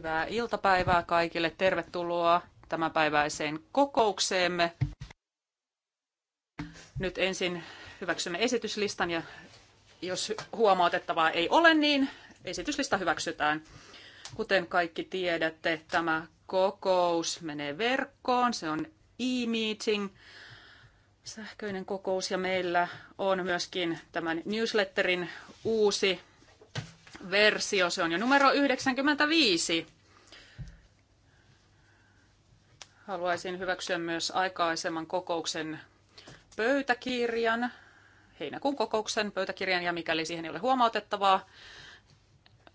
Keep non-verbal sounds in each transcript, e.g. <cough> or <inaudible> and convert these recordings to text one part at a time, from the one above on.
Hyvää iltapäivää kaikille. Tervetuloa tämänpäiväiseen kokoukseemme. Nyt ensin hyväksymme esityslistan ja jos huomautettavaa ei ole, niin esityslista hyväksytään. Kuten kaikki tiedätte, tämä kokous menee verkkoon. Se on e-meeting sähköinen kokous ja meillä on myöskin tämän newsletterin uusi versio, se on jo numero 95. Haluaisin hyväksyä myös aikaisemman kokouksen pöytäkirjan, heinäkuun kokouksen pöytäkirjan, ja mikäli siihen ei ole huomautettavaa,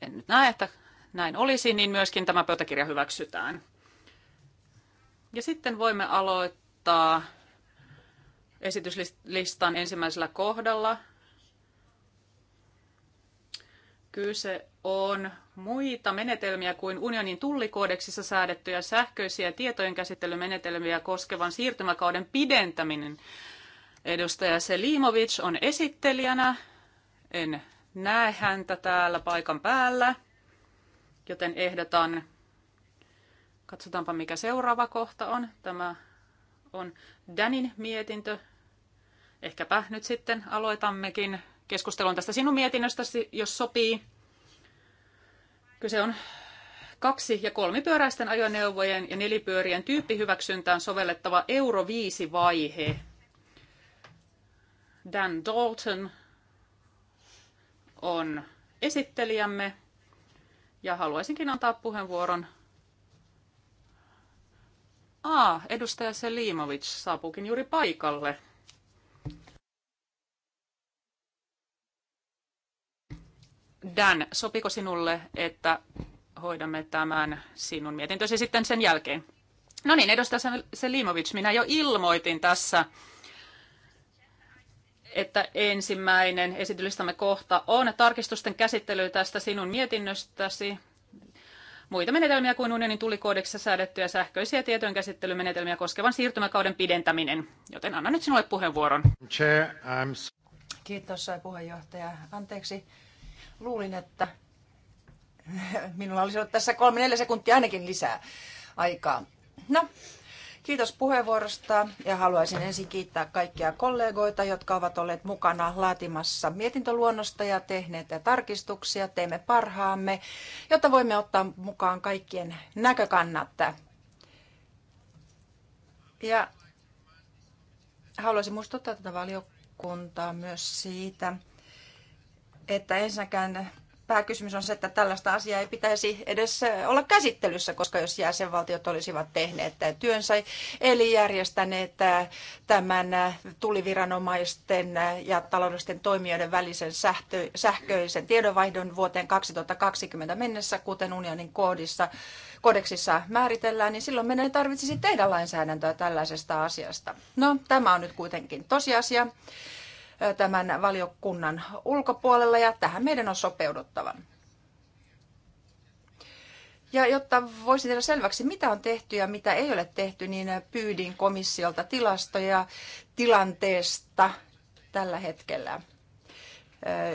en nyt näe, että näin olisi, niin myöskin tämä pöytäkirja hyväksytään. Ja sitten voimme aloittaa esityslistan ensimmäisellä kohdalla, Kyse on muita menetelmiä kuin unionin tullikoodeksissa säädettyjä sähköisiä tietojenkäsittelymenetelmiä koskevan siirtymäkauden pidentäminen. Edustaja Selimovic on esittelijänä. En näe häntä täällä paikan päällä, joten ehdotan, katsotaanpa mikä seuraava kohta on. Tämä on Danin mietintö. Ehkäpä nyt sitten aloitammekin keskustelun tästä sinun mietinnöstäsi, jos sopii. Kyse on kaksi- ja kolmipyöräisten ajoneuvojen ja nelipyörien tyyppihyväksyntään sovellettava Euro 5-vaihe. Dan Dalton on esittelijämme ja haluaisinkin antaa puheenvuoron. Ah edustaja Selimovic saapuukin juuri paikalle. Dan, sopiko sinulle, että hoidamme tämän sinun mietintösi sitten sen jälkeen? No niin, edustaja Selimovic, minä jo ilmoitin tässä, että ensimmäinen esitylistamme kohta on tarkistusten käsittely tästä sinun mietinnöstäsi. Muita menetelmiä kuin unionin tulikoodeksissa säädettyjä sähköisiä tietojenkäsittelymenetelmiä koskevan siirtymäkauden pidentäminen. Joten annan nyt sinulle puheenvuoron. Chair, I'm... Kiitos puheenjohtaja. Anteeksi, Luulin, että minulla olisi ollut tässä kolme neljä sekuntia ainakin lisää aikaa. No, kiitos puheenvuorosta ja haluaisin ensin kiittää kaikkia kollegoita, jotka ovat olleet mukana laatimassa mietintöluonnosta ja tehneet tarkistuksia. Teemme parhaamme, jotta voimme ottaa mukaan kaikkien näkökannat. Ja haluaisin muistuttaa tätä valiokuntaa myös siitä, että ensinnäkään pääkysymys on se, että tällaista asiaa ei pitäisi edes olla käsittelyssä, koska jos jäsenvaltiot olisivat tehneet työnsä, eli järjestäneet tämän tuliviranomaisten ja taloudellisten toimijoiden välisen sähköisen tiedonvaihdon vuoteen 2020 mennessä, kuten unionin koodissa, kodeksissa määritellään, niin silloin meidän ei tarvitsisi tehdä lainsäädäntöä tällaisesta asiasta. No, tämä on nyt kuitenkin tosiasia tämän valiokunnan ulkopuolella ja tähän meidän on sopeuduttava. Ja jotta voisin tehdä selväksi, mitä on tehty ja mitä ei ole tehty, niin pyydin komissiolta tilastoja tilanteesta tällä hetkellä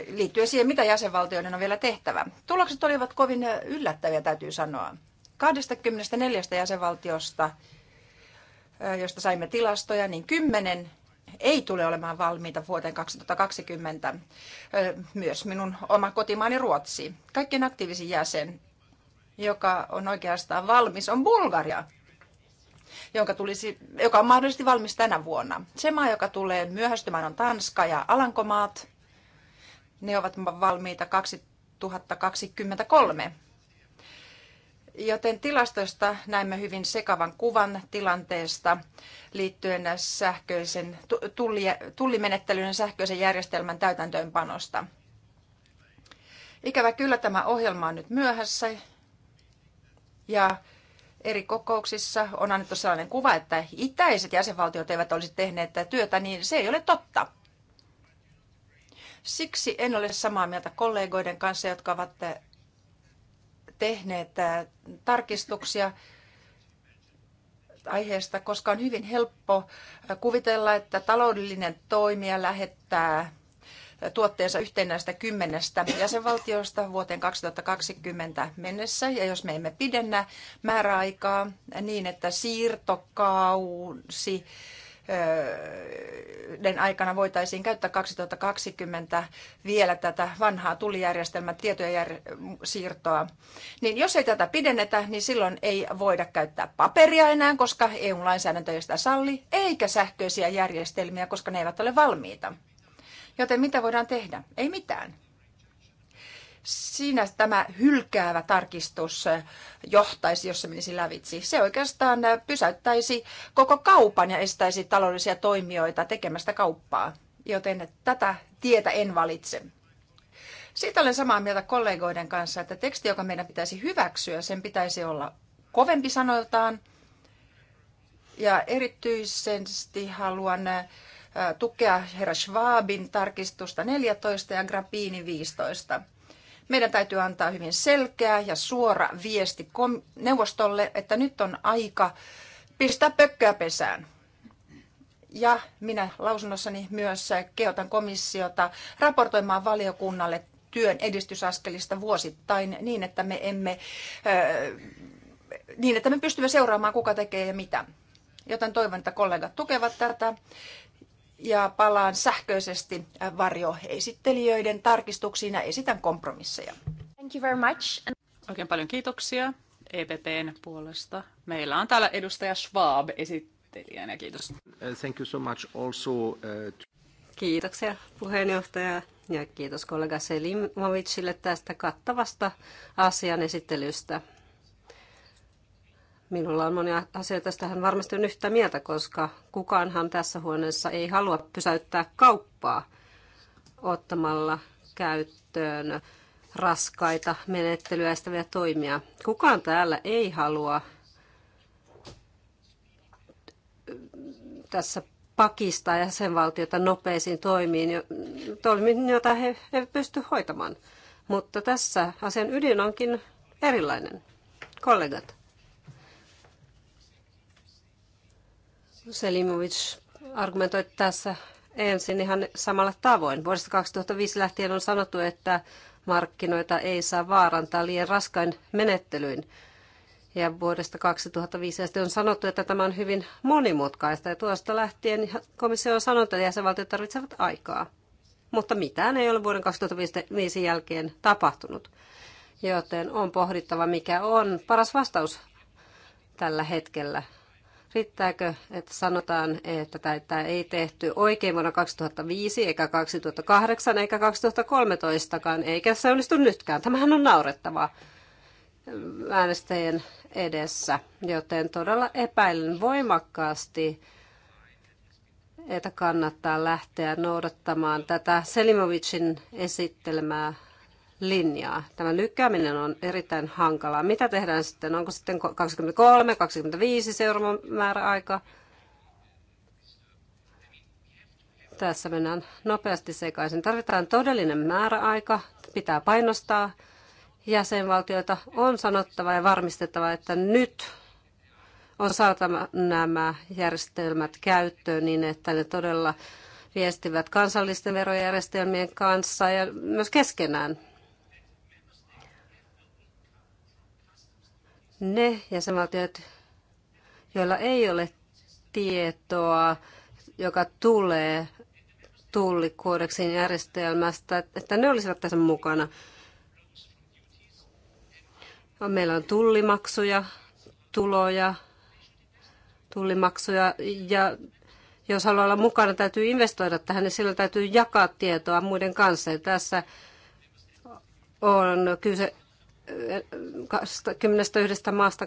liittyen siihen, mitä jäsenvaltioiden on vielä tehtävä. Tulokset olivat kovin yllättäviä, täytyy sanoa. 24 jäsenvaltiosta, josta saimme tilastoja, niin 10 ei tule olemaan valmiita vuoteen 2020. Myös minun oma kotimaani Ruotsi. Kaikkien aktiivisin jäsen, joka on oikeastaan valmis, on Bulgaria, jonka tulisi, joka on mahdollisesti valmis tänä vuonna. Se maa, joka tulee myöhästymään, on Tanska ja Alankomaat. Ne ovat valmiita 2023. Joten tilastoista näemme hyvin sekavan kuvan tilanteesta liittyen sähköisen tulli, tullimenettelyn ja sähköisen järjestelmän täytäntöönpanosta. Ikävä kyllä tämä ohjelma on nyt myöhässä ja eri kokouksissa on annettu sellainen kuva, että itäiset jäsenvaltiot eivät olisi tehneet työtä, niin se ei ole totta. Siksi en ole samaa mieltä kollegoiden kanssa, jotka ovat tehneet äh, tarkistuksia aiheesta, koska on hyvin helppo äh, kuvitella, että taloudellinen toimija lähettää äh, tuotteensa yhteen näistä kymmenestä jäsenvaltiosta vuoteen 2020 mennessä. Ja jos me emme pidennä määräaikaa niin, että siirtokausi Öö, den aikana voitaisiin käyttää 2020 vielä tätä vanhaa tulijärjestelmän tietojensiirtoa. Niin jos ei tätä pidennetä, niin silloin ei voida käyttää paperia enää, koska EU-lainsäädäntö ei sitä salli, eikä sähköisiä järjestelmiä, koska ne eivät ole valmiita. Joten mitä voidaan tehdä? Ei mitään siinä tämä hylkäävä tarkistus eh, johtaisi, jos se menisi lävitsi. Se oikeastaan eh, pysäyttäisi koko kaupan ja estäisi taloudellisia toimijoita tekemästä kauppaa, joten tätä tietä en valitse. Siitä olen samaa mieltä kollegoiden kanssa, että teksti, joka meidän pitäisi hyväksyä, sen pitäisi olla kovempi sanoiltaan. Ja erityisesti haluan eh, tukea herra Schwabin tarkistusta 14 ja Grappini 15. Meidän täytyy antaa hyvin selkeä ja suora viesti neuvostolle, että nyt on aika pistää pökköä pesään. Ja minä lausunnossani myös kehotan komissiota raportoimaan valiokunnalle työn edistysaskelista vuosittain niin, että me emme niin, että me pystymme seuraamaan, kuka tekee ja mitä. Joten toivon, että kollegat tukevat tätä ja palaan sähköisesti varjoesittelijöiden tarkistuksiin ja esitän kompromisseja. Thank you very much. Oikein paljon kiitoksia EPPn puolesta. Meillä on täällä edustaja Schwab esittelijänä. Kiitos. Uh, thank you so much also, uh... Kiitoksia puheenjohtaja ja kiitos kollega Selimovicille tästä kattavasta asian esittelystä. Minulla on monia asioita, tästä hän varmasti on yhtä mieltä, koska kukaanhan tässä huoneessa ei halua pysäyttää kauppaa ottamalla käyttöön raskaita menettelyä estäviä toimia. Kukaan täällä ei halua tässä pakistaa jäsenvaltiota nopeisiin toimiin, toimiin joita he eivät pysty hoitamaan. Mutta tässä asian ydin onkin erilainen. Kollegat. Selimovic argumentoi tässä ensin ihan samalla tavoin. Vuodesta 2005 lähtien on sanottu, että markkinoita ei saa vaarantaa liian raskain menettelyyn. Ja vuodesta 2005 on sanottu, että tämä on hyvin monimutkaista. Ja tuosta lähtien komissio on sanonut, että jäsenvaltiot tarvitsevat aikaa. Mutta mitään ei ole vuoden 2005 jälkeen tapahtunut. Joten on pohdittava, mikä on paras vastaus tällä hetkellä. Riittääkö, että sanotaan, että tätä ei tehty oikein vuonna 2005, eikä 2008, eikä 2013kaan, eikä se onnistu nytkään. Tämähän on naurettavaa äänestäjien edessä, joten todella epäilen voimakkaasti, että kannattaa lähteä noudattamaan tätä Selimovicin esittelemää linjaa. Tämä lykkääminen on erittäin hankalaa. Mitä tehdään sitten? Onko sitten 23, 25 seuraava määräaika? Tässä mennään nopeasti sekaisin. Tarvitaan todellinen määräaika, pitää painostaa jäsenvaltioita. On sanottava ja varmistettava, että nyt on saatava nämä järjestelmät käyttöön niin, että ne todella viestivät kansallisten verojärjestelmien kanssa ja myös keskenään Ne jäsenvaltiot, joilla ei ole tietoa, joka tulee tullikoodeksin järjestelmästä, että ne olisivat tässä mukana. Meillä on tullimaksuja, tuloja, tullimaksuja ja jos haluaa olla mukana, täytyy investoida tähän, niin silloin täytyy jakaa tietoa muiden kanssa. Ja tässä on kyse 21 maasta,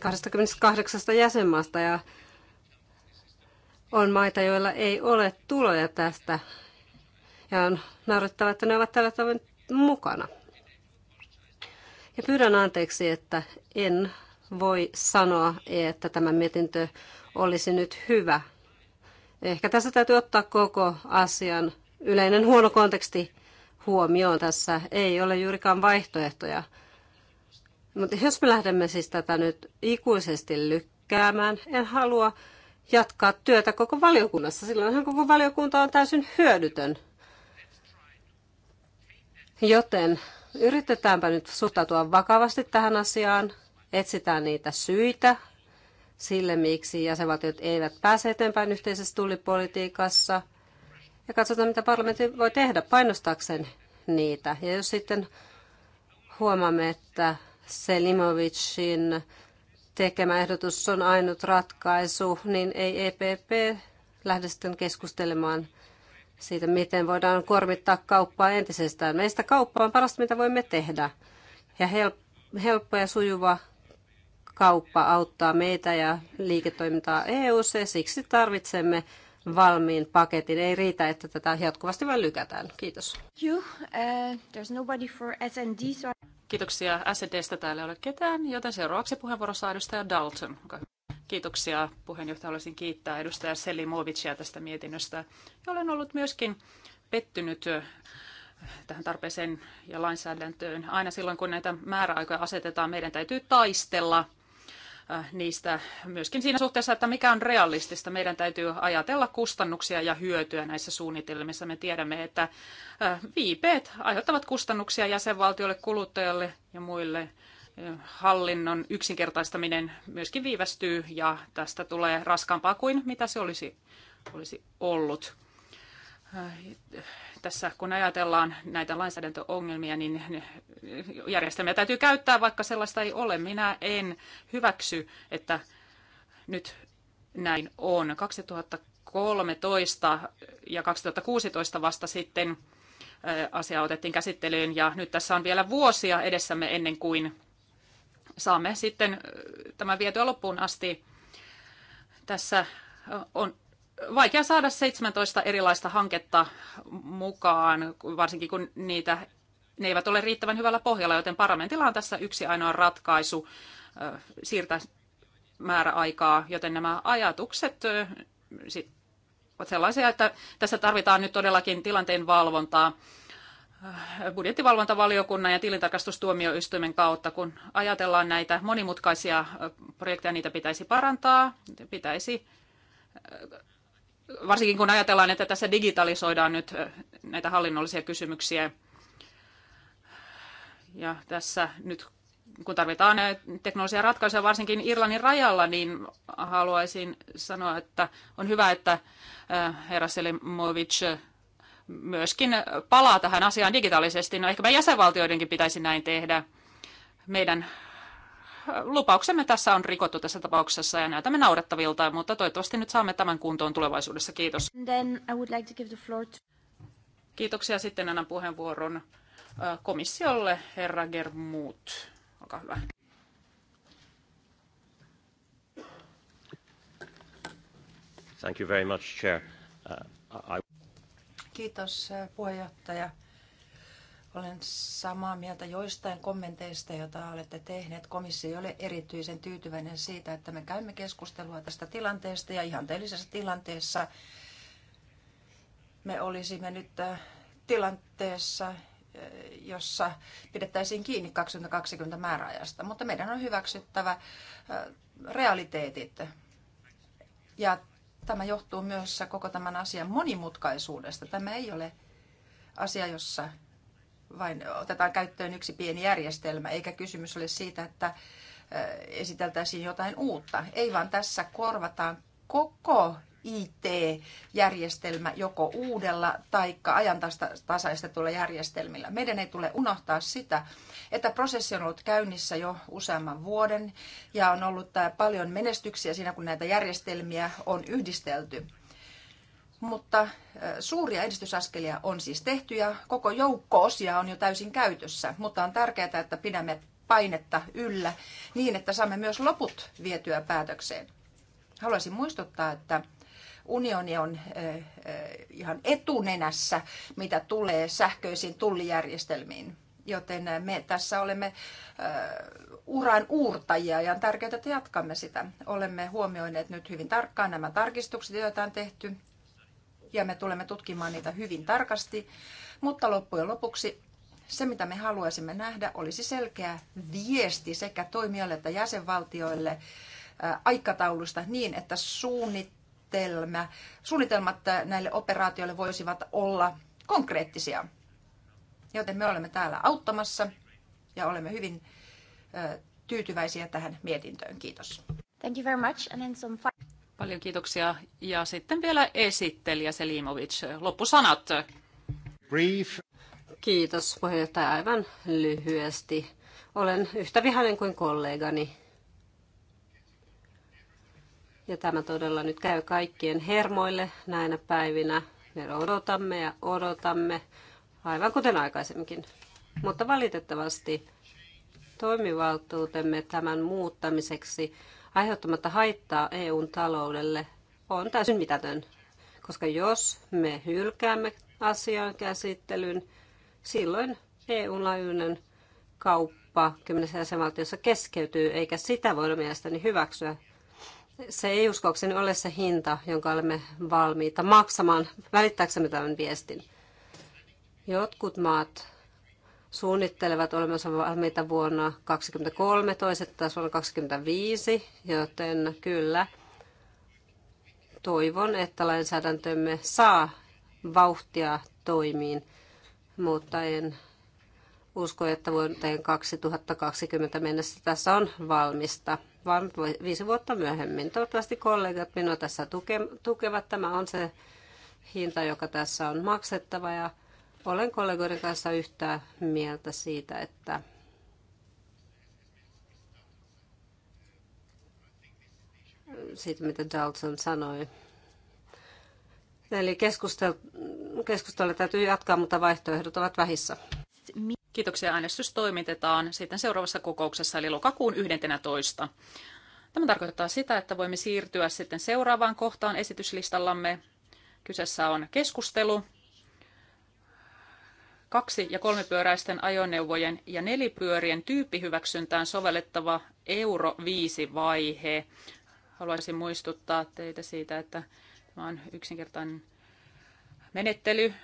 28 jäsenmaasta ja on maita, joilla ei ole tuloja tästä. Ja on naurettava, että ne ovat tällä tavoin mukana. Ja pyydän anteeksi, että en voi sanoa, että tämä mietintö olisi nyt hyvä. Ehkä tässä täytyy ottaa koko asian yleinen huono konteksti huomioon. Tässä ei ole juurikaan vaihtoehtoja. Mutta jos me lähdemme siis tätä nyt ikuisesti lykkäämään, en halua jatkaa työtä koko valiokunnassa. Silloinhan koko valiokunta on täysin hyödytön. Joten yritetäänpä nyt suhtautua vakavasti tähän asiaan, etsitään niitä syitä sille, miksi jäsenvaltiot eivät pääse eteenpäin yhteisessä tullipolitiikassa – ja katsotaan, mitä parlamentti voi tehdä painostaakseen niitä. Ja jos sitten huomaamme, että Selimovicin tekemä ehdotus on ainut ratkaisu, niin ei EPP lähde sitten keskustelemaan siitä, miten voidaan kuormittaa kauppaa entisestään. Meistä kauppa on parasta, mitä voimme tehdä. Ja helppo ja sujuva kauppa auttaa meitä ja liiketoimintaa EU:ssa. Siksi tarvitsemme valmiin paketin. Ei riitä, että tätä jatkuvasti vain lykätään. Kiitos. You, uh, there's nobody for SND, so... Kiitoksia. SDstä täällä ei ole ketään, joten seuraavaksi puheenvuoro saa edustaja Dalton. Kiitoksia puheenjohtaja. Haluaisin kiittää edustaja Selli Movicia tästä mietinnöstä. Ja olen ollut myöskin pettynyt tähän tarpeeseen ja lainsäädäntöön. Aina silloin, kun näitä määräaikoja asetetaan, meidän täytyy taistella Äh, niistä myöskin siinä suhteessa, että mikä on realistista. Meidän täytyy ajatella kustannuksia ja hyötyä näissä suunnitelmissa. Me tiedämme, että äh, viipeet aiheuttavat kustannuksia jäsenvaltiolle, kuluttajalle ja muille hallinnon yksinkertaistaminen myöskin viivästyy ja tästä tulee raskaampaa kuin mitä se olisi, olisi ollut tässä kun ajatellaan näitä lainsäädäntöongelmia, niin järjestelmiä täytyy käyttää, vaikka sellaista ei ole. Minä en hyväksy, että nyt näin on. 2013 ja 2016 vasta sitten asia otettiin käsittelyyn ja nyt tässä on vielä vuosia edessämme ennen kuin saamme sitten tämän vietyä loppuun asti. Tässä on vaikea saada 17 erilaista hanketta mukaan, varsinkin kun niitä, ne eivät ole riittävän hyvällä pohjalla, joten parlamentilla on tässä yksi ainoa ratkaisu siirtää määräaikaa, joten nämä ajatukset ovat sellaisia, että tässä tarvitaan nyt todellakin tilanteen valvontaa budjettivalvontavaliokunnan ja tilintarkastustuomioistuimen kautta, kun ajatellaan näitä monimutkaisia projekteja, niitä pitäisi parantaa, pitäisi varsinkin kun ajatellaan, että tässä digitalisoidaan nyt näitä hallinnollisia kysymyksiä. Ja tässä nyt kun tarvitaan teknologisia ratkaisuja varsinkin Irlannin rajalla, niin haluaisin sanoa, että on hyvä, että herra Selimovic myöskin palaa tähän asiaan digitaalisesti. No ehkä me jäsenvaltioidenkin pitäisi näin tehdä. Meidän lupauksemme tässä on rikottu tässä tapauksessa ja näytämme naurettavilta, mutta toivottavasti nyt saamme tämän kuntoon tulevaisuudessa. Kiitos. Then I would like to give the floor to... Kiitoksia. Sitten annan puheenvuoron komissiolle, herra Germut. Olkaa hyvä. Thank you very much, Chair. Uh, I... Kiitos puheenjohtaja. Olen samaa mieltä joistain kommenteista, joita olette tehneet. Komissio ei ole erityisen tyytyväinen siitä, että me käymme keskustelua tästä tilanteesta ja ihanteellisessa tilanteessa me olisimme nyt äh, tilanteessa, äh, jossa pidettäisiin kiinni 2020 määräajasta, mutta meidän on hyväksyttävä äh, realiteetit. Ja tämä johtuu myös koko tämän asian monimutkaisuudesta. Tämä ei ole asia, jossa vain otetaan käyttöön yksi pieni järjestelmä, eikä kysymys ole siitä, että esiteltäisiin jotain uutta. Ei vaan tässä korvataan koko IT-järjestelmä joko uudella tai ajantasaistetulla järjestelmillä. Meidän ei tule unohtaa sitä, että prosessi on ollut käynnissä jo useamman vuoden ja on ollut paljon menestyksiä siinä, kun näitä järjestelmiä on yhdistelty. Mutta suuria edistysaskelia on siis tehty ja koko joukko osia on jo täysin käytössä, mutta on tärkeää, että pidämme painetta yllä niin, että saamme myös loput vietyä päätökseen. Haluaisin muistuttaa, että unioni on ihan etunenässä, mitä tulee sähköisiin tullijärjestelmiin. Joten me tässä olemme uran uurtajia ja on tärkeää, että jatkamme sitä. Olemme huomioineet nyt hyvin tarkkaan nämä tarkistukset, joita on tehty ja me tulemme tutkimaan niitä hyvin tarkasti. Mutta loppujen lopuksi se, mitä me haluaisimme nähdä, olisi selkeä viesti sekä toimijoille että jäsenvaltioille aikataulusta niin, että suunnitelma, suunnitelmat näille operaatioille voisivat olla konkreettisia. Joten me olemme täällä auttamassa ja olemme hyvin tyytyväisiä tähän mietintöön. Kiitos. Thank you very much. And then some... Paljon kiitoksia. Ja sitten vielä esittelijä Selimovic. Loppusanat. Brief. Kiitos puheenjohtaja aivan lyhyesti. Olen yhtä vihainen kuin kollegani. Ja tämä todella nyt käy kaikkien hermoille näinä päivinä. Me odotamme ja odotamme, aivan kuten aikaisemminkin. Mutta valitettavasti toimivaltuutemme tämän muuttamiseksi aiheuttamatta haittaa EUn taloudelle on täysin mitätön, koska jos me hylkäämme asian käsittelyn, silloin EUn laajuinen kauppa kymmenessä jäsenvaltiossa keskeytyy, eikä sitä voida mielestäni hyväksyä. Se ei uskoakseni ole se hinta, jonka olemme valmiita maksamaan välittääksemme tämän viestin. Jotkut maat suunnittelevat olemassa valmiita vuonna 2023, toiset taas vuonna 2025, joten kyllä toivon, että lainsäädäntömme saa vauhtia toimiin, mutta en usko, että vuoteen 2020 mennessä tässä on valmista, vaan viisi vuotta myöhemmin. Toivottavasti kollegat minua tässä tukevat. Tämä on se hinta, joka tässä on maksettava ja olen kollegoiden kanssa yhtä mieltä siitä, että siitä, mitä Dalton sanoi. Eli keskustel, keskustelua täytyy jatkaa, mutta vaihtoehdot ovat vähissä. Kiitoksia. Äänestys toimitetaan sitten seuraavassa kokouksessa, eli lokakuun 11. Tämä tarkoittaa sitä, että voimme siirtyä sitten seuraavaan kohtaan esityslistallamme. Kyseessä on keskustelu kaksi- ja kolmipyöräisten ajoneuvojen ja nelipyörien tyyppihyväksyntään sovellettava Euro 5-vaihe. Haluaisin muistuttaa teitä siitä, että tämä on yksinkertainen menettely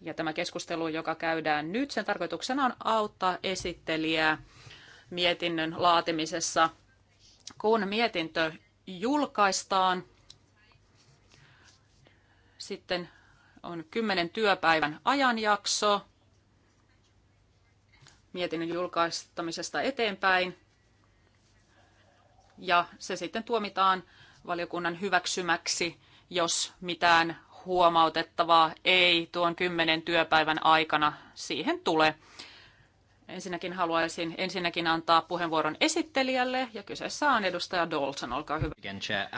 ja tämä keskustelu, joka käydään nyt, sen tarkoituksena on auttaa esittelijää mietinnön laatimisessa. Kun mietintö julkaistaan, sitten on kymmenen työpäivän ajanjakso mietinnön julkaistamisesta eteenpäin. Ja se sitten tuomitaan valiokunnan hyväksymäksi, jos mitään huomautettavaa ei tuon kymmenen työpäivän aikana siihen tule. Ensinnäkin haluaisin ensinnäkin antaa puheenvuoron esittelijälle, ja kyseessä on edustaja Dolson, olkaa hyvä.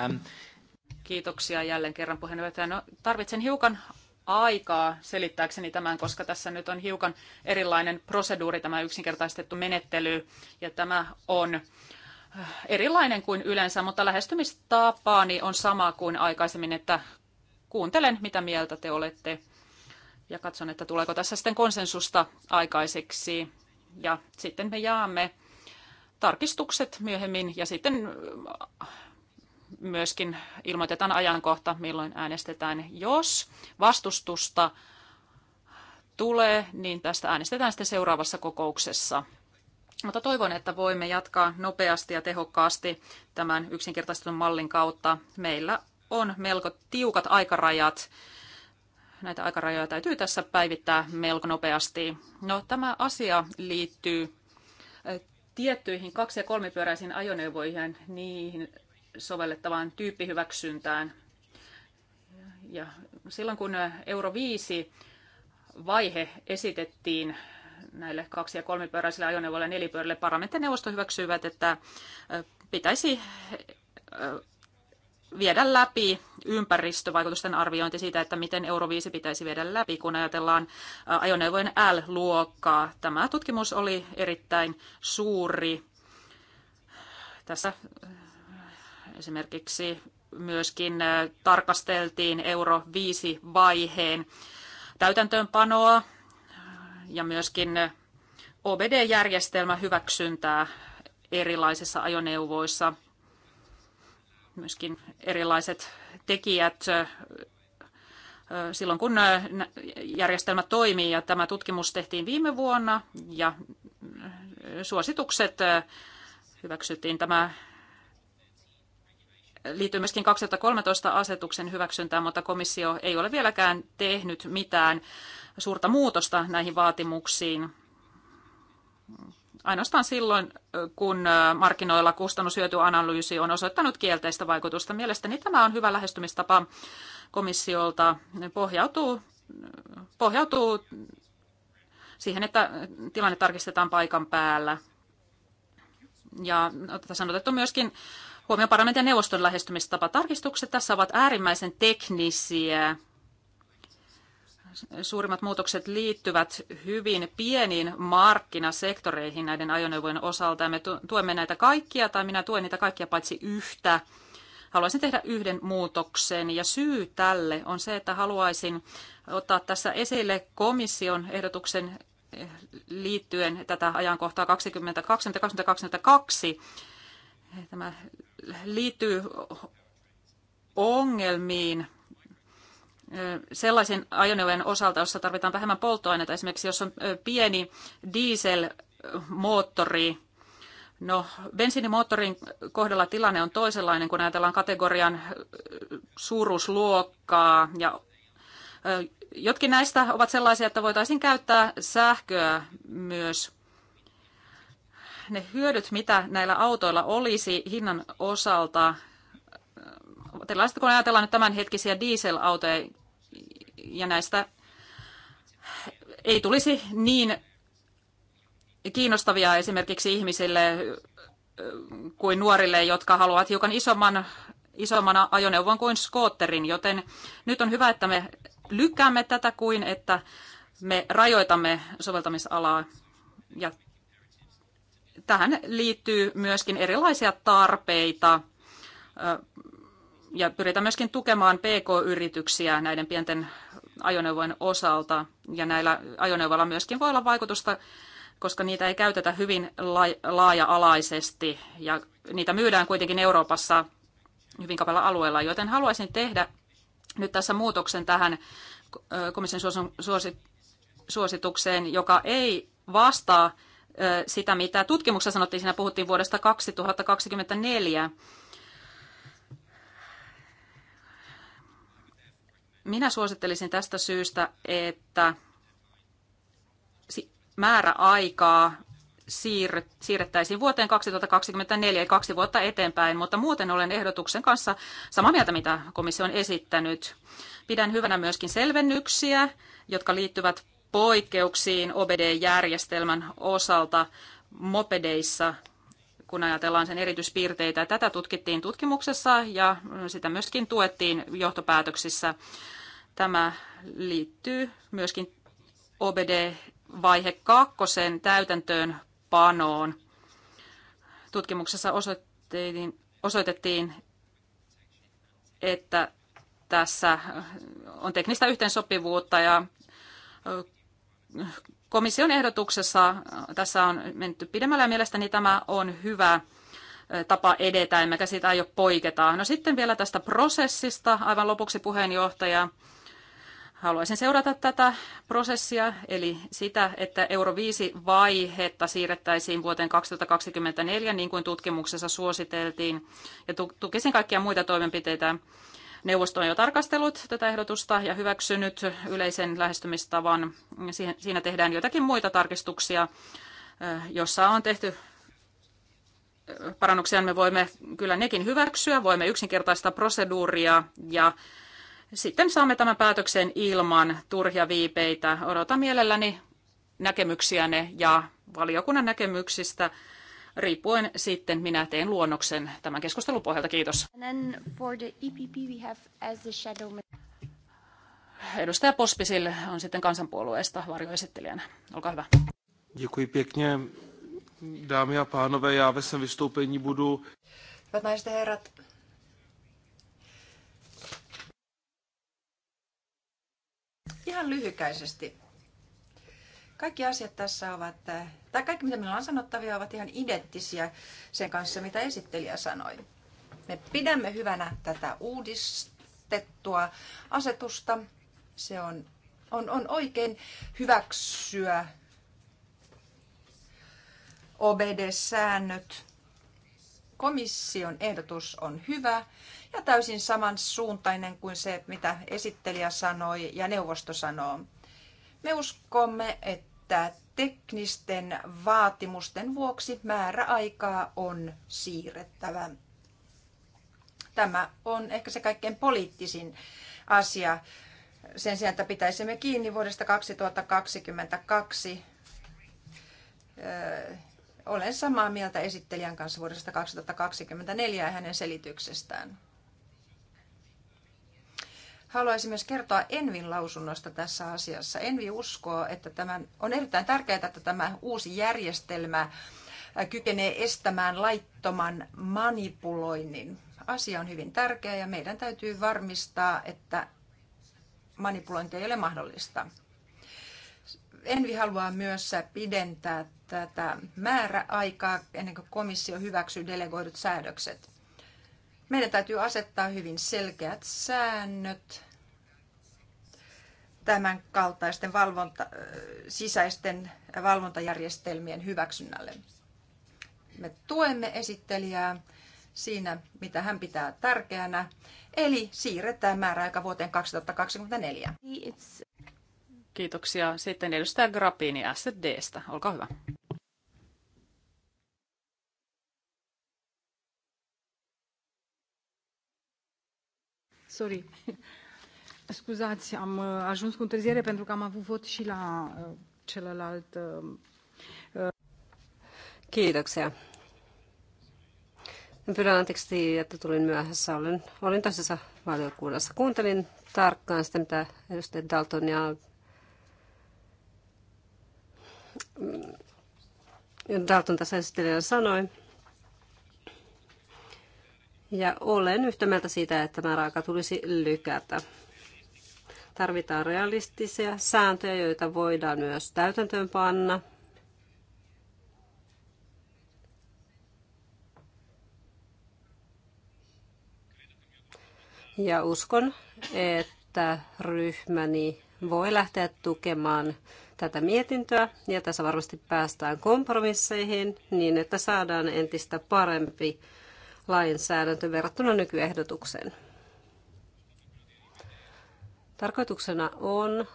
Um, Kiitoksia jälleen kerran puheenjohtaja. No, tarvitsen hiukan aikaa selittääkseni tämän, koska tässä nyt on hiukan erilainen proseduuri, tämä yksinkertaistettu menettely, ja tämä on äh, erilainen kuin yleensä, mutta lähestymistapaani on sama kuin aikaisemmin, että kuuntelen, mitä mieltä te olette, ja katson, että tuleeko tässä sitten konsensusta aikaiseksi, ja sitten me jaamme tarkistukset myöhemmin, ja sitten äh, myöskin ilmoitetaan ajankohta, milloin äänestetään. Jos vastustusta tulee, niin tästä äänestetään sitten seuraavassa kokouksessa. Mutta toivon, että voimme jatkaa nopeasti ja tehokkaasti tämän yksinkertaistetun mallin kautta. Meillä on melko tiukat aikarajat. Näitä aikarajoja täytyy tässä päivittää melko nopeasti. No, tämä asia liittyy eh, tiettyihin kaksi- ja kolmipyöräisiin ajoneuvoihin, niihin sovellettavaan tyyppihyväksyntään. Ja silloin kun Euro 5 vaihe esitettiin näille kaksi- ja kolmipyöräisille ajoneuvoille ja nelipyörille, parlamenttineuvosto hyväksyivät, että pitäisi viedä läpi ympäristövaikutusten arviointi siitä, että miten Euro 5 pitäisi viedä läpi, kun ajatellaan ajoneuvojen L-luokkaa. Tämä tutkimus oli erittäin suuri. Tässä Esimerkiksi myöskin tarkasteltiin euro 5 vaiheen täytäntöönpanoa ja myöskin OBD-järjestelmä hyväksyntää erilaisissa ajoneuvoissa. Myöskin erilaiset tekijät silloin, kun järjestelmä toimii. Ja tämä tutkimus tehtiin viime vuonna ja suositukset hyväksyttiin. Tämä liittyy myöskin 2013 asetuksen hyväksyntään, mutta komissio ei ole vieläkään tehnyt mitään suurta muutosta näihin vaatimuksiin. Ainoastaan silloin, kun markkinoilla kustannushyötyanalyysi on osoittanut kielteistä vaikutusta. Mielestäni tämä on hyvä lähestymistapa komissiolta. Pohjautuu, pohjautuu siihen, että tilanne tarkistetaan paikan päällä. Ja tässä on otettu myöskin Huomio parlamentin ja neuvoston lähestymistapa. Tarkistukset tässä ovat äärimmäisen teknisiä. Suurimmat muutokset liittyvät hyvin pieniin markkinasektoreihin näiden ajoneuvojen osalta. Me tuemme näitä kaikkia, tai minä tuen niitä kaikkia paitsi yhtä. Haluaisin tehdä yhden muutoksen, ja syy tälle on se, että haluaisin ottaa tässä esille komission ehdotuksen eh, liittyen tätä ajankohtaa 2020-2022. Tämä liittyy ongelmiin sellaisen ajoneuvojen osalta, jossa tarvitaan vähemmän polttoaineita. Esimerkiksi jos on pieni dieselmoottori, No, bensiinimoottorin kohdalla tilanne on toisenlainen, kun ajatellaan kategorian suuruusluokkaa. Ja jotkin näistä ovat sellaisia, että voitaisiin käyttää sähköä myös – ne hyödyt, mitä näillä autoilla olisi hinnan osalta, kun ajatellaan nyt tämänhetkisiä dieselautoja ja näistä ei tulisi niin kiinnostavia esimerkiksi ihmisille kuin nuorille, jotka haluavat hiukan isomman, isomman ajoneuvon kuin skootterin, joten nyt on hyvä, että me lykkäämme tätä kuin, että me rajoitamme soveltamisalaa ja tähän liittyy myöskin erilaisia tarpeita ja pyritään myöskin tukemaan PK-yrityksiä näiden pienten ajoneuvojen osalta. Ja näillä ajoneuvoilla myöskin voi olla vaikutusta, koska niitä ei käytetä hyvin laaja-alaisesti ja niitä myydään kuitenkin Euroopassa hyvin kapealla alueella, joten haluaisin tehdä nyt tässä muutoksen tähän komission suositukseen, joka ei vastaa sitä, mitä tutkimuksessa sanottiin, siinä puhuttiin vuodesta 2024. Minä suosittelisin tästä syystä, että määräaikaa siirrettäisiin vuoteen 2024 eli kaksi vuotta eteenpäin, mutta muuten olen ehdotuksen kanssa samaa mieltä, mitä komissio on esittänyt. Pidän hyvänä myöskin selvennyksiä, jotka liittyvät poikkeuksiin OBD-järjestelmän osalta mopedeissa, kun ajatellaan sen erityispiirteitä. Tätä tutkittiin tutkimuksessa ja sitä myöskin tuettiin johtopäätöksissä. Tämä liittyy myöskin OBD-vaihe kakkosen täytäntöön panoon. Tutkimuksessa osoitettiin, osoitettiin että tässä on teknistä yhteensopivuutta ja komission ehdotuksessa äh, tässä on menty pidemmälle ja mielestäni tämä on hyvä äh, tapa edetä, emmekä siitä aio poiketa. No sitten vielä tästä prosessista, aivan lopuksi puheenjohtaja. Haluaisin seurata tätä prosessia, eli sitä, että euro 5 vaihetta siirrettäisiin vuoteen 2024, niin kuin tutkimuksessa suositeltiin, ja tukisin kaikkia muita toimenpiteitä, Neuvosto on jo tarkastellut tätä ehdotusta ja hyväksynyt yleisen lähestymistavan. Siinä tehdään joitakin muita tarkistuksia, eh, jossa on tehty eh, parannuksia. Me voimme kyllä nekin hyväksyä, voimme yksinkertaista proseduuria ja sitten saamme tämän päätöksen ilman turhia viipeitä. Odotan mielelläni näkemyksiänne ja valiokunnan näkemyksistä riippuen sitten minä teen luonnoksen tämän keskustelun pohjalta. Kiitos. E Edustaja Pospisil on sitten kansanpuolueesta varjoesittelijänä. Olkaa hyvä. Děkuji pěkně. Dámy a pánové, já ve svém vystoupení budu... Hyvät naiset ja herrat, ihan lyhykäisesti. Kaikki asiat tässä ovat, eh, tai kaikki mitä minulla on sanottavia, ovat ihan identtisiä sen kanssa, mitä esittelijä sanoi. Me pidämme hyvänä tätä uudistettua asetusta. Se on, on, on oikein hyväksyä OBD-säännöt. Komission ehdotus on hyvä ja täysin samansuuntainen kuin se, mitä esittelijä sanoi ja neuvosto sanoo. Me uskomme, että teknisten vaatimusten vuoksi määräaikaa on siirrettävä. Tämä on ehkä se kaikkein poliittisin asia. Sen sijaan, että pitäisimme kiinni vuodesta 2022, öö, olen samaa mieltä esittelijän kanssa vuodesta 2024 ja hänen selityksestään. Haluaisin myös kertoa Envin lausunnosta tässä asiassa. Envi uskoo, että tämän, on erittäin tärkeää, että tämä uusi järjestelmä kykenee estämään laittoman manipuloinnin. Asia on hyvin tärkeä ja meidän täytyy varmistaa, että manipulointi ei ole mahdollista. Envi haluaa myös pidentää tätä määräaikaa ennen kuin komissio hyväksyy delegoidut säädökset. Meidän täytyy asettaa hyvin selkeät säännöt tämän kaltaisten valvonta, sisäisten valvontajärjestelmien hyväksynnälle. Me tuemme esittelijää siinä, mitä hän pitää tärkeänä, eli siirretään määräaika vuoteen 2024. Kiitoksia. Sitten edustaja Grappini SDstä. Olkaa hyvä. Sorry. <laughs> Scuzați, am uh, ajuns cu întârziere pentru că am avut vot și la uh, celălalt. Uh, Kiitoksia. Pyydän anteeksi, että tulin myöhässä. Olin, olin toisessa valiokunnassa. Kuuntelin tarkkaan sitä, mitä edustaja Dalton ja mm, Dalton tässä esittelijänä sanoi. Ja olen yhtä mieltä siitä, että määräaika tulisi lykätä. Tarvitaan realistisia sääntöjä, joita voidaan myös täytäntöönpanna. Ja uskon, että ryhmäni voi lähteä tukemaan tätä mietintöä ja tässä varmasti päästään kompromisseihin niin, että saadaan entistä parempi lainsäädäntö verrattuna nykyehdotukseen. Tarkoituksena on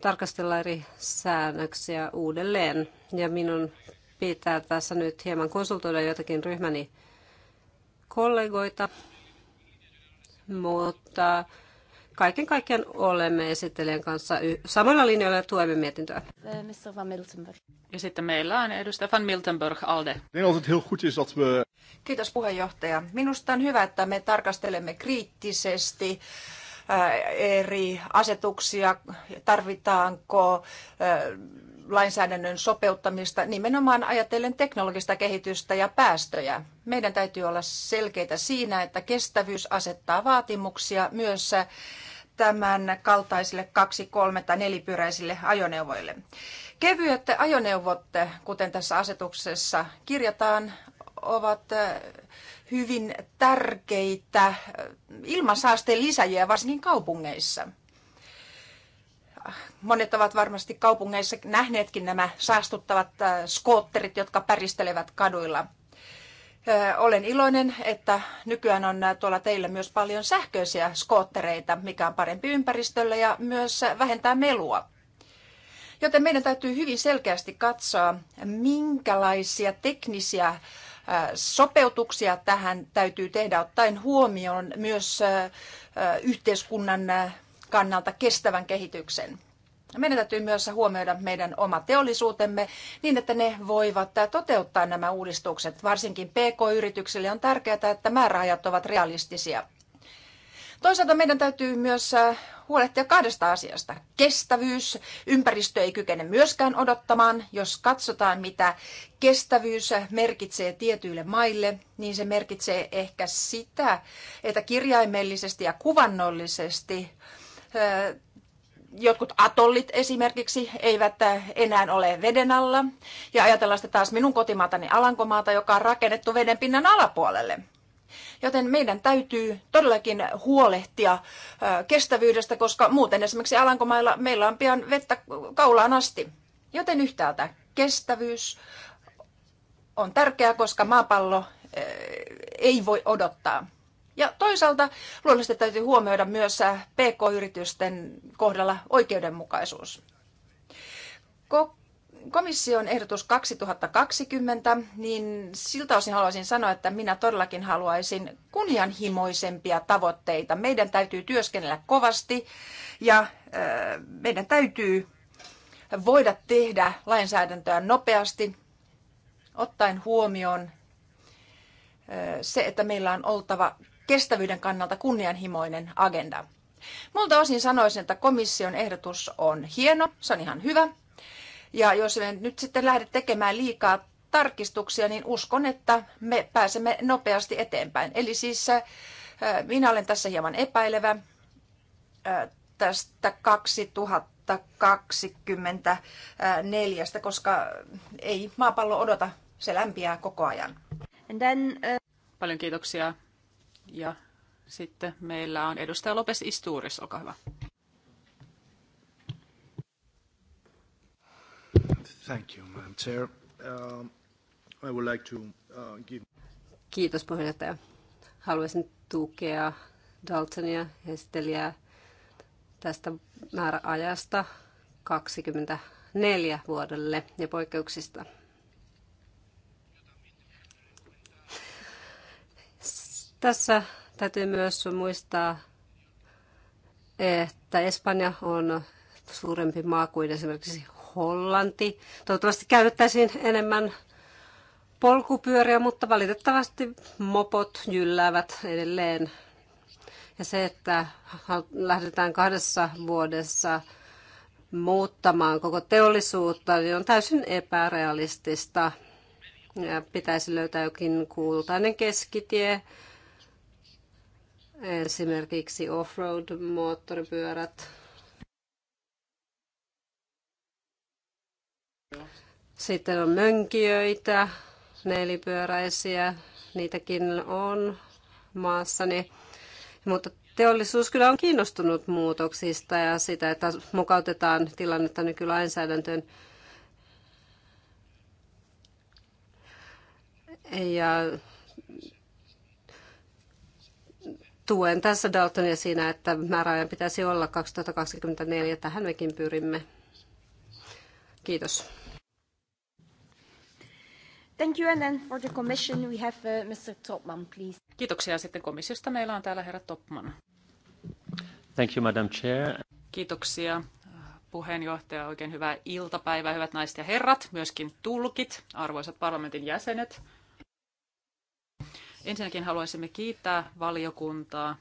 tarkastella eri säännöksiä uudelleen. Ja minun pitää tässä nyt hieman konsultoida jotakin ryhmäni kollegoita, mutta kaiken kaikkiaan olemme esittelijän kanssa y- samalla linjalla ja tuemme mietintöä. Mr. Van Miltenburg. Ja sitten meillä on edustaja Van Miltenburg Alde. Kiitos puheenjohtaja. Minusta on hyvä, että me tarkastelemme kriittisesti äh, eri asetuksia, tarvitaanko äh, lainsäädännön sopeuttamista nimenomaan ajatellen teknologista kehitystä ja päästöjä. Meidän täytyy olla selkeitä siinä, että kestävyys asettaa vaatimuksia myös tämän kaltaisille kaksi, kolme tai nelipyräisille ajoneuvoille. Kevyet ajoneuvot, kuten tässä asetuksessa kirjataan, ovat hyvin tärkeitä ilmansaasteen lisäjiä, varsinkin kaupungeissa – monet ovat varmasti kaupungeissa nähneetkin nämä saastuttavat äh, skootterit, jotka päristelevät kaduilla. Olen iloinen, että nykyään on tuolla teillä myös paljon sähköisiä skoottereita, mikä on parempi ympäristölle ja myös vähentää melua. Joten meidän täytyy hyvin selkeästi katsoa, minkälaisia teknisiä äh, sopeutuksia tähän täytyy tehdä ottaen huomioon myös äh, yhteiskunnan kannalta kestävän kehityksen. Meidän täytyy myös huomioida meidän oma teollisuutemme niin, että ne voivat toteuttaa nämä uudistukset. Varsinkin PK-yrityksille on tärkeää, että määräajat ovat realistisia. Toisaalta meidän täytyy myös huolehtia kahdesta asiasta. Kestävyys, ympäristö ei kykene myöskään odottamaan. Jos katsotaan, mitä kestävyys merkitsee tietyille maille, niin se merkitsee ehkä sitä, että kirjaimellisesti ja kuvannollisesti jotkut atollit esimerkiksi eivät enää ole veden alla. Ja ajatellaan sitten taas minun kotimaatani Alankomaata, joka on rakennettu veden pinnan alapuolelle. Joten meidän täytyy todellakin huolehtia kestävyydestä, koska muuten esimerkiksi Alankomailla meillä on pian vettä kaulaan asti. Joten yhtäältä kestävyys on tärkeää, koska maapallo ei voi odottaa. Ja toisaalta luonnollisesti täytyy huomioida myös äh, PK-yritysten kohdalla oikeudenmukaisuus. Komission ehdotus 2020, niin siltä osin haluaisin sanoa, että minä todellakin haluaisin kunnianhimoisempia tavoitteita. Meidän täytyy työskennellä kovasti ja äh, meidän täytyy voida tehdä lainsäädäntöä nopeasti, ottaen huomioon äh, se, että meillä on oltava kestävyyden kannalta kunnianhimoinen agenda. Multa osin sanoisin, että komission ehdotus on hieno, se on ihan hyvä. Ja jos me nyt sitten lähde tekemään liikaa tarkistuksia, niin uskon, että me pääsemme nopeasti eteenpäin. Eli siis äh, minä olen tässä hieman epäilevä äh, tästä 2024, koska ei maapallo odota, se lämpiää koko ajan. And then, uh... Paljon kiitoksia. Ja sitten meillä on edustaja Lopes Istuuris, olkaa hyvä. Thank you, Madam Chair. Uh, I would like to uh, give... Kiitos puheenjohtaja. Haluaisin tukea Daltonia esittelijää tästä määräajasta 24 vuodelle ja poikkeuksista Tässä täytyy myös muistaa, että Espanja on suurempi maa kuin esimerkiksi Hollanti. Toivottavasti käytettäisiin enemmän polkupyöriä, mutta valitettavasti mopot jylläävät edelleen. Ja se, että lähdetään kahdessa vuodessa muuttamaan koko teollisuutta, niin on täysin epärealistista. Ja pitäisi löytää jokin kultainen keskitie esimerkiksi offroad-moottoripyörät. Sitten on mönkijöitä, nelipyöräisiä, niitäkin on maassani. Mutta teollisuus kyllä on kiinnostunut muutoksista ja sitä, että mukautetaan tilannetta nykylainsäädäntöön. Ja tuen tässä Daltonia siinä, että määräajan pitäisi olla 2024. Tähän mekin pyrimme. Kiitos. Thank you. And then for the commission we have uh, Mr. Topman, please. Kiitoksia. Sitten komissiosta meillä on täällä herra Topman. Thank you, Madam Chair. Kiitoksia puheenjohtaja. Oikein hyvää iltapäivää, hyvät naiset ja herrat, myöskin tulkit, arvoisat parlamentin jäsenet. Ensinnäkin haluaisimme kiittää valiokuntaa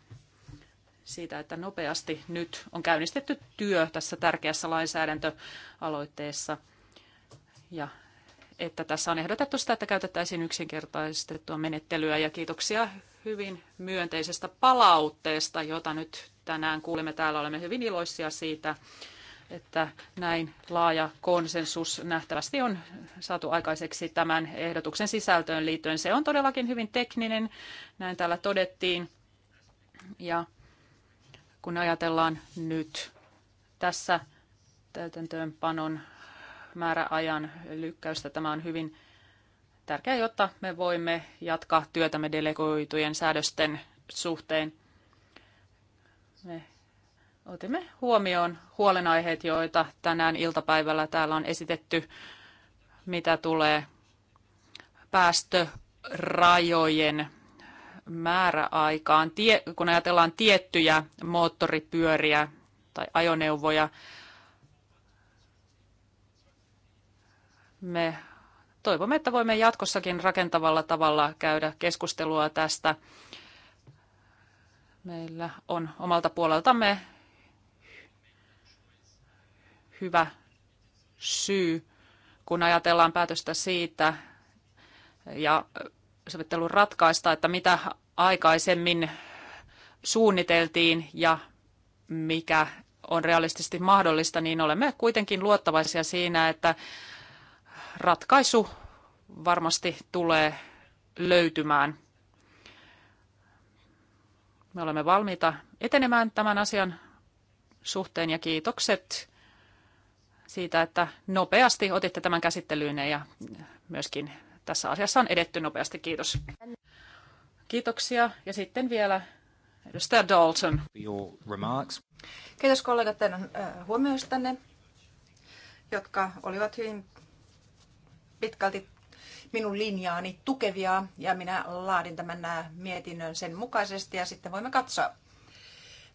siitä, että nopeasti nyt on käynnistetty työ tässä tärkeässä lainsäädäntöaloitteessa ja että tässä on ehdotettu sitä, että käytettäisiin yksinkertaistettua menettelyä ja kiitoksia hyvin myönteisestä palautteesta, jota nyt tänään kuulemme täällä. Olemme hyvin iloisia siitä että näin laaja konsensus nähtävästi on saatu aikaiseksi tämän ehdotuksen sisältöön liittyen. Se on todellakin hyvin tekninen, näin täällä todettiin. Ja kun ajatellaan nyt tässä täytäntöönpanon määräajan lykkäystä, tämä on hyvin tärkeää, jotta me voimme jatkaa työtämme delegoitujen säädösten suhteen. Me otimme huomioon huolenaiheet, joita tänään iltapäivällä täällä on esitetty, mitä tulee päästörajojen määräaikaan, tie, kun ajatellaan tiettyjä moottoripyöriä tai ajoneuvoja. Me toivomme, että voimme jatkossakin rakentavalla tavalla käydä keskustelua tästä. Meillä on omalta puoleltamme hyvä syy, kun ajatellaan päätöstä siitä ja sovittelun ratkaista, että mitä aikaisemmin suunniteltiin ja mikä on realistisesti mahdollista, niin olemme kuitenkin luottavaisia siinä, että ratkaisu varmasti tulee löytymään. Me olemme valmiita etenemään tämän asian suhteen ja kiitokset siitä, että nopeasti otitte tämän käsittelyyn ja myöskin tässä asiassa on edetty nopeasti. Kiitos. Kiitoksia. Ja sitten vielä edustaja Dalton. Kiitos kollegat teidän huomioistanne, jotka olivat hyvin pitkälti minun linjaani tukevia ja minä laadin tämän mietinnön sen mukaisesti ja sitten voimme katsoa,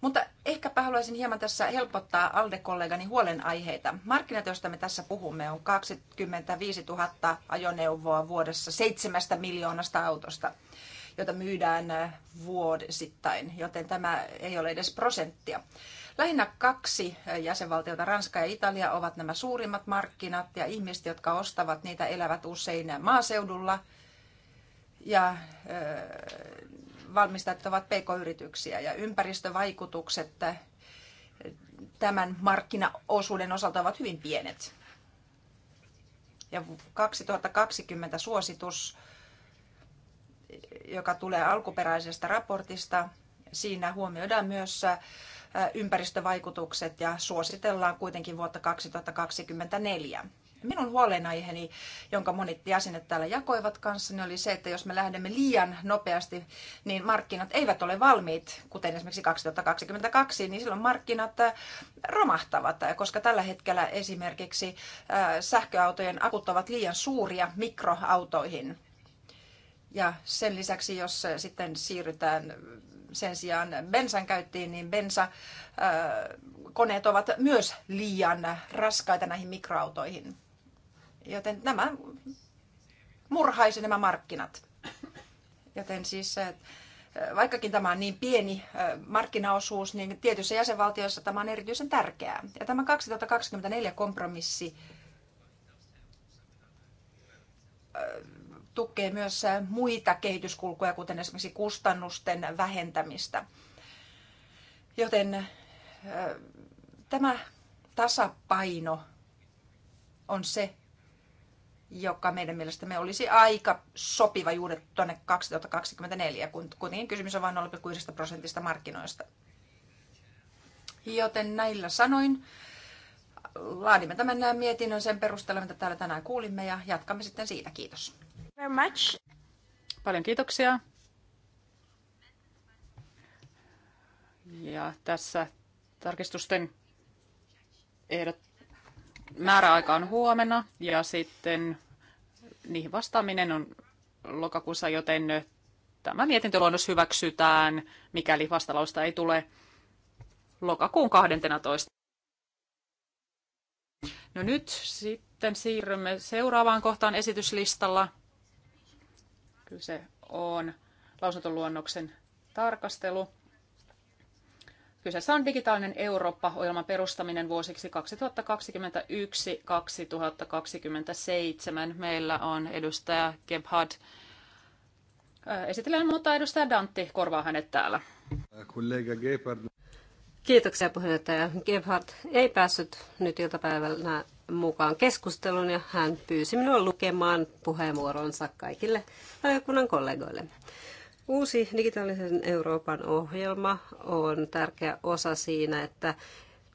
mutta ehkäpä haluaisin hieman tässä helpottaa Alde-kollegani huolenaiheita. Markkinat, joista me tässä puhumme, on 25 000 ajoneuvoa vuodessa seitsemästä miljoonasta autosta, jota myydään äh, vuodesittain, joten tämä ei ole edes prosenttia. Lähinnä kaksi äh, jäsenvaltiota, Ranska ja Italia, ovat nämä suurimmat markkinat ja ihmiset, jotka ostavat niitä, elävät usein maaseudulla. Ja äh, valmistajat ovat pk-yrityksiä ja ympäristövaikutukset tämän markkinaosuuden osalta ovat hyvin pienet. Ja 2020 suositus, joka tulee alkuperäisestä raportista, siinä huomioidaan myös äh, ympäristövaikutukset ja suositellaan kuitenkin vuotta 2024. Minun huolenaiheeni, jonka monet jäsenet täällä jakoivat kanssani, oli se, että jos me lähdemme liian nopeasti, niin markkinat eivät ole valmiit, kuten esimerkiksi 2022, niin silloin markkinat äh, romahtavat, äh, koska tällä hetkellä esimerkiksi äh, sähköautojen akut ovat liian suuria mikroautoihin. Ja sen lisäksi, jos sitten siirrytään sen sijaan bensan käyttiin, niin bensa koneet ovat myös liian raskaita näihin mikroautoihin. Joten nämä murhaisi nämä markkinat. Joten siis äh, vaikkakin tämä on niin pieni äh, markkinaosuus, niin tietyissä jäsenvaltioissa tämä on erityisen tärkeää. Ja tämä 2024 kompromissi äh, tukee myös muita kehityskulkuja, kuten esimerkiksi kustannusten vähentämistä. Joten tämä tasapaino on se, joka meidän mielestämme olisi aika sopiva juuri tuonne 2024, kun kuitenkin kysymys on vain 0,1 prosentista markkinoista. Joten näillä sanoin laadimme tämän näin mietinnön sen perusteella, mitä täällä tänään kuulimme ja jatkamme sitten siitä. Kiitos. Very much. Paljon kiitoksia. Ja tässä tarkistusten ehdot määräaika on huomenna ja sitten niihin vastaaminen on lokakuussa, joten tämä mietintöluonnos hyväksytään, mikäli vastalausta ei tule lokakuun 12. No nyt sitten siirrymme seuraavaan kohtaan esityslistalla. Kyse on lausuntoluonnoksen tarkastelu. Kyseessä on digitaalinen Eurooppa-ohjelman perustaminen vuosiksi 2021-2027. Meillä on edustaja Gebhard äh, esitellään, mutta edustaja Dantti korvaa hänet täällä. Kollega Gebhard. Kiitoksia puheenjohtaja. Gebhard ei päässyt nyt iltapäivällä mukaan keskusteluun ja hän pyysi minua lukemaan puheenvuoronsa kaikille valiokunnan kollegoille. Uusi digitaalisen Euroopan ohjelma on tärkeä osa siinä, että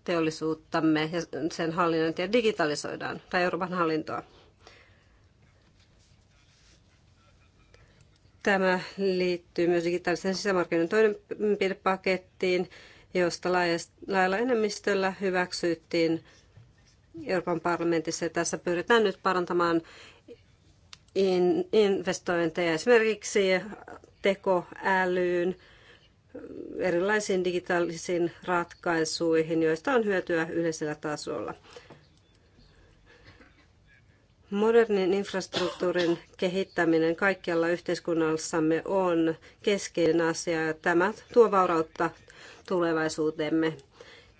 teollisuuttamme ja sen hallinnointia digitalisoidaan, tai Euroopan hallintoa. Tämä liittyy myös digitaalisen sisämarkkinoiden toimenpidepakettiin, josta lailla enemmistöllä hyväksyttiin Euroopan parlamentissa. Tässä pyritään nyt parantamaan investointeja esimerkiksi tekoälyyn, erilaisiin digitaalisiin ratkaisuihin, joista on hyötyä yleisellä tasolla. Modernin infrastruktuurin kehittäminen kaikkialla yhteiskunnassamme on keskeinen asia ja tämä tuo vaurautta tulevaisuutemme.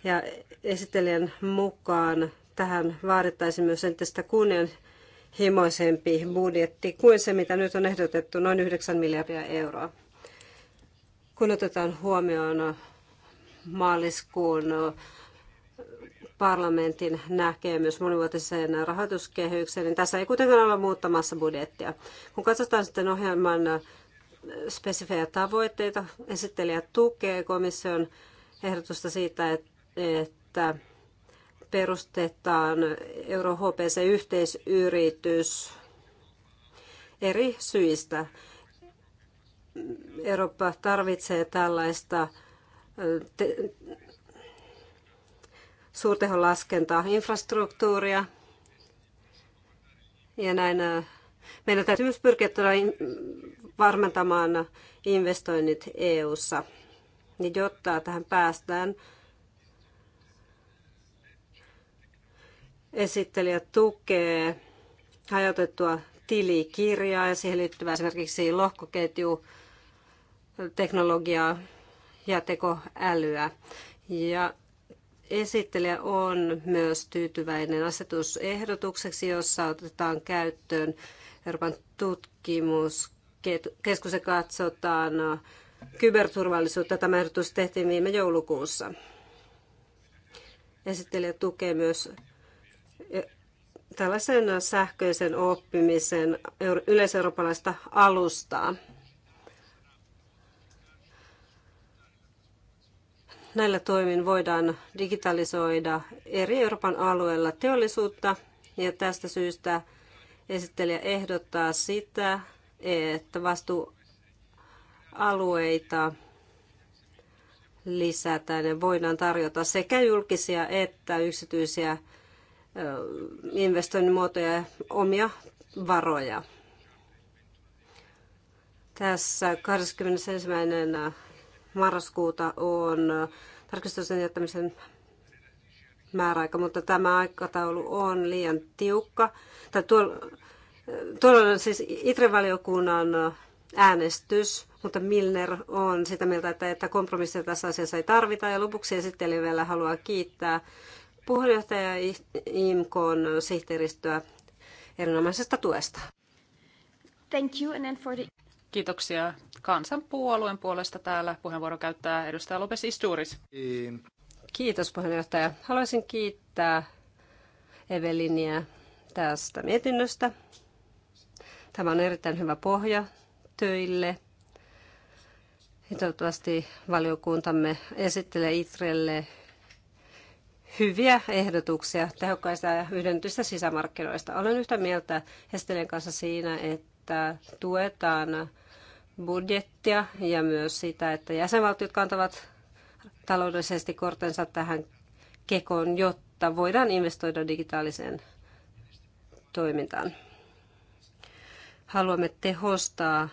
Ja esittelijän mukaan tähän vaadittaisiin myös entistä kunnianhimoisempaa himoisempi budjetti kuin se, mitä nyt on ehdotettu, noin 9 miljardia euroa. Kun otetaan huomioon maaliskuun parlamentin näkemys monivuotiseen rahoituskehykseen, niin tässä ei kuitenkaan olla muuttamassa budjettia. Kun katsotaan sitten ohjelman spesifejä tavoitteita, esittelijä tukee komission ehdotusta siitä, että perustetaan Euro HPC-yhteisyritys eri syistä. Eurooppa tarvitsee tällaista te- laskenta infrastruktuuria ja näin. Meidän täytyy myös pyrkiä varmentamaan investoinnit EU-ssa. jotta tähän päästään, esittelijä tukee hajotettua tilikirjaa ja siihen liittyvää esimerkiksi lohkoketju teknologiaa ja tekoälyä. Ja esittelijä on myös tyytyväinen asetusehdotukseksi, jossa otetaan käyttöön Euroopan tutkimuskeskus ja katsotaan kyberturvallisuutta. Tämä ehdotus tehtiin viime joulukuussa. Esittelijä tukee myös tällaisen sähköisen oppimisen yleiseurooppalaista alustaa. Näillä toimin voidaan digitalisoida eri Euroopan alueilla teollisuutta ja tästä syystä esittelijä ehdottaa sitä, että vastuualueita lisätään ja voidaan tarjota sekä julkisia että yksityisiä investoinnin muotoja ja omia varoja. Tässä 21. marraskuuta on tarkistuksen jättämisen määräaika, mutta tämä aikataulu on liian tiukka. Tai tuolla, tuolla on siis ITRE-valiokunnan äänestys, mutta Milner on sitä mieltä, että, että kompromissia tässä asiassa ei tarvita. Ja lopuksi esittelijä vielä haluaa kiittää puheenjohtaja ja IMKn sihteeristöä erinomaisesta tuesta. Thank you and then for the... Kiitoksia. Kansanpuolueen puolesta täällä puheenvuoro käyttää edustaja Lopes Isturis. Kiitos puheenjohtaja. Haluaisin kiittää Eveliniä tästä mietinnöstä. Tämä on erittäin hyvä pohja töille. Ja toivottavasti valiokuntamme esittelee Itrelle hyviä ehdotuksia tehokkaista ja yhdennetyistä sisämarkkinoista. Olen yhtä mieltä Hestelen kanssa siinä, että tuetaan budjettia ja myös sitä, että jäsenvaltiot kantavat taloudellisesti kortensa tähän kekoon, jotta voidaan investoida digitaaliseen toimintaan. Haluamme tehostaa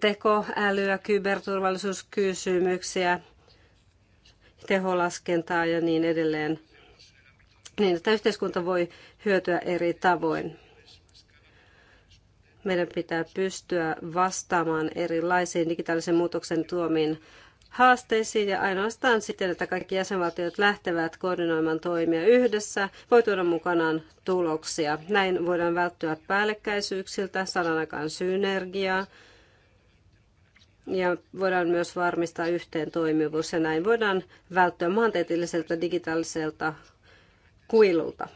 tekoälyä, kyberturvallisuuskysymyksiä teholaskentaa ja niin edelleen, niin että yhteiskunta voi hyötyä eri tavoin. Meidän pitää pystyä vastaamaan erilaisiin digitaalisen muutoksen tuomiin haasteisiin ja ainoastaan siten, että kaikki jäsenvaltiot lähtevät koordinoimaan toimia yhdessä, voi tuoda mukanaan tuloksia. Näin voidaan välttyä päällekkäisyyksiltä, saadaan aikaan synergiaa ja voidaan myös varmistaa yhteen toimivuus ja näin voidaan välttyä maantieteelliseltä digitaaliselta kuilulta.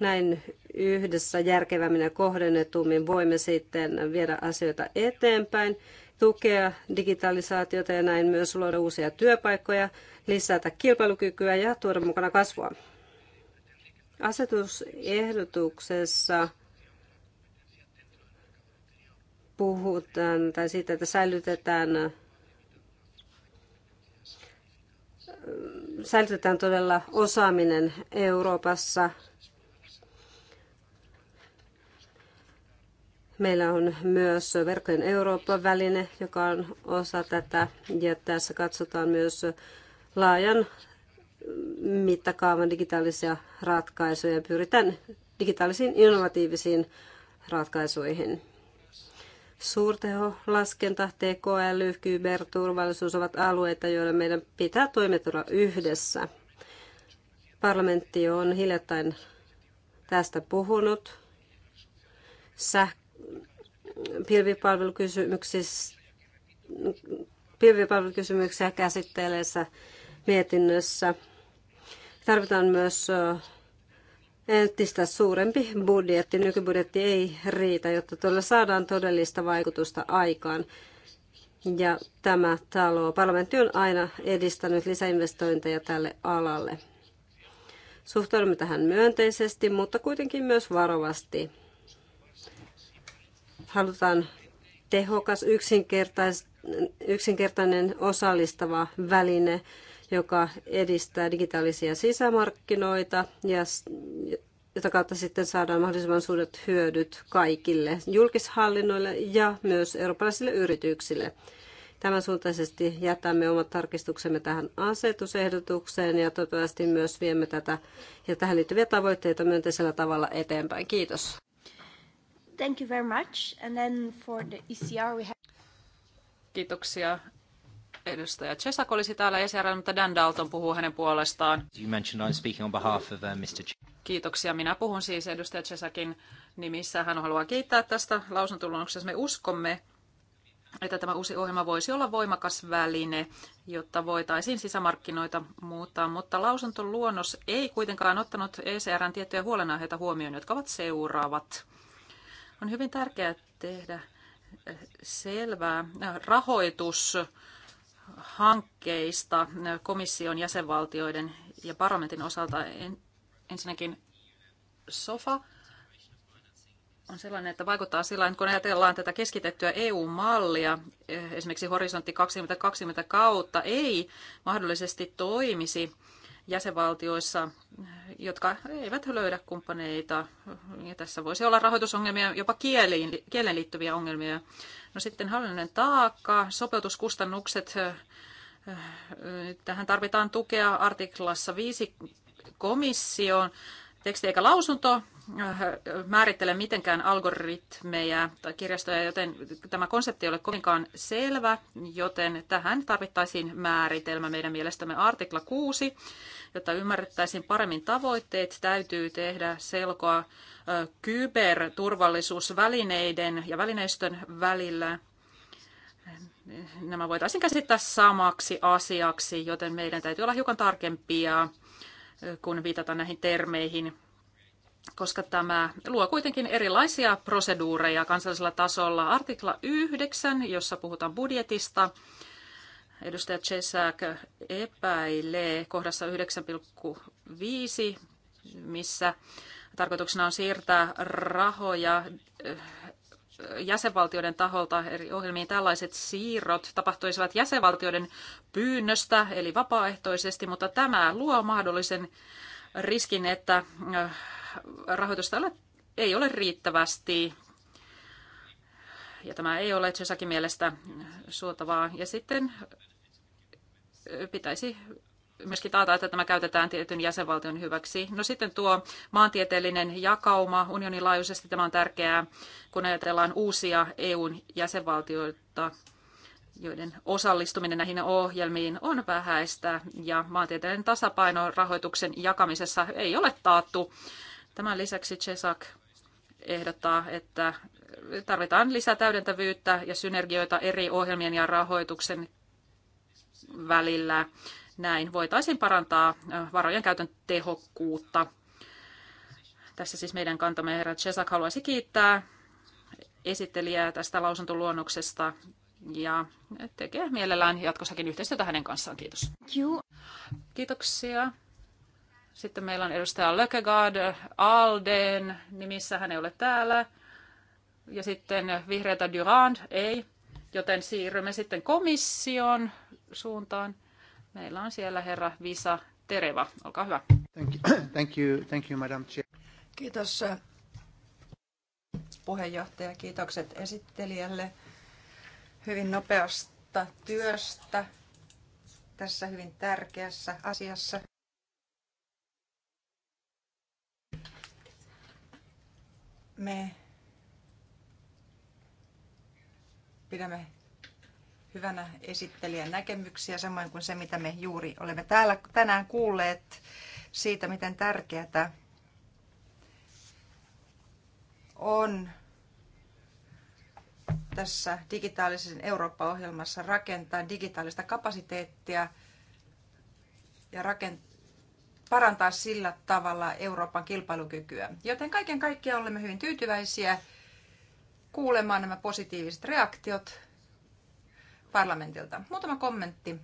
Näin yhdessä järkevämmin ja kohdennetummin voimme sitten viedä asioita eteenpäin, tukea digitalisaatiota ja näin myös luoda uusia työpaikkoja, lisätä kilpailukykyä ja tuoda mukana kasvua. Asetusehdotuksessa puhutaan tai siitä, että säilytetään, säilytetään todella osaaminen Euroopassa. Meillä on myös verkkojen Euroopan väline, joka on osa tätä, ja tässä katsotaan myös laajan mittakaavan digitaalisia ratkaisuja. Pyritään digitaalisiin innovatiivisiin ratkaisuihin. Suurteho laskenta tekoäly, kyberturvallisuus ovat alueita, joilla meidän pitää toimitella yhdessä. Parlamentti on hiljattain tästä puhunut. Säh- pilvipalvelukysymyksissä pilvipalvelukysymyksiä käsitteleessä mietinnössä. Tarvitaan myös entistä suurempi budjetti. Nykybudjetti ei riitä, jotta todella saadaan todellista vaikutusta aikaan. Ja tämä talo, parlamentti on aina edistänyt lisäinvestointeja tälle alalle. Suhtaudumme tähän myönteisesti, mutta kuitenkin myös varovasti. Halutaan tehokas, yksinkertainen, osallistava väline, joka edistää digitaalisia sisämarkkinoita ja jota kautta sitten saadaan mahdollisimman suuret hyödyt kaikille julkishallinnoille ja myös eurooppalaisille yrityksille. Tämän suuntaisesti jätämme omat tarkistuksemme tähän asetusehdotukseen ja toivottavasti myös viemme tätä ja tähän liittyviä tavoitteita myönteisellä tavalla eteenpäin. Kiitos. Thank you very much. And then for the ECR we have... Kiitoksia edustaja Chesak olisi täällä ECRL, mutta Dan Dalton puhuu hänen puolestaan. Uh, Kiitoksia. Minä puhun siis edustaja Chesakin nimissä. Hän haluaa kiittää tästä lausuntoluonnoksesta. Me uskomme, että tämä uusi ohjelma voisi olla voimakas väline, jotta voitaisiin sisämarkkinoita muuttaa, mutta lausuntoluonnos ei kuitenkaan ottanut ECRn tiettyjä huolenaiheita huomioon, jotka ovat seuraavat. On hyvin tärkeää tehdä eh, selvää rahoitus hankkeista komission jäsenvaltioiden ja parlamentin osalta. Ensinnäkin SOFA on sellainen, että vaikuttaa sillä, että kun ajatellaan tätä keskitettyä EU-mallia, eh, esimerkiksi horisontti 2020 kautta ei mahdollisesti toimisi jäsenvaltioissa, jotka eivät löydä kumppaneita. Ja tässä voisi olla rahoitusongelmia, jopa kieliin, kieleen liittyviä ongelmia. No sitten hallinnollinen taakka, sopeutuskustannukset. Tähän tarvitaan tukea artiklassa 5 komissioon teksti eikä lausunto äh, määrittele mitenkään algoritmeja tai kirjastoja, joten tämä konsepti ei ole kovinkaan selvä, joten tähän tarvittaisiin määritelmä meidän mielestämme artikla 6, jotta ymmärrettäisiin paremmin tavoitteet, täytyy tehdä selkoa äh, kyberturvallisuusvälineiden ja välineistön välillä. Nämä voitaisiin käsittää samaksi asiaksi, joten meidän täytyy olla hiukan tarkempia kun viitataan näihin termeihin, koska tämä luo kuitenkin erilaisia proseduureja kansallisella tasolla. Artikla 9, jossa puhutaan budjetista, edustaja Chesak epäilee kohdassa 9,5, missä tarkoituksena on siirtää rahoja jäsenvaltioiden taholta eri ohjelmiin tällaiset siirrot tapahtuisivat jäsenvaltioiden pyynnöstä, eli vapaaehtoisesti, mutta tämä luo mahdollisen riskin, että äh, rahoitusta ei ole riittävästi. Ja tämä ei ole Tsesakin mielestä suotavaa. Ja sitten äh, pitäisi myöskin taata, että tämä käytetään tietyn jäsenvaltion hyväksi. No sitten tuo maantieteellinen jakauma unionin laajuisesti, tämä on tärkeää, kun ajatellaan uusia EUn jäsenvaltioita, joiden osallistuminen näihin ohjelmiin on vähäistä ja maantieteellinen tasapaino rahoituksen jakamisessa ei ole taattu. Tämän lisäksi Cesak ehdottaa, että tarvitaan lisää täydentävyyttä ja synergioita eri ohjelmien ja rahoituksen välillä näin voitaisiin parantaa varojen käytön tehokkuutta. Tässä siis meidän kantamme herra Chesak haluaisi kiittää esittelijää tästä lausuntoluonnoksesta ja tekee mielellään jatkossakin yhteistyötä hänen kanssaan. Kiitos. Kiitoksia. Sitten meillä on edustaja Lökegaard Alden nimissä, hän ei ole täällä. Ja sitten vihreätä Durand ei, joten siirrymme sitten komission suuntaan. Meillä on siellä herra Visa Tereva. Olkaa hyvä. Thank you, <coughs> thank you, thank you Madam Chair. Kiitos äh, puheenjohtaja. Kiitokset esittelijälle hyvin nopeasta työstä tässä hyvin tärkeässä asiassa. Me pidämme hyvänä esittelijän näkemyksiä, samoin kuin se, mitä me juuri olemme täällä tänään kuulleet siitä, miten tärkeää on tässä digitaalisen Eurooppa-ohjelmassa rakentaa digitaalista kapasiteettia ja rakentaa parantaa sillä tavalla Euroopan kilpailukykyä. Joten kaiken kaikkiaan olemme hyvin tyytyväisiä kuulemaan nämä positiiviset reaktiot parlamentilta. Muutama kommentti.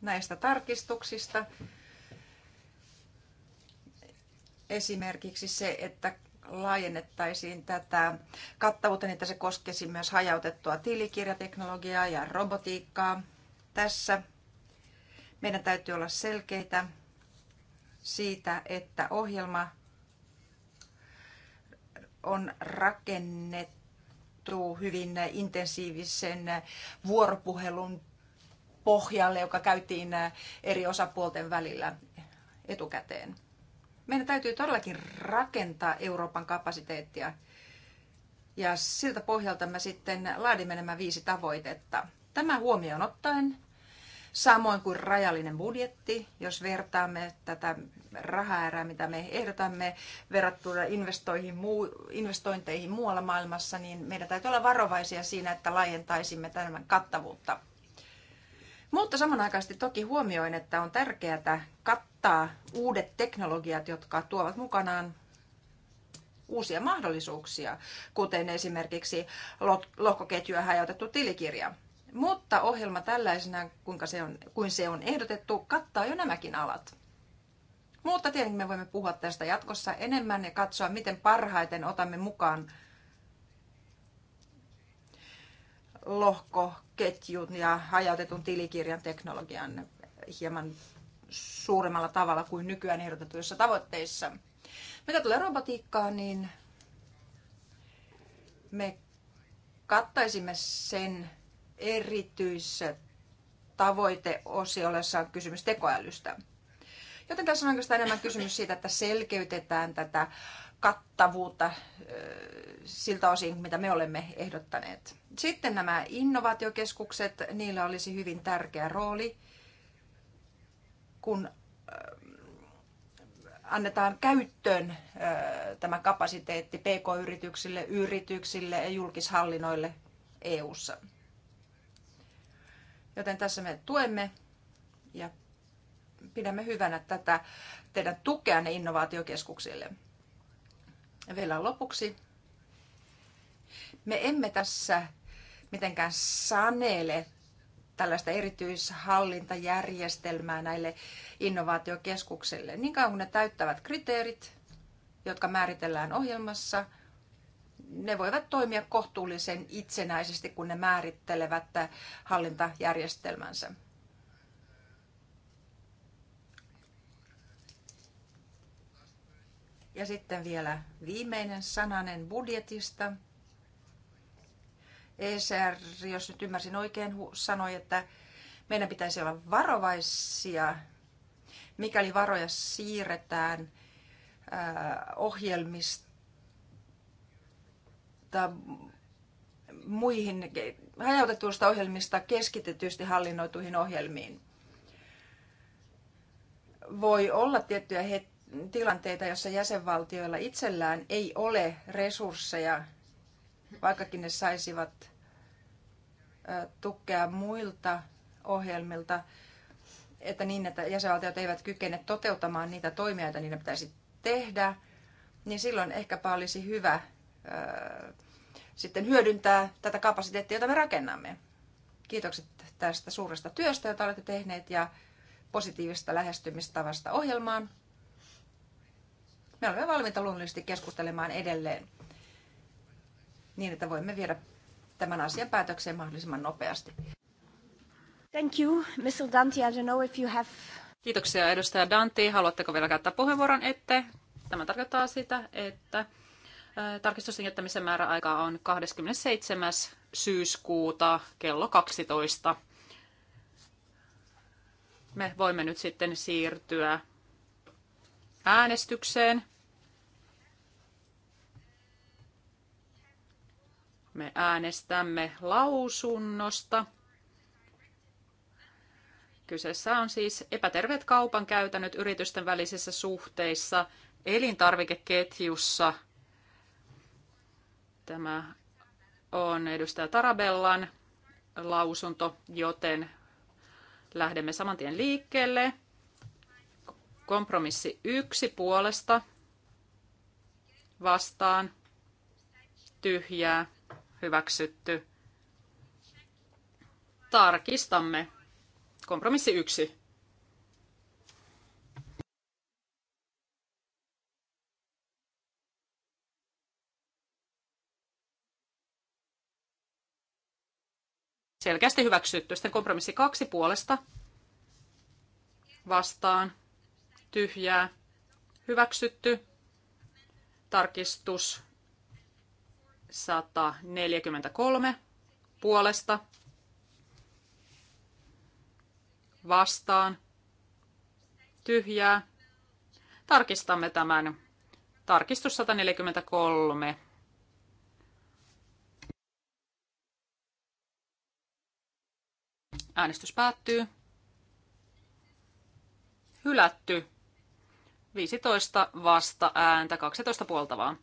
näistä tarkistuksista. Esimerkiksi se, että laajennettaisiin tätä kattavuutta, niin että se koskisi myös hajautettua tilikirjateknologiaa ja robotiikkaa. Tässä meidän täytyy olla selkeitä siitä, että ohjelma on rakennettu hyvin intensiivisen vuoropuhelun pohjalle, joka käytiin eri osapuolten välillä etukäteen. Meidän täytyy todellakin rakentaa Euroopan kapasiteettia ja siltä pohjalta me sitten laadimme nämä viisi tavoitetta. Tämä huomioon ottaen samoin kuin rajallinen budjetti, jos vertaamme tätä rahaerää, mitä me ehdotamme verrattuna investointeihin muualla maailmassa, niin meidän täytyy olla varovaisia siinä, että laajentaisimme tämän kattavuutta. Mutta samanaikaisesti toki huomioin, että on tärkeää kattaa uudet teknologiat, jotka tuovat mukanaan uusia mahdollisuuksia, kuten esimerkiksi lohkoketjua hajautettu tilikirja. Mutta ohjelma tällaisena, kuinka se on, kuin se on ehdotettu, kattaa jo nämäkin alat. Mutta tietenkin me voimme puhua tästä jatkossa enemmän ja katsoa, miten parhaiten otamme mukaan lohkoketjun ja hajautetun tilikirjan teknologian hieman suuremmalla tavalla kuin nykyään ehdotetuissa tavoitteissa. Mitä tulee robotiikkaan, niin me kattaisimme sen erityisessä jossa on kysymys tekoälystä. Joten tässä on oikeastaan enemmän kysymys siitä, että selkeytetään tätä kattavuutta siltä osin, mitä me olemme ehdottaneet. Sitten nämä innovaatiokeskukset, niillä olisi hyvin tärkeä rooli, kun annetaan käyttöön tämä kapasiteetti pk-yrityksille, yrityksille ja julkishallinnoille EU:ssa. ssa Joten tässä me tuemme ja pidämme hyvänä tätä teidän tukeanne innovaatiokeskuksille. Ja vielä lopuksi. Me emme tässä mitenkään sanele tällaista erityishallintajärjestelmää näille innovaatiokeskuksille. Niin kauan kun ne täyttävät kriteerit, jotka määritellään ohjelmassa – ne voivat toimia kohtuullisen itsenäisesti, kun ne määrittelevät hallintajärjestelmänsä. Ja sitten vielä viimeinen sananen budjetista. esr jos nyt ymmärsin oikein, sanoi, että meidän pitäisi olla varovaisia, mikäli varoja siirretään ohjelmista mutta muihin hajautetuista ohjelmista keskitetysti hallinnoituihin ohjelmiin. Voi olla tiettyjä het- tilanteita, joissa jäsenvaltioilla itsellään ei ole resursseja, vaikkakin ne saisivat tukea muilta ohjelmilta, että niin, että jäsenvaltiot eivät kykene toteuttamaan niitä toimia, joita niiden pitäisi tehdä, niin silloin ehkäpä olisi hyvä sitten hyödyntää tätä kapasiteettia, jota me rakennamme. Kiitokset tästä suuresta työstä, jota olette tehneet ja positiivista lähestymistavasta ohjelmaan. Me olemme valmiita luonnollisesti keskustelemaan edelleen niin, että voimme viedä tämän asian päätökseen mahdollisimman nopeasti. Thank you, Mr. Dante. I don't know if you have... Kiitoksia edustaja Danti. Haluatteko vielä käyttää puheenvuoron? Ette. Tämä tarkoittaa sitä, että Tarkistusten jättämisen määräaika on 27. syyskuuta kello 12. Me voimme nyt sitten siirtyä äänestykseen. Me äänestämme lausunnosta. Kyseessä on siis epäterveet kaupan käytännöt yritysten välisissä suhteissa elintarvikeketjussa – Tämä on edustaja Tarabellan lausunto, joten lähdemme saman tien liikkeelle. Kompromissi yksi puolesta vastaan tyhjää hyväksytty. Tarkistamme. Kompromissi yksi. Selkeästi hyväksytty. Sitten kompromissi kaksi puolesta. Vastaan. Tyhjää. Hyväksytty. Tarkistus 143 puolesta. Vastaan. Tyhjää. Tarkistamme tämän. Tarkistus 143. Äänestys päättyy. Hylätty. 15 vasta ääntä, 12 puoltavaa.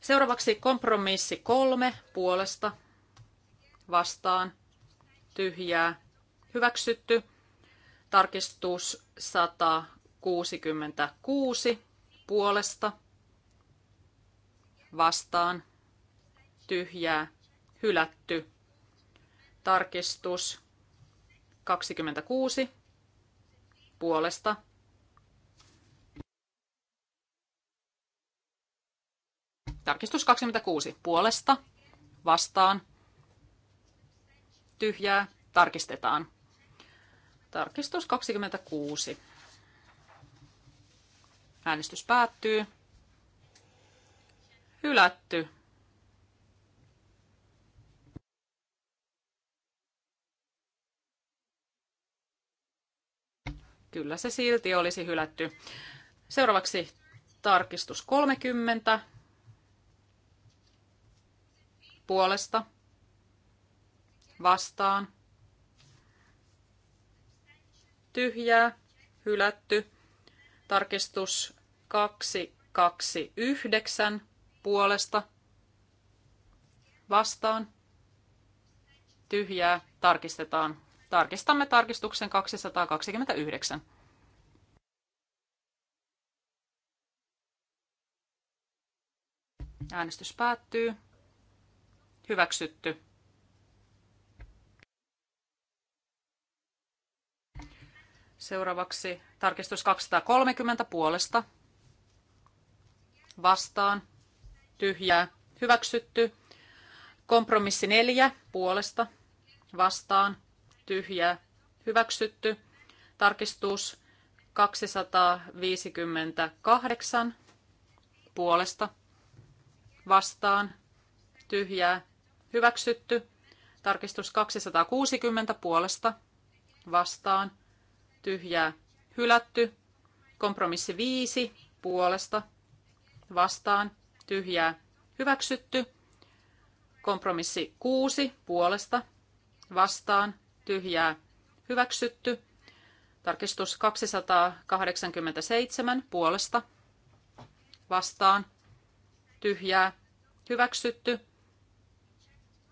Seuraavaksi kompromissi kolme puolesta vastaan tyhjää hyväksytty. Tarkistus 166 puolesta vastaan tyhjää hylätty. Tarkistus 26 puolesta. Tarkistus 26 puolesta vastaan. Tyhjää tarkistetaan. Tarkistus 26. Äänestys päättyy. Hylätty. kyllä se silti olisi hylätty. Seuraavaksi tarkistus 30 puolesta vastaan tyhjää hylätty. Tarkistus 229 puolesta vastaan tyhjää tarkistetaan Tarkistamme tarkistuksen 229. Äänestys päättyy. Hyväksytty. Seuraavaksi tarkistus 230 puolesta. Vastaan. Tyhjää. Hyväksytty. Kompromissi 4 puolesta. Vastaan tyhjä hyväksytty. Tarkistus 258 puolesta vastaan tyhjää hyväksytty. Tarkistus 260 puolesta vastaan tyhjää hylätty. Kompromissi 5 puolesta vastaan tyhjää hyväksytty. Kompromissi 6 puolesta vastaan tyhjää hyväksytty. Tarkistus 287 puolesta vastaan tyhjää hyväksytty.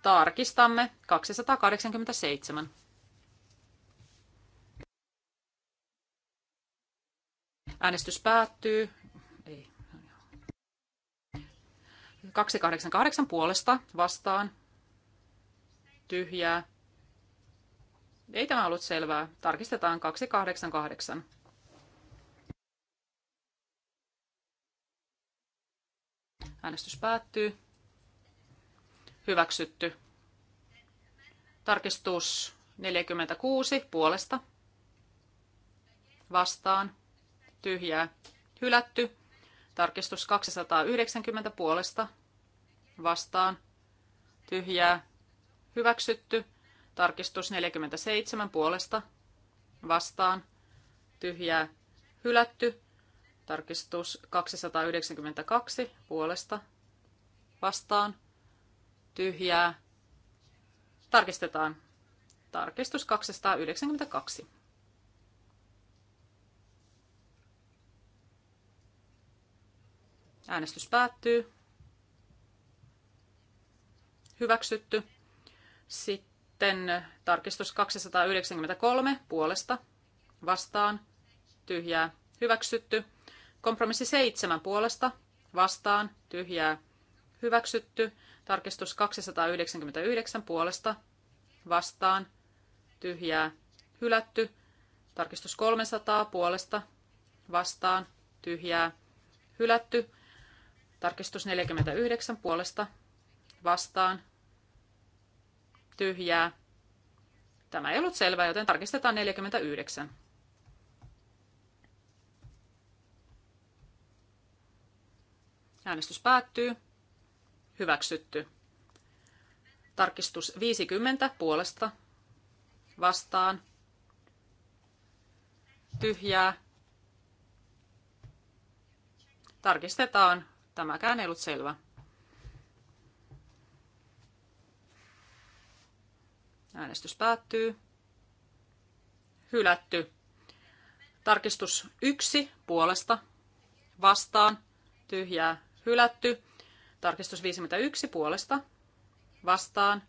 Tarkistamme 287. Äänestys päättyy. Ei. 288 puolesta vastaan. Tyhjää. Ei tämä ollut selvää. Tarkistetaan 288. Äänestys päättyy. Hyväksytty. Tarkistus 46 puolesta. Vastaan. Tyhjää. Hylätty. Tarkistus 290 puolesta. Vastaan. Tyhjää. Hyväksytty. Tarkistus 47 puolesta vastaan tyhjää hylätty. Tarkistus 292 puolesta vastaan tyhjää. Tarkistetaan. Tarkistus 292. Äänestys päättyy. Hyväksytty. Sitten sitten tarkistus 293 puolesta vastaan tyhjää hyväksytty. Kompromissi 7 puolesta vastaan tyhjää hyväksytty. Tarkistus 299 puolesta vastaan tyhjää hylätty. Tarkistus 300 puolesta vastaan tyhjää hylätty. Tarkistus 49 puolesta vastaan tyhjää. Tämä ei ollut selvää, joten tarkistetaan 49. Äänestys päättyy. Hyväksytty. Tarkistus 50 puolesta vastaan. Tyhjää. Tarkistetaan. Tämäkään ei ollut selvä. Äänestys päättyy. Hylätty. Tarkistus yksi puolesta vastaan. Tyhjää hylätty. Tarkistus 51 puolesta vastaan.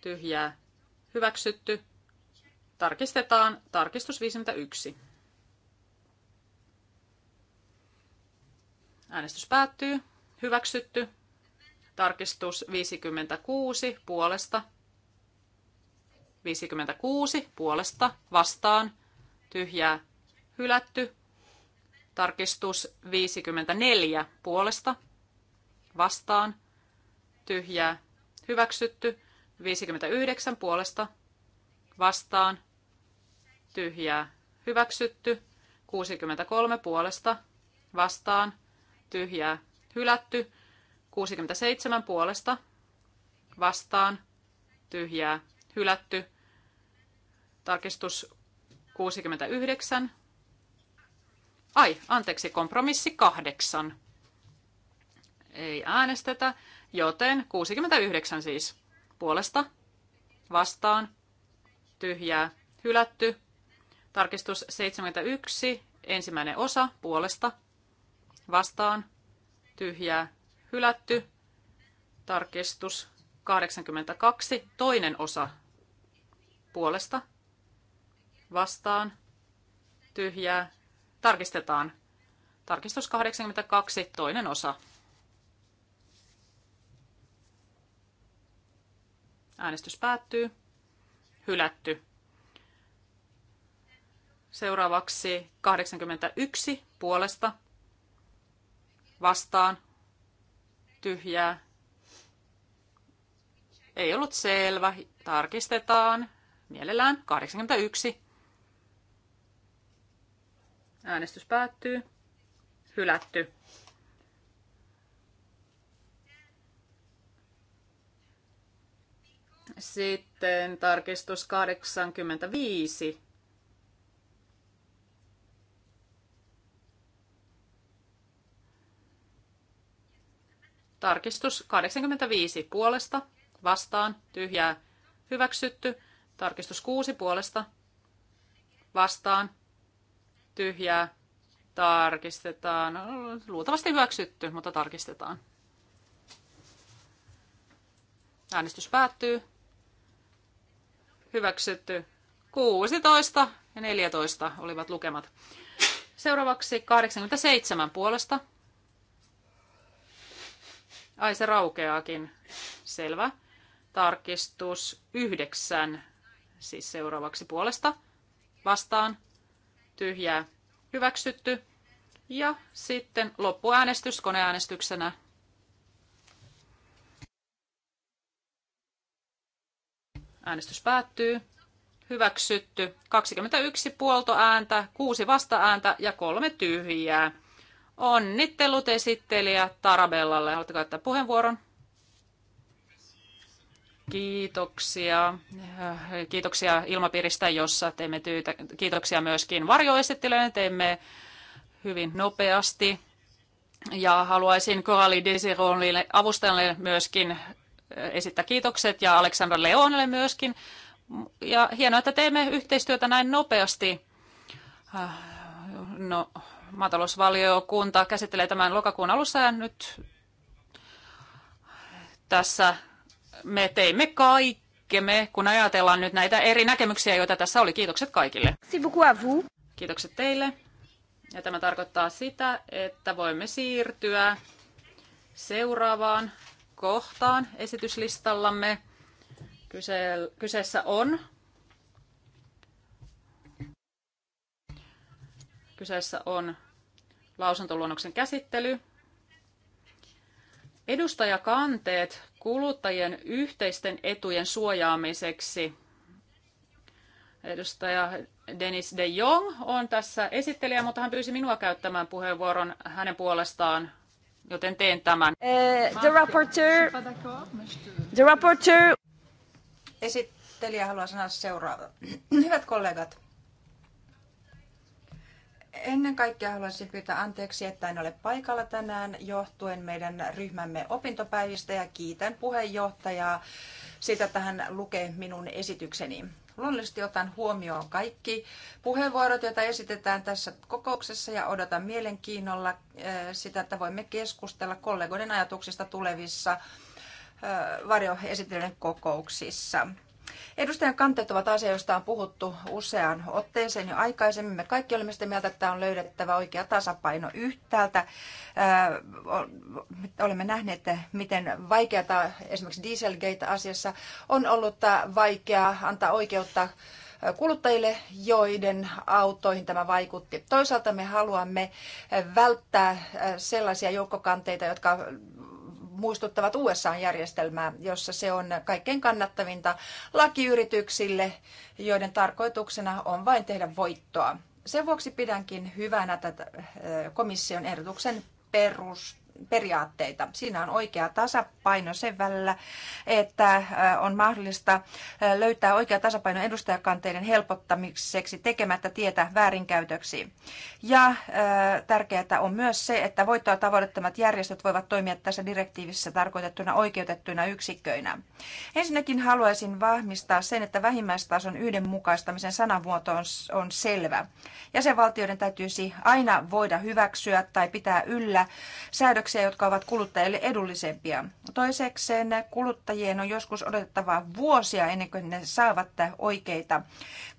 Tyhjää hyväksytty. Tarkistetaan tarkistus 51. Äänestys päättyy. Hyväksytty. Tarkistus 56 puolesta 56 puolesta vastaan tyhjää hylätty. Tarkistus 54 puolesta vastaan tyhjää hyväksytty. 59 puolesta vastaan tyhjää hyväksytty. 63 puolesta vastaan tyhjää hylätty. 67 puolesta vastaan tyhjää hylätty. Tarkistus 69. Ai, anteeksi, kompromissi 8. Ei äänestetä, joten 69 siis. Puolesta, vastaan, tyhjää, hylätty. Tarkistus 71, ensimmäinen osa, puolesta, vastaan, tyhjää, hylätty. Tarkistus 82, toinen osa, puolesta, vastaan, tyhjää, tarkistetaan. Tarkistus 82, toinen osa. Äänestys päättyy. Hylätty. Seuraavaksi 81 puolesta vastaan tyhjää. Ei ollut selvä. Tarkistetaan. Mielellään 81. Äänestys päättyy. Hylätty. Sitten tarkistus 85. Tarkistus 85 puolesta, vastaan, tyhjää, hyväksytty. Tarkistus 6 puolesta, vastaan, tyhjää, tarkistetaan. Luultavasti hyväksytty, mutta tarkistetaan. Äänestys päättyy. Hyväksytty. 16 ja 14 olivat lukemat. Seuraavaksi 87 puolesta. Ai se raukeaakin. Selvä. Tarkistus 9, siis seuraavaksi puolesta. Vastaan tyhjää hyväksytty. Ja sitten loppuäänestys koneäänestyksenä. Äänestys päättyy. Hyväksytty. 21 puoltoääntä, 6 vastaääntä ja 3 tyhjää. Onnittelut esittelijä Tarabellalle. Haluatteko ottaa puheenvuoron? Kiitoksia. Äh, kiitoksia ilmapiiristä, jossa teemme työtä. Kiitoksia myöskin varjoesittelyyn. Teemme hyvin nopeasti. Ja haluaisin Coralie Desironille avustajalle myöskin äh, esittää kiitokset ja Aleksandra Leonelle myöskin. Ja hienoa, että teemme yhteistyötä näin nopeasti. Äh, no, maatalousvaliokunta käsittelee tämän lokakuun alussa ja nyt tässä me teimme kaikkemme, kun ajatellaan nyt näitä eri näkemyksiä, joita tässä oli. Kiitokset kaikille. Kiitokset teille. Ja tämä tarkoittaa sitä, että voimme siirtyä seuraavaan kohtaan esityslistallamme. Kyse, kyseessä on Kyseessä on lausuntoluonnoksen käsittely Edustajakanteet kuluttajien yhteisten etujen suojaamiseksi. Edustaja Dennis de Jong on tässä esittelijä, mutta hän pyysi minua käyttämään puheenvuoron hänen puolestaan, joten teen tämän. Uh, the rapporteur, the rapporteur. Esittelijä haluaa sanoa seuraava. <clears throat> Hyvät kollegat, Ennen kaikkea haluaisin pyytää anteeksi, että en ole paikalla tänään johtuen meidän ryhmämme opintopäivistä ja kiitän puheenjohtajaa siitä, että hän lukee minun esitykseni. Luonnollisesti otan huomioon kaikki puheenvuorot, joita esitetään tässä kokouksessa ja odotan mielenkiinnolla eh, sitä, että voimme keskustella kollegoiden ajatuksista tulevissa eh, varjoesitellen kokouksissa. Edustajan kanteet ovat asia, josta on puhuttu useaan otteeseen jo aikaisemmin. Me kaikki olemme sitä mieltä, että on löydettävä oikea tasapaino yhtäältä. olemme nähneet, että miten vaikeata esimerkiksi Dieselgate-asiassa on ollut vaikea antaa oikeutta kuluttajille, joiden autoihin tämä vaikutti. Toisaalta me haluamme välttää sellaisia joukkokanteita, jotka muistuttavat USA-järjestelmää, jossa se on kaikkein kannattavinta lakiyrityksille, joiden tarkoituksena on vain tehdä voittoa. Sen vuoksi pidänkin hyvänä tätä komission ehdotuksen perus, periaatteita. Siinä on oikea tasapaino sen välillä, että äh, on mahdollista äh, löytää oikea tasapaino edustajakanteiden helpottamiseksi tekemättä tietä väärinkäytöksiin. Ja äh, tärkeää on myös se, että voittoa tavoittamat järjestöt voivat toimia tässä direktiivissä tarkoitettuna oikeutettuina yksikköinä. Ensinnäkin haluaisin vahvistaa sen, että vähimmäistason yhdenmukaistamisen sanamuoto on, on selvä. Jäsenvaltioiden täytyisi aina voida hyväksyä tai pitää yllä säädöksiä päätöksiä, jotka ovat kuluttajille edullisempia. Toisekseen kuluttajien on joskus odotettava vuosia ennen kuin ne saavat oikeita,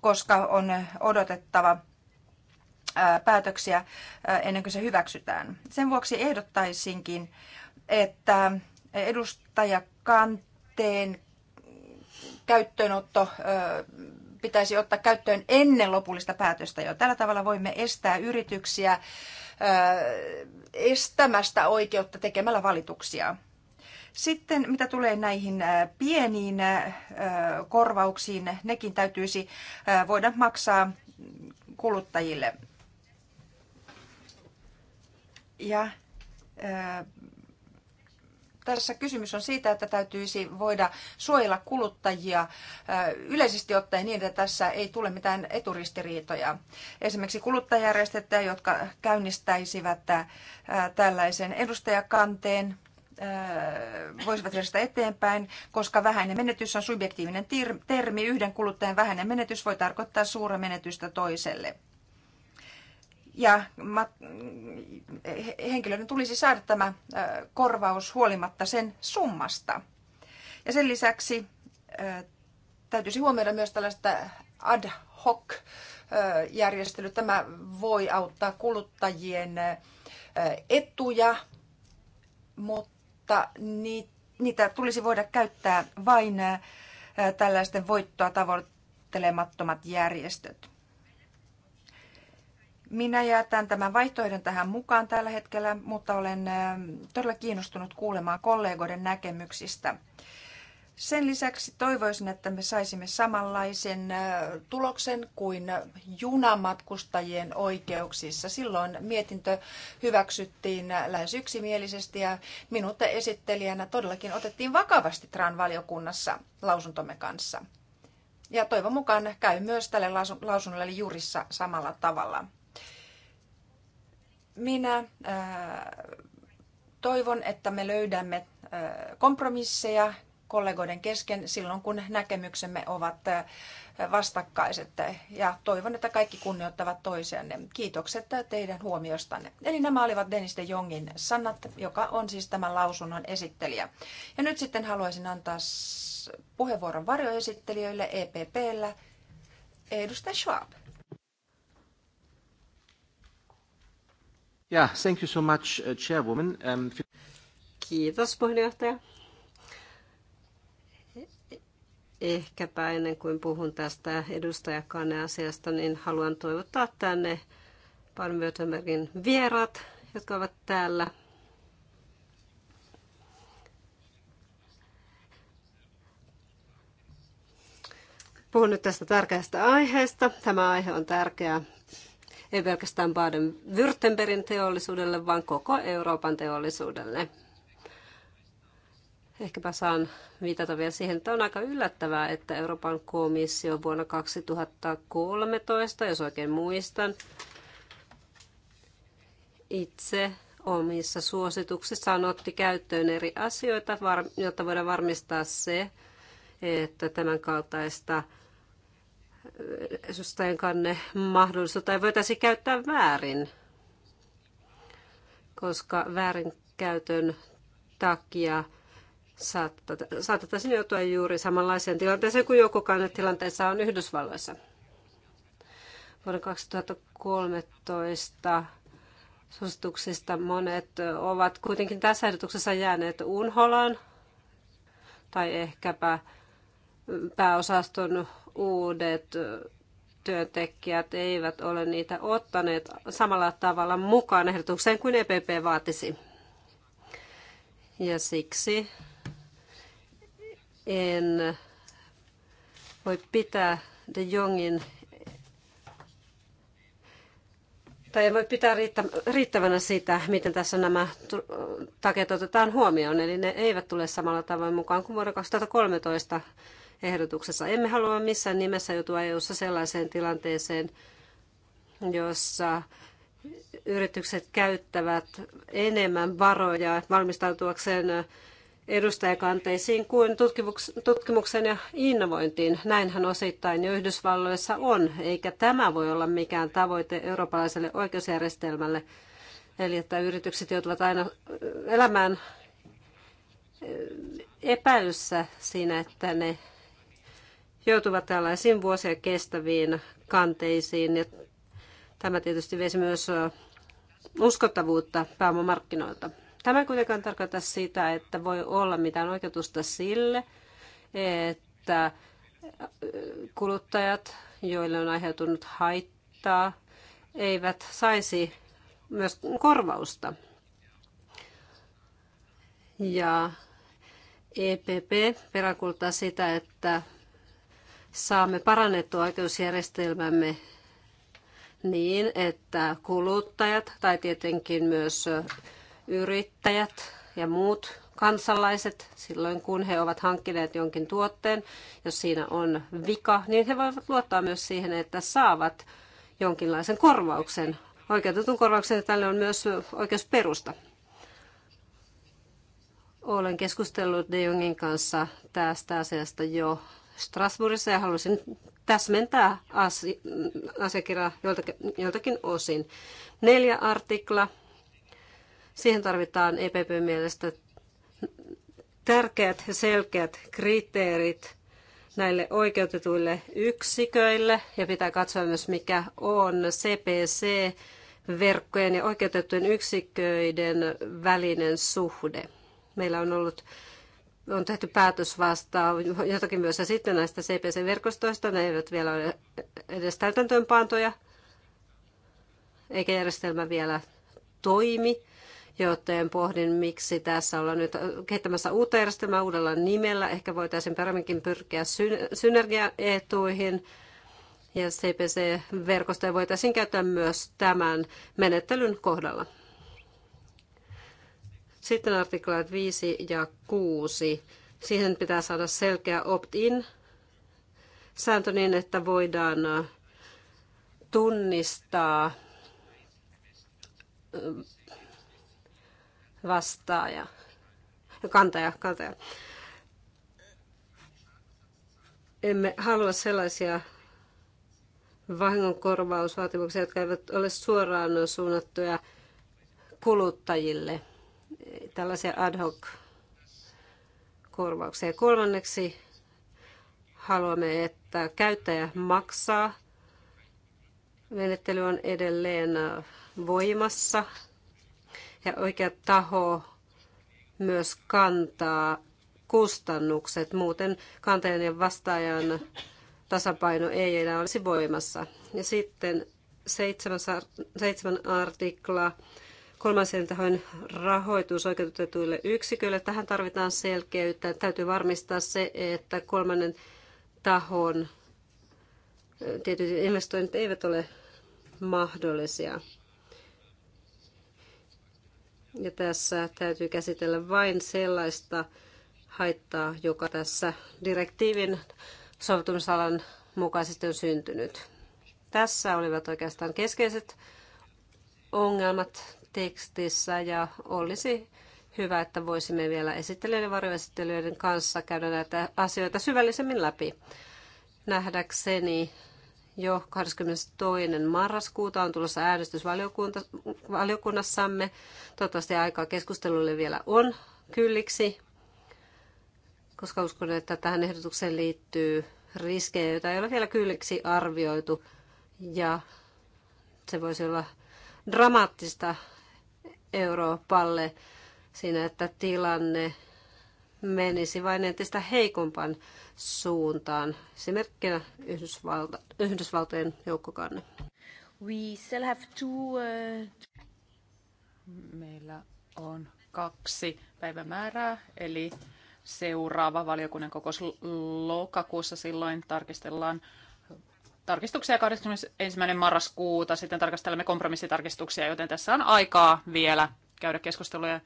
koska on odotettava päätöksiä ennen kuin se hyväksytään. Sen vuoksi ehdottaisinkin, että edustajakanteen käyttöönotto pitäisi ottaa käyttöön ennen lopullista päätöstä jo. Tällä tavalla voimme estää yrityksiä estämästä oikeutta tekemällä valituksia. Sitten mitä tulee näihin pieniin korvauksiin, nekin täytyisi voida maksaa kuluttajille. Ja tässä kysymys on siitä, että täytyisi voida suojella kuluttajia yleisesti ottaen niin, että tässä ei tule mitään eturistiriitoja. Esimerkiksi kuluttajärjestöt, jotka käynnistäisivät tällaisen edustajakanteen, voisivat järjestää eteenpäin, koska vähäinen menetys on subjektiivinen termi. Yhden kuluttajan vähäinen menetys voi tarkoittaa suuren menetystä toiselle. Ja henkilöiden tulisi saada tämä korvaus huolimatta sen summasta. Ja sen lisäksi täytyisi huomioida myös tällaista ad hoc järjestelyt. Tämä voi auttaa kuluttajien etuja, mutta niitä tulisi voida käyttää vain tällaisten voittoa tavoittelemattomat järjestöt. Minä jätän tämän vaihtoehdon tähän mukaan tällä hetkellä, mutta olen todella kiinnostunut kuulemaan kollegoiden näkemyksistä. Sen lisäksi toivoisin, että me saisimme samanlaisen tuloksen kuin junamatkustajien oikeuksissa. Silloin mietintö hyväksyttiin lähes yksimielisesti ja minut esittelijänä todellakin otettiin vakavasti TRAN-valiokunnassa lausuntomme kanssa. Ja toivon mukaan käy myös tälle lausunnolle jurissa samalla tavalla. Minä äh, toivon, että me löydämme äh, kompromisseja kollegoiden kesken silloin, kun näkemyksemme ovat äh, vastakkaiset. Ja toivon, että kaikki kunnioittavat toisianne. Kiitokset teidän huomiostanne. Eli nämä olivat Dennis de Jongin sanat, joka on siis tämän lausunnon esittelijä. Ja nyt sitten haluaisin antaa puheenvuoron varjoesittelijöille EPPllä. Edustaja Schwab. Yeah, thank you so much, uh, chairwoman. Um... Kiitos puheenjohtaja. Ehkäpä ennen kuin puhun tästä edustajakanne asiasta, niin haluan toivottaa tänne Parmötömerkin vierat, jotka ovat täällä. Puhun nyt tästä tärkeästä aiheesta. Tämä aihe on tärkeä ei pelkästään Baden-Württembergin teollisuudelle, vaan koko Euroopan teollisuudelle. Ehkäpä saan viitata vielä siihen, että on aika yllättävää, että Euroopan komissio vuonna 2013, jos oikein muistan, itse omissa suosituksissaan otti käyttöön eri asioita, jotta voidaan varmistaa se, että tämän kaltaista jostain kanne mahdollisuutta ei voitaisiin käyttää väärin, koska väärinkäytön takia saatettaisiin joutua juuri samanlaiseen tilanteeseen kuin joku tilanteessa on Yhdysvalloissa. Vuonna 2013 suosituksista monet ovat kuitenkin tässä ehdotuksessa jääneet unholaan tai ehkäpä pääosaston uudet työntekijät eivät ole niitä ottaneet samalla tavalla mukaan ehdotukseen kuin EPP vaatisi. Ja siksi en voi pitää De Jongin tai en voi pitää riittävänä sitä, miten tässä nämä takeet otetaan huomioon. Eli ne eivät tule samalla tavoin mukaan kuin vuonna 2013 ehdotuksessa. Emme halua missään nimessä joutua EU-ssa sellaiseen tilanteeseen, jossa yritykset käyttävät enemmän varoja valmistautuakseen edustajakanteisiin kuin tutkimuksen ja innovointiin. Näinhän osittain jo Yhdysvalloissa on, eikä tämä voi olla mikään tavoite eurooppalaiselle oikeusjärjestelmälle. Eli että yritykset joutuvat aina elämään epäilyssä siinä, että ne joutuvat tällaisiin vuosia kestäviin kanteisiin. Ja tämä tietysti veisi myös uskottavuutta pääomamarkkinoilta. Tämä ei kuitenkaan tarkoita sitä, että voi olla mitään oikeutusta sille, että kuluttajat, joille on aiheutunut haittaa, eivät saisi myös korvausta. Ja EPP peräkultaa sitä, että saamme parannettua oikeusjärjestelmämme niin, että kuluttajat tai tietenkin myös yrittäjät ja muut kansalaiset, silloin kun he ovat hankkineet jonkin tuotteen, jos siinä on vika, niin he voivat luottaa myös siihen, että saavat jonkinlaisen korvauksen, oikeutetun korvauksen, ja tälle on myös oikeusperusta. Olen keskustellut De Jongin kanssa tästä asiasta jo Strasbourgissa ja halusin täsmentää asi- asiakirjaa joltakin, joltakin osin. Neljä artikla. Siihen tarvitaan EPP mielestä tärkeät ja selkeät kriteerit näille oikeutetuille yksiköille ja pitää katsoa myös mikä on CPC verkkojen ja oikeutettujen yksiköiden välinen suhde. Meillä on ollut on tehty päätös vasta jotakin myös ja sitten näistä CPC-verkostoista. Ne eivät vielä ole edes täytäntöönpantoja, eikä järjestelmä vielä toimi, joten pohdin, miksi tässä ollaan nyt kehittämässä uutta järjestelmää uudella nimellä. Ehkä voitaisiin paremminkin pyrkiä synergiaetuihin ja CPC-verkostoja voitaisiin käyttää myös tämän menettelyn kohdalla. Sitten artiklat 5 ja 6. Siihen pitää saada selkeä opt-in sääntö niin, että voidaan äh, tunnistaa äh, vastaaja, kantaja, kantaja. Emme halua sellaisia vahingonkorvausvaatimuksia, jotka eivät ole suoraan suunnattuja kuluttajille – tällaisia ad hoc korvauksia. Kolmanneksi haluamme, että käyttäjä maksaa. Menettely on edelleen voimassa ja oikea taho myös kantaa kustannukset. Muuten kantajan ja vastaajan tasapaino ei enää olisi voimassa. Ja sitten seitsemän, seitsemän artikla kolmasen tahojen rahoitus oikeutetuille yksiköille. Tähän tarvitaan selkeyttä. Täytyy varmistaa se, että kolmannen tahon tietyt investoinnit eivät ole mahdollisia. Ja tässä täytyy käsitellä vain sellaista haittaa, joka tässä direktiivin soveltumisalan mukaisesti on syntynyt. Tässä olivat oikeastaan keskeiset ongelmat tekstissä ja olisi hyvä, että voisimme vielä esittelijöiden ja varjoesittelijöiden kanssa käydä näitä asioita syvällisemmin läpi. Nähdäkseni jo 22. marraskuuta on tulossa äänestys valiokunnassamme. Toivottavasti aikaa keskustelulle vielä on kylliksi, koska uskon, että tähän ehdotukseen liittyy riskejä, joita ei ole vielä kylliksi arvioitu. Ja se voisi olla dramaattista Euroopalle siinä, että tilanne menisi vain entistä heikompaan suuntaan. Esimerkkinä Yhdysvalta, Yhdysvaltojen joukkokanne. We still have two, uh... Meillä on kaksi päivämäärää, eli seuraava valiokunnan kokous lokakuussa. Silloin tarkistellaan tarkistuksia 21. marraskuuta. Sitten tarkastelemme kompromissitarkistuksia, joten tässä on aikaa vielä käydä keskusteluja.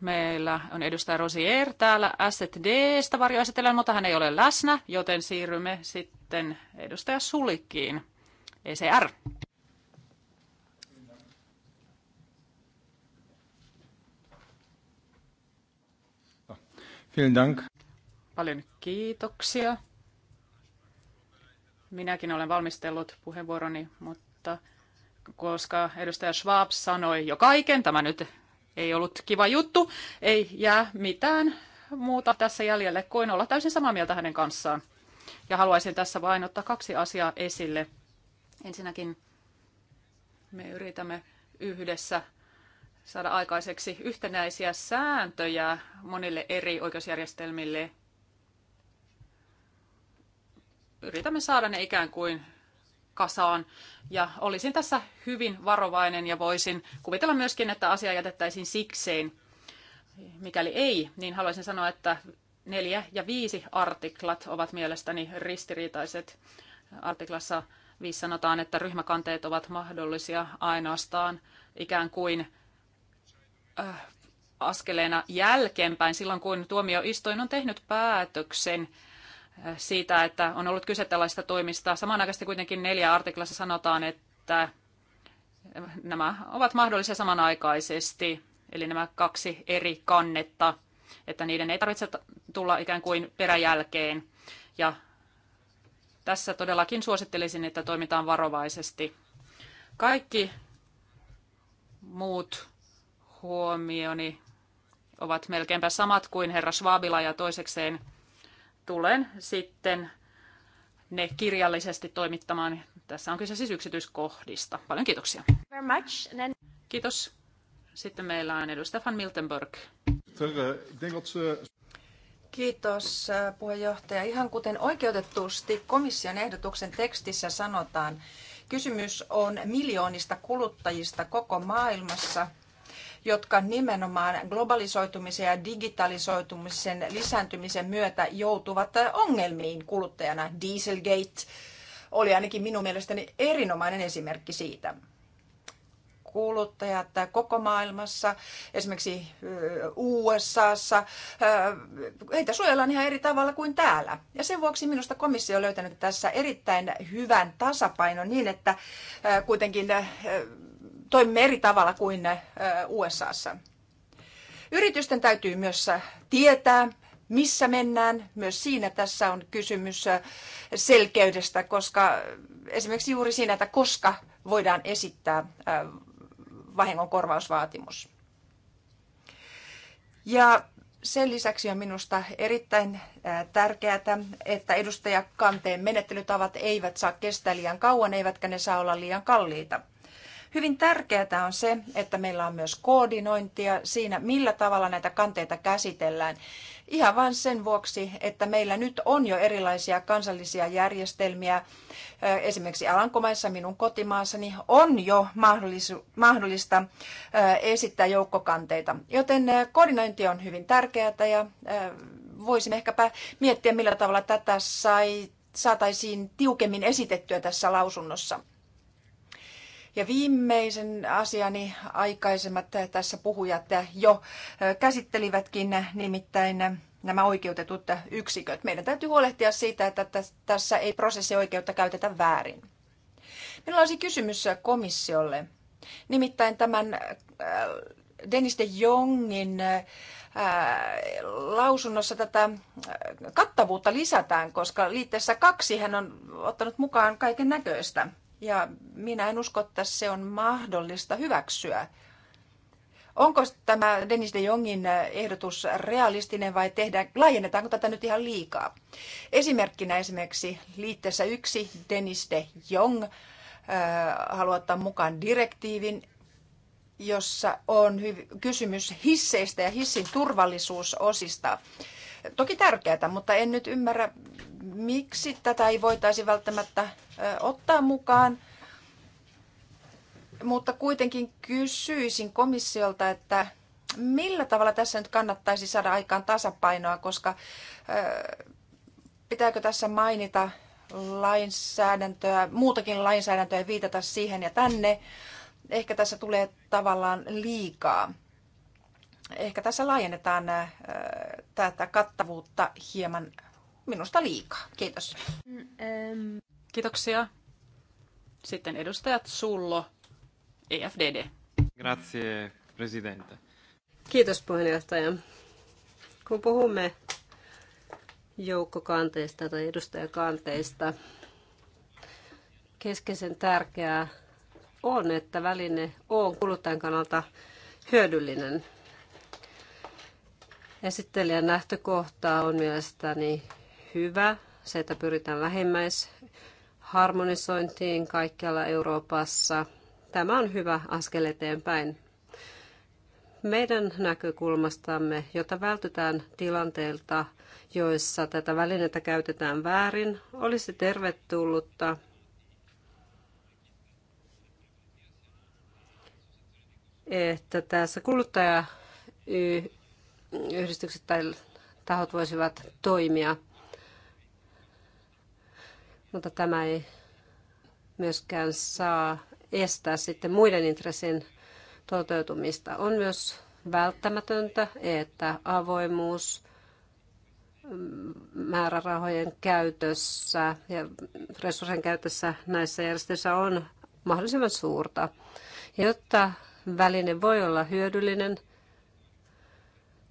Meillä on edustaja Rosier täällä S&D-stä varjoesitellään, mutta hän ei ole läsnä, joten siirrymme sitten edustaja Sulikkiin. ECR. Vielen Dank. Paljon kiitoksia. Minäkin olen valmistellut puheenvuoroni, mutta koska edustaja Schwab sanoi jo kaiken, tämä nyt ei ollut kiva juttu, ei jää mitään muuta tässä jäljelle kuin olla täysin samaa mieltä hänen kanssaan. Ja haluaisin tässä vain ottaa kaksi asiaa esille. Ensinnäkin me yritämme yhdessä saada aikaiseksi yhtenäisiä sääntöjä monille eri oikeusjärjestelmille yritämme saada ne ikään kuin kasaan. Ja olisin tässä hyvin varovainen ja voisin kuvitella myöskin, että asia jätettäisiin sikseen. Mikäli ei, niin haluaisin sanoa, että neljä ja viisi artiklat ovat mielestäni ristiriitaiset. Artiklassa viisi sanotaan, että ryhmäkanteet ovat mahdollisia ainoastaan ikään kuin äh, askeleena jälkeenpäin silloin, kun tuomioistuin on tehnyt päätöksen äh, siitä, että on ollut kyse tällaista toimista. Samanaikaisesti kuitenkin neljä artiklassa sanotaan, että nämä ovat mahdollisia samanaikaisesti, eli nämä kaksi eri kannetta, että niiden ei tarvitse tulla ikään kuin peräjälkeen. Ja tässä todellakin suosittelisin, että toimitaan varovaisesti. Kaikki muut huomioni ovat melkeinpä samat kuin herra Schwabila ja toisekseen – tulen sitten ne kirjallisesti toimittamaan. Tässä on kyse siis yksityiskohdista. Paljon kiitoksia. Kiitos. Sitten meillä on edustaja Stefan Miltenberg. Kiitos äh, puheenjohtaja. Ihan kuten oikeutetusti komission ehdotuksen tekstissä sanotaan, kysymys on miljoonista kuluttajista koko maailmassa – jotka nimenomaan globalisoitumisen ja digitalisoitumisen lisääntymisen myötä joutuvat ongelmiin kuluttajana. Dieselgate oli ainakin minun mielestäni erinomainen esimerkki siitä kuluttajat koko maailmassa, esimerkiksi USAssa. Heitä suojellaan ihan eri tavalla kuin täällä. Ja sen vuoksi minusta komissio on löytänyt tässä erittäin hyvän tasapainon niin, että kuitenkin toimimme eri tavalla kuin USAssa. Yritysten täytyy myös tietää, missä mennään. Myös siinä tässä on kysymys selkeydestä, koska esimerkiksi juuri siinä, että koska voidaan esittää vahingonkorvausvaatimus. Ja sen lisäksi on minusta erittäin tärkeää, että edustajakanteen menettelytavat eivät saa kestää liian kauan, eivätkä ne saa olla liian kalliita. Hyvin tärkeää on se, että meillä on myös koordinointia siinä, millä tavalla näitä kanteita käsitellään. Ihan vain sen vuoksi, että meillä nyt on jo erilaisia kansallisia järjestelmiä. Esimerkiksi Alankomaissa, minun kotimaassani, on jo mahdollista esittää joukkokanteita. Joten koordinointi on hyvin tärkeää ja voisimme ehkäpä miettiä, millä tavalla tätä sai, saataisiin tiukemmin esitettyä tässä lausunnossa. Ja viimeisen asiani aikaisemmat tässä puhujat jo käsittelivätkin, nimittäin nämä oikeutetut yksiköt. Meidän täytyy huolehtia siitä, että tässä ei prosessioikeutta käytetä väärin. Minulla olisi kysymys komissiolle. Nimittäin tämän Dennis de Jongin lausunnossa tätä kattavuutta lisätään, koska liitteessä kaksi hän on ottanut mukaan kaiken näköistä ja minä en usko, että se on mahdollista hyväksyä. Onko tämä Dennis de Jongin ehdotus realistinen vai tehdään, laajennetaanko tätä nyt ihan liikaa? Esimerkkinä esimerkiksi liitteessä yksi Dennis de Jong äh, haluaa ottaa mukaan direktiivin, jossa on kysymys hisseistä ja hissin turvallisuusosista toki tärkeää, mutta en nyt ymmärrä, miksi tätä ei voitaisi välttämättä ottaa mukaan. Mutta kuitenkin kysyisin komissiolta, että millä tavalla tässä nyt kannattaisi saada aikaan tasapainoa, koska pitääkö tässä mainita lainsäädäntöä, muutakin lainsäädäntöä viitata siihen ja tänne. Ehkä tässä tulee tavallaan liikaa. Ehkä tässä laajennetaan äh, tätä kattavuutta hieman minusta liikaa. Kiitos. Mm, Kiitoksia. Sitten edustajat Sullo, EFDD. Grazie, presidente. Kiitos puheenjohtaja. Kun puhumme joukkokanteista tai edustajakanteista, keskeisen tärkeää on, että väline on kuluttajan kannalta hyödyllinen. Esittelijän lähtökohta on mielestäni hyvä, se, että pyritään lähimmäisharmonisointiin kaikkialla Euroopassa. Tämä on hyvä askel eteenpäin. Meidän näkökulmastamme, jotta vältytään tilanteelta, joissa tätä välinettä käytetään väärin, olisi tervetullutta että tässä kuluttaja yhdistykset tai tahot voisivat toimia. Mutta tämä ei myöskään saa estää sitten muiden intressien toteutumista. On myös välttämätöntä, että avoimuus mm, määrärahojen käytössä ja resurssien käytössä näissä järjestöissä on mahdollisimman suurta. Jotta väline voi olla hyödyllinen,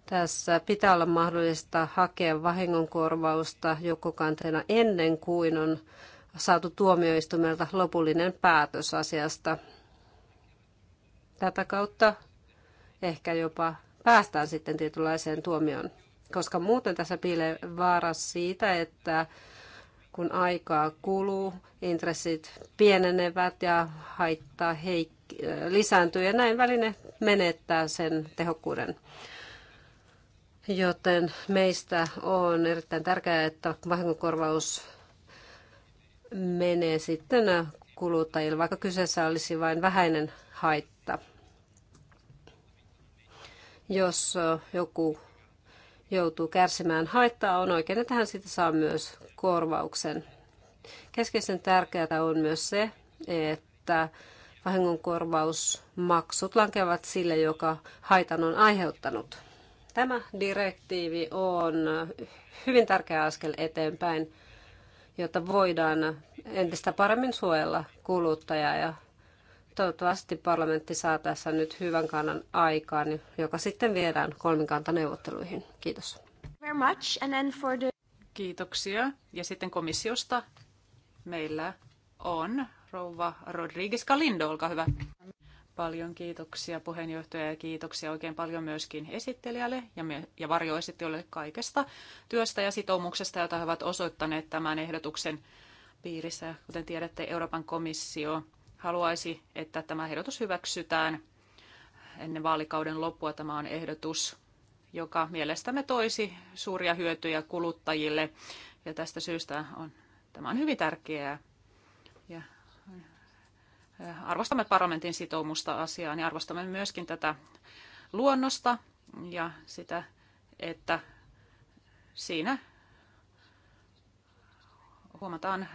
tässä pitää olla mahdollista hakea vahingonkorvausta joukkokanteena ennen kuin on saatu tuomioistumelta lopullinen päätös asiasta. Tätä kautta ehkä jopa päästään sitten tietynlaiseen tuomioon, koska muuten tässä piilee vaara siitä, että kun aikaa kuluu, intressit pienenevät ja haittaa heik- lisääntyy ja näin väline menettää sen tehokkuuden. Joten meistä on erittäin tärkeää, että vahingonkorvaus menee sitten kuluttajille, vaikka kyseessä olisi vain vähäinen haitta. Jos joku joutuu kärsimään haittaa, on oikein, että hän siitä saa myös korvauksen. Keskeisen tärkeää on myös se, että vahingonkorvausmaksut lankevat sille, joka haitan on aiheuttanut. Tämä direktiivi on hyvin tärkeä askel eteenpäin, jotta voidaan entistä paremmin suojella kuluttajaa ja toivottavasti parlamentti saa tässä nyt hyvän kannan aikaan, joka sitten viedään kolmikantaneuvotteluihin. Kiitos. Kiitoksia. Ja sitten komissiosta meillä on rouva Rodriguez Galindo, olkaa hyvä. Paljon kiitoksia puheenjohtaja ja kiitoksia oikein paljon myöskin esittelijälle ja, me, ja varjoesittelijälle kaikesta työstä ja sitoumuksesta, jota he ovat osoittaneet tämän ehdotuksen piirissä. Kuten tiedätte, Euroopan komissio haluaisi, että tämä ehdotus hyväksytään ennen vaalikauden loppua. Tämä on ehdotus, joka mielestämme toisi suuria hyötyjä kuluttajille ja tästä syystä on, tämä on hyvin tärkeää. Ja arvostamme parlamentin sitoumusta asiaan ja arvostamme myöskin tätä luonnosta ja sitä, että siinä huomataan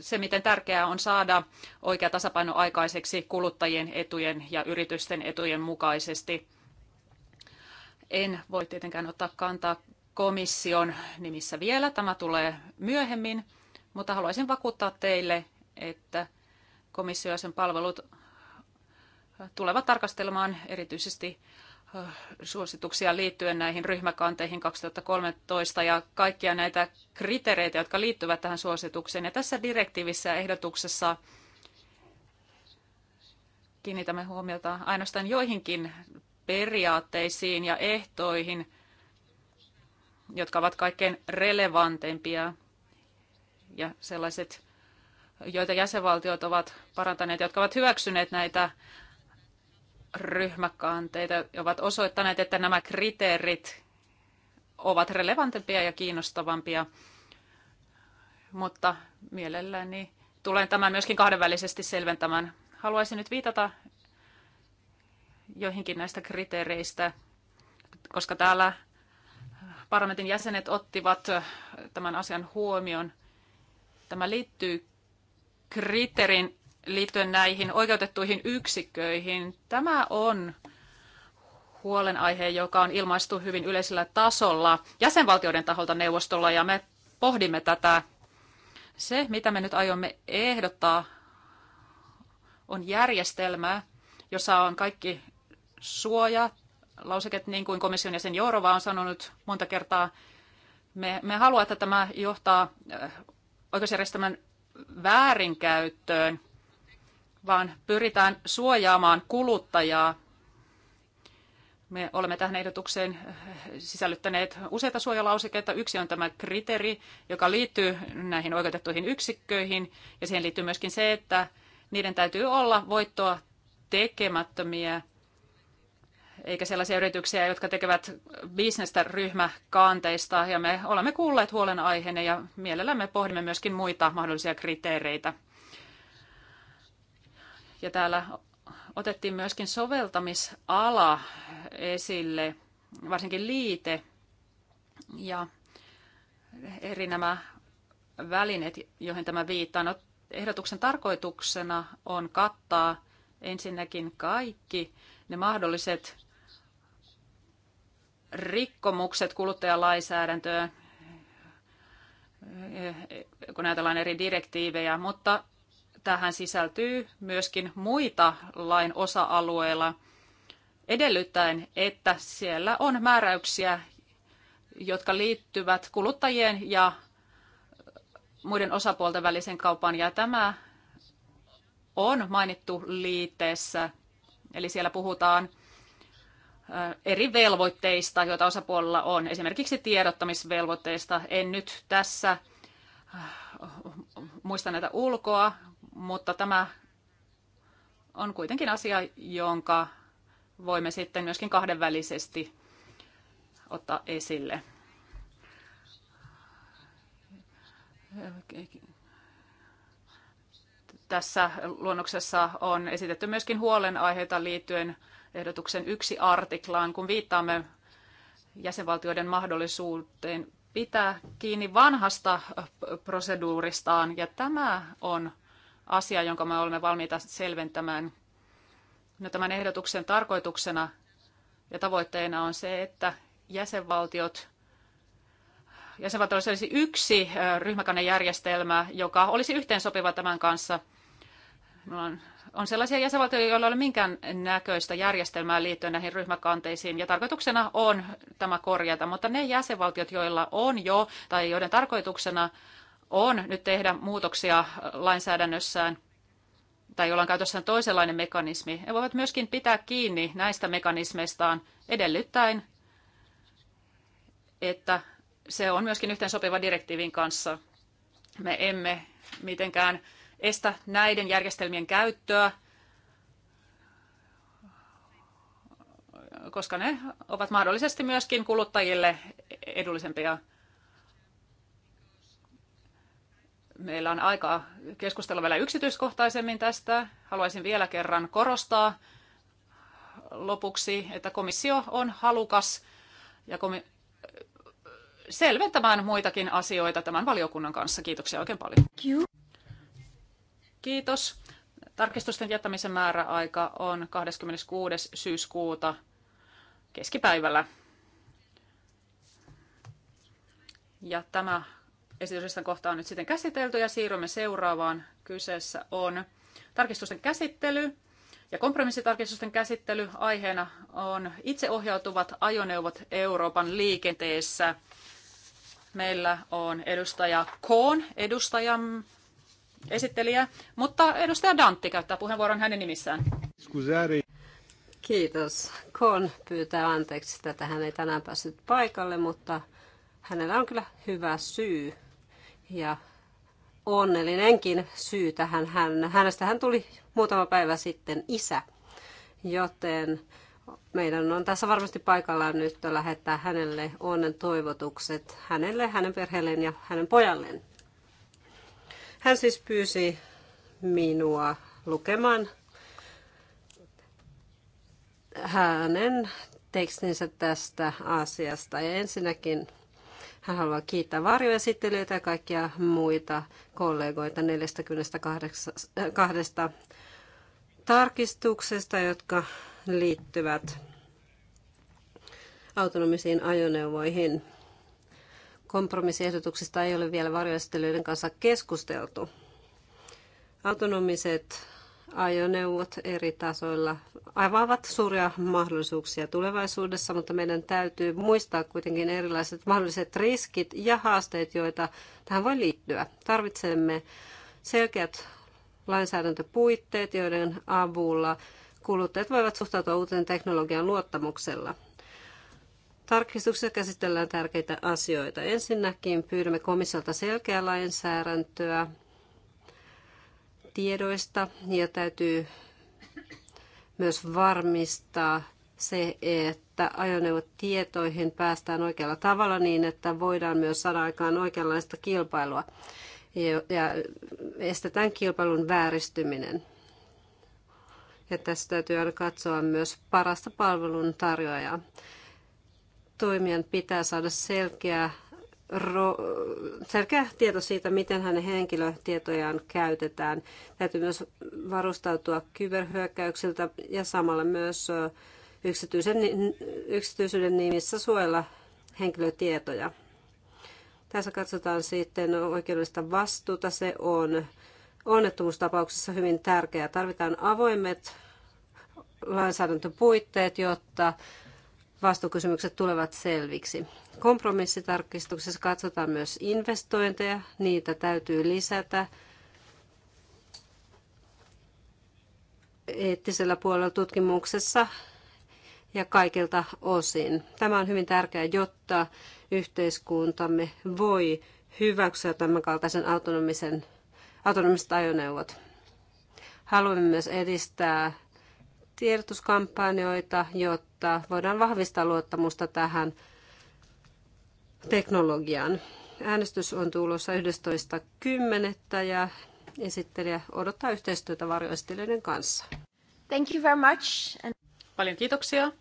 se, miten tärkeää on saada oikea tasapaino aikaiseksi kuluttajien etujen ja yritysten etujen mukaisesti. En voi tietenkään ottaa kantaa komission nimissä vielä, tämä tulee myöhemmin, mutta haluaisin vakuuttaa teille, että komissio ja sen palvelut äh, tulevat tarkastelemaan erityisesti äh, suosituksia liittyen näihin ryhmäkanteihin 2013 ja kaikkia näitä kriteereitä, jotka liittyvät tähän suositukseen. Ja tässä direktiivissä ja ehdotuksessa kiinnitämme huomiota ainoastaan joihinkin periaatteisiin ja ehtoihin, jotka ovat kaikkein relevanteimpia ja sellaiset joita jäsenvaltiot ovat parantaneet, jotka ovat hyväksyneet näitä ryhmäkanteita, ovat osoittaneet, että nämä kriteerit ovat relevantempia ja kiinnostavampia. Mutta mielelläni tulen tämän myöskin kahdenvälisesti selventämään. Haluaisin nyt viitata joihinkin näistä kriteereistä, koska täällä parlamentin jäsenet ottivat tämän asian huomioon. Tämä liittyy kriteerin liittyen näihin oikeutettuihin yksiköihin. Tämä on huolenaihe, joka on ilmaistu hyvin yleisellä tasolla jäsenvaltioiden taholta neuvostolla, ja me pohdimme tätä. Se, mitä me nyt aiomme ehdottaa, on järjestelmä, jossa on kaikki suoja, lauseket, niin kuin komission jäsen Jourova on sanonut monta kertaa. Me, me haluamme, että tämä johtaa äh, oikeusjärjestelmän väärinkäyttöön, vaan pyritään suojaamaan kuluttajaa. Me olemme tähän ehdotukseen sisällyttäneet useita suojalausekkeita. Yksi on tämä kriteeri, joka liittyy näihin oikeutettuihin yksikköihin, ja siihen liittyy myöskin se, että niiden täytyy olla voittoa tekemättömiä – eikä sellaisia yrityksiä, jotka tekevät bisnestä ryhmäkaanteista. Ja me olemme kuulleet huolenaiheen ja mielellämme pohdimme myöskin muita mahdollisia kriteereitä. Ja täällä otettiin myöskin soveltamisala esille, varsinkin liite ja eri nämä välineet, joihin tämä viittaa. No, ehdotuksen tarkoituksena on kattaa ensinnäkin kaikki ne mahdolliset rikkomukset kuluttajalainsäädäntöön, kun ajatellaan eri direktiivejä, mutta tähän sisältyy myöskin muita lain osa-alueilla edellyttäen, että siellä on määräyksiä, jotka liittyvät kuluttajien ja muiden osapuolten välisen kaupan. Ja tämä on mainittu liitteessä, eli siellä puhutaan – eri velvoitteista, joita osapuolella on, esimerkiksi tiedottamisvelvoitteista. En nyt tässä muista näitä ulkoa, mutta tämä on kuitenkin asia, jonka voimme sitten myöskin kahdenvälisesti ottaa esille. Tässä luonnoksessa on esitetty myöskin huolenaiheita liittyen ehdotuksen yksi artiklaan, kun viittaamme jäsenvaltioiden mahdollisuuteen pitää kiinni vanhasta proseduuristaan. Ja tämä on asia, jonka me olemme valmiita selventämään. No, tämän ehdotuksen tarkoituksena ja tavoitteena on se, että jäsenvaltiot jäsenvaltioissa olisi yksi ryhmäkannejärjestelmä, joka olisi yhteensopiva tämän kanssa – on, on sellaisia jäsenvaltioita, joilla ei ole minkään näköistä järjestelmää liittyen näihin ryhmäkanteisiin, ja tarkoituksena on tämä korjata, mutta ne jäsenvaltiot, joilla on jo, tai joiden tarkoituksena on nyt tehdä muutoksia äh, lainsäädännössään, tai jolla on käytössään toisenlainen mekanismi, ne voivat myöskin pitää kiinni näistä mekanismeistaan edellyttäen, että se on myöskin sopiva direktiivin kanssa. Me emme mitenkään estä näiden järjestelmien käyttöä, koska ne ovat mahdollisesti myöskin kuluttajille edullisempia. Meillä on aikaa keskustella vielä yksityiskohtaisemmin tästä. Haluaisin vielä kerran korostaa lopuksi, että komissio on halukas ja komi- selventämään muitakin asioita tämän valiokunnan kanssa. Kiitoksia oikein paljon. Kiitos. Tarkistusten jättämisen määräaika on 26. syyskuuta keskipäivällä. Ja tämä esityslistan kohta on nyt sitten käsitelty ja siirrymme seuraavaan. Kyseessä on tarkistusten käsittely ja kompromissitarkistusten käsittely. Aiheena on itseohjautuvat ajoneuvot Euroopan liikenteessä. Meillä on edustaja Koon edustajamme esittelijää, mutta edustaja Dantti käyttää puheenvuoron hänen nimissään. Kiitos. Kon pyytää anteeksi, että hän ei tänään päässyt paikalle, mutta hänellä on kyllä hyvä syy ja onnellinenkin syy tähän. Hän, hänestä hän tuli muutama päivä sitten isä, joten meidän on tässä varmasti paikallaan nyt lähettää hänelle onnen toivotukset, hänelle, hänen perheelleen ja hänen pojalleen. Hän siis pyysi minua lukemaan hänen tekstinsä tästä asiasta. Ja ensinnäkin hän haluaa kiittää varjoesittelyitä ja kaikkia muita kollegoita 42 eh, tarkistuksesta, jotka liittyvät autonomisiin ajoneuvoihin kompromissiehdotuksista ei ole vielä varjoistelijoiden kanssa keskusteltu. Autonomiset ajoneuvot eri tasoilla avaavat suuria mahdollisuuksia tulevaisuudessa, mutta meidän täytyy muistaa kuitenkin erilaiset mahdolliset riskit ja haasteet, joita tähän voi liittyä. Tarvitsemme selkeät lainsäädäntöpuitteet, joiden avulla kuluttajat voivat suhtautua uuteen teknologian luottamuksella. Tarkistuksessa käsitellään tärkeitä asioita. Ensinnäkin pyydämme komissiolta selkeää lainsäädäntöä tiedoista ja täytyy myös varmistaa se, että ajoneuvotietoihin päästään oikealla tavalla niin, että voidaan myös saada aikaan oikeanlaista kilpailua ja estetään kilpailun vääristyminen. Ja tässä täytyy aina katsoa myös parasta palvelun tarjoajaa toimijan pitää saada selkeä, ro, selkeä tieto siitä, miten hänen henkilötietojaan käytetään. Täytyy myös varustautua kyberhyökkäyksiltä ja samalla myös yksityisen, yksityisyyden nimissä suojella henkilötietoja. Tässä katsotaan sitten oikeudellista vastuuta. Se on onnettomuustapauksessa hyvin tärkeää. Tarvitaan avoimet lainsäädäntöpuitteet, jotta vastuukysymykset tulevat selviksi. Kompromissitarkistuksessa katsotaan myös investointeja, niitä täytyy lisätä. eettisellä puolella tutkimuksessa ja kaikilta osin. Tämä on hyvin tärkeää, jotta yhteiskuntamme voi hyväksyä tämän kaltaisen autonomisen, autonomiset ajoneuvot. Haluamme myös edistää tiedotuskampanjoita, jotta voidaan vahvistaa luottamusta tähän teknologiaan. Äänestys on tulossa 11.10. ja esittelijä odottaa yhteistyötä varjoistelijoiden kanssa. Thank you very much. Paljon kiitoksia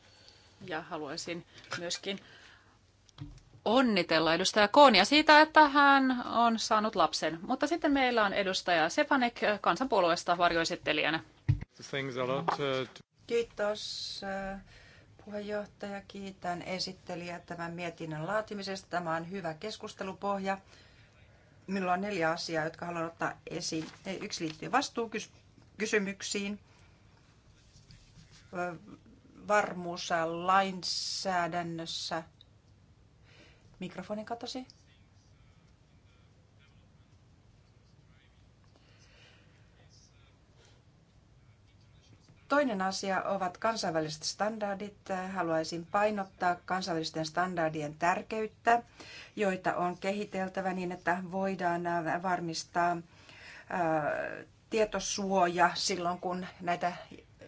ja haluaisin myöskin onnitella edustaja Koonia siitä, että hän on saanut lapsen. Mutta sitten meillä on edustaja Sepanek kansanpuolueesta varjoesittelijänä. Kiitos äh, puheenjohtaja. Kiitän esittelijää tämän mietinnön laatimisesta. Tämä on hyvä keskustelupohja. Minulla on neljä asiaa, jotka haluan ottaa esiin. Yksi liittyy vastuukysymyksiin. Varmuus lainsäädännössä. Mikrofonin katosi. Toinen asia ovat kansainväliset standardit. Haluaisin painottaa kansainvälisten standardien tärkeyttä, joita on kehiteltävä niin, että voidaan äh, varmistaa äh, tietosuoja silloin, kun näitä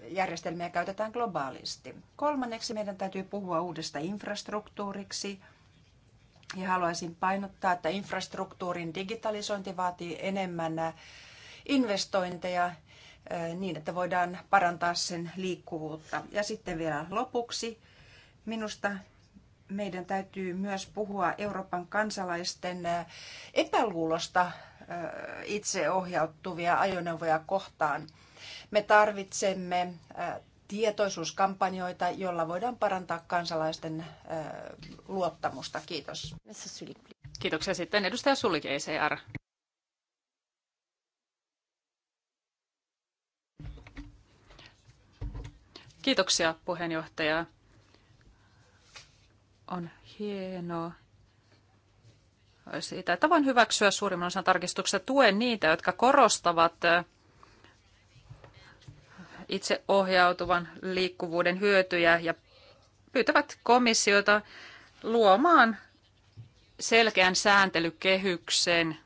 järjestelmiä käytetään globaalisti. Kolmanneksi meidän täytyy puhua uudesta infrastruktuuriksi. Ja haluaisin painottaa, että infrastruktuurin digitalisointi vaatii enemmän äh, investointeja niin, että voidaan parantaa sen liikkuvuutta. Ja sitten vielä lopuksi, minusta meidän täytyy myös puhua Euroopan kansalaisten epäluulosta itseohjautuvia ajoneuvoja kohtaan. Me tarvitsemme tietoisuuskampanjoita, joilla voidaan parantaa kansalaisten luottamusta. Kiitos. Kiitoksia sitten edustaja Sulik, ECR. Kiitoksia puheenjohtaja. On hienoa siitä, että voin hyväksyä suurimman osan tarkistuksesta. Tuen niitä, jotka korostavat itseohjautuvan liikkuvuuden hyötyjä ja pyytävät komissiota luomaan selkeän sääntelykehyksen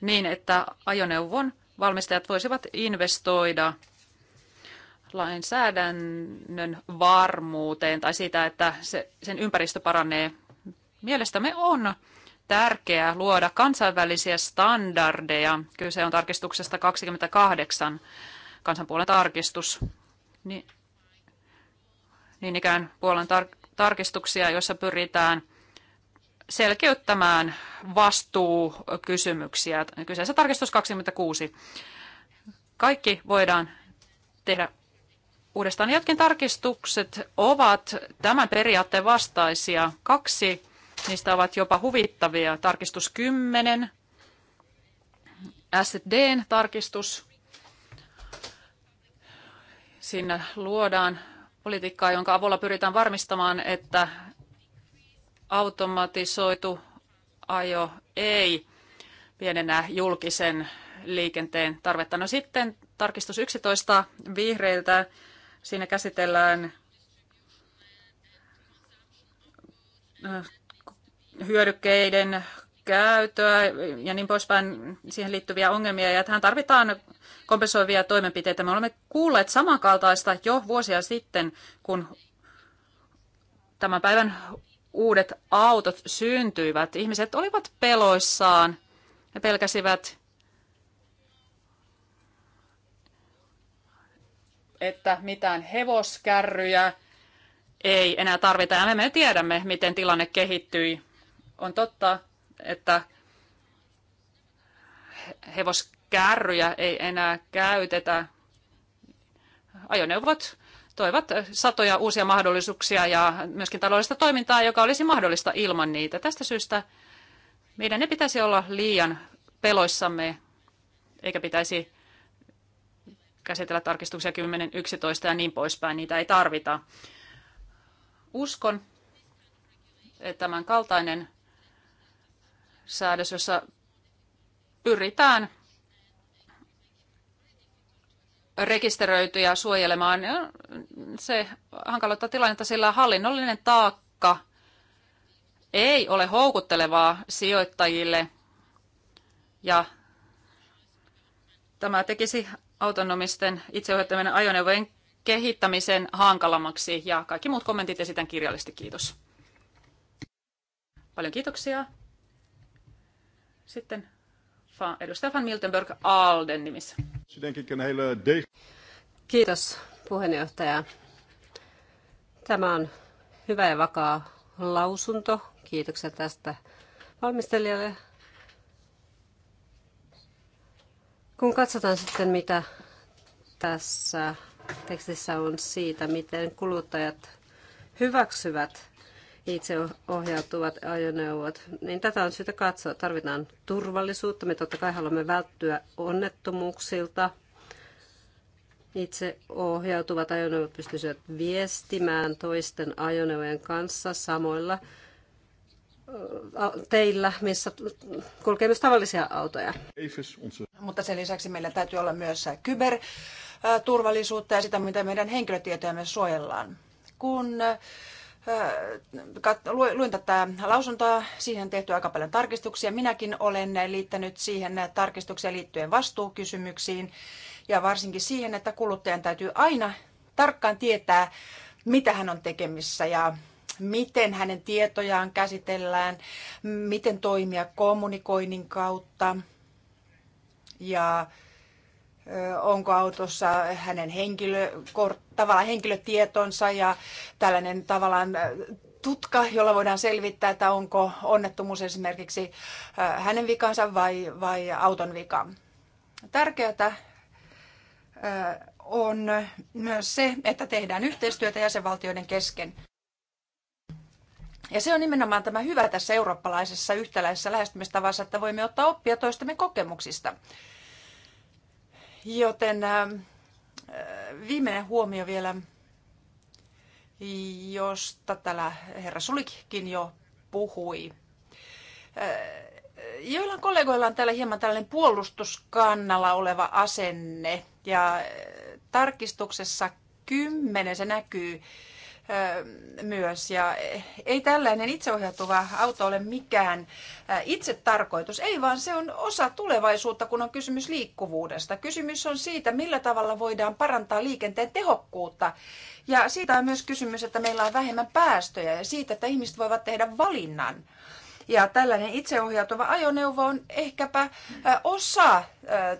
niin, että ajoneuvon valmistajat voisivat investoida – lainsäädännön varmuuteen tai siitä, että se, sen ympäristö paranee. Mielestämme on tärkeää luoda kansainvälisiä standardeja. Kyse on tarkistuksesta 28, kansanpuolen tarkistus. Niin, niin ikään puolen tar- tarkistuksia, joissa pyritään selkeyttämään vastuukysymyksiä. Kyseessä tarkistus 26. Kaikki voidaan tehdä uudestaan. Jotkin tarkistukset ovat tämän periaatteen vastaisia. Kaksi niistä ovat jopa huvittavia. Tarkistus 10, SDn tarkistus. Siinä luodaan politiikkaa, jonka avulla pyritään varmistamaan, että automatisoitu ajo ei pienennä julkisen liikenteen tarvetta. No sitten tarkistus 11 vihreiltä Siinä käsitellään äh, hyödykkeiden käyttöä ja niin poispäin siihen liittyviä ongelmia. Ja tähän tarvitaan kompensoivia toimenpiteitä. Me olemme kuulleet samankaltaista jo vuosia sitten, kun tämän päivän uudet autot syntyivät. Ihmiset olivat peloissaan. He pelkäsivät että mitään hevoskärryjä ei enää tarvita. Ja me tiedämme, miten tilanne kehittyi. On totta, että hevoskärryjä ei enää käytetä. Ajoneuvot toivat satoja uusia mahdollisuuksia ja myöskin taloudellista toimintaa, joka olisi mahdollista ilman niitä. Tästä syystä meidän ei pitäisi olla liian peloissamme, eikä pitäisi käsitellä tarkistuksia 10, 11 ja niin poispäin. Niitä ei tarvita. Uskon, että tämän kaltainen säädös, jossa pyritään rekisteröityjä suojelemaan, niin se hankaloittaa tilannetta, sillä hallinnollinen taakka ei ole houkuttelevaa sijoittajille ja tämä tekisi autonomisten itseohjattavien ajoneuvojen kehittämisen hankalammaksi ja kaikki muut kommentit esitän kirjallisesti. Kiitos. Paljon kiitoksia. Sitten edustaja Van Miltenberg Alden nimissä. Kiitos puheenjohtaja. Tämä on hyvä ja vakaa lausunto. Kiitoksia tästä valmistelijalle Kun katsotaan sitten, mitä tässä tekstissä on siitä, miten kuluttajat hyväksyvät itse ohjautuvat ajoneuvot, niin tätä on syytä katsoa. Tarvitaan turvallisuutta. Me totta kai haluamme välttyä onnettomuuksilta. Itse ohjautuvat ajoneuvot pystyisivät viestimään toisten ajoneuvojen kanssa samoilla teillä, missä kulkee myös tavallisia autoja. Mutta sen lisäksi meillä täytyy olla myös kyberturvallisuutta ja sitä, mitä meidän henkilötietojamme suojellaan. Kun äh, luin tätä lausuntoa, siihen on tehty aika paljon tarkistuksia. Minäkin olen liittänyt siihen tarkistuksia liittyen vastuukysymyksiin ja varsinkin siihen, että kuluttajan täytyy aina tarkkaan tietää, mitä hän on tekemissä ja miten hänen tietojaan käsitellään, miten toimia kommunikoinnin kautta ja onko autossa hänen henkilö, tavallaan henkilötietonsa ja tällainen tavallaan tutka, jolla voidaan selvittää, että onko onnettomuus esimerkiksi hänen vikansa vai, vai auton vika. Tärkeää on myös se, että tehdään yhteistyötä jäsenvaltioiden kesken. Ja se on nimenomaan tämä hyvä tässä eurooppalaisessa yhtäläisessä lähestymistavassa, että voimme ottaa oppia toistemme kokemuksista. Joten viimeinen huomio vielä, josta täällä herra Sulikkin jo puhui. Joillain kollegoilla on täällä hieman tällainen puolustuskannalla oleva asenne ja tarkistuksessa kymmenen se näkyy myös. Ja ei tällainen itseohjautuva auto ole mikään itse tarkoitus, ei vaan se on osa tulevaisuutta, kun on kysymys liikkuvuudesta. Kysymys on siitä, millä tavalla voidaan parantaa liikenteen tehokkuutta. Ja siitä on myös kysymys, että meillä on vähemmän päästöjä ja siitä, että ihmiset voivat tehdä valinnan. Ja tällainen itseohjautuva ajoneuvo on ehkäpä osa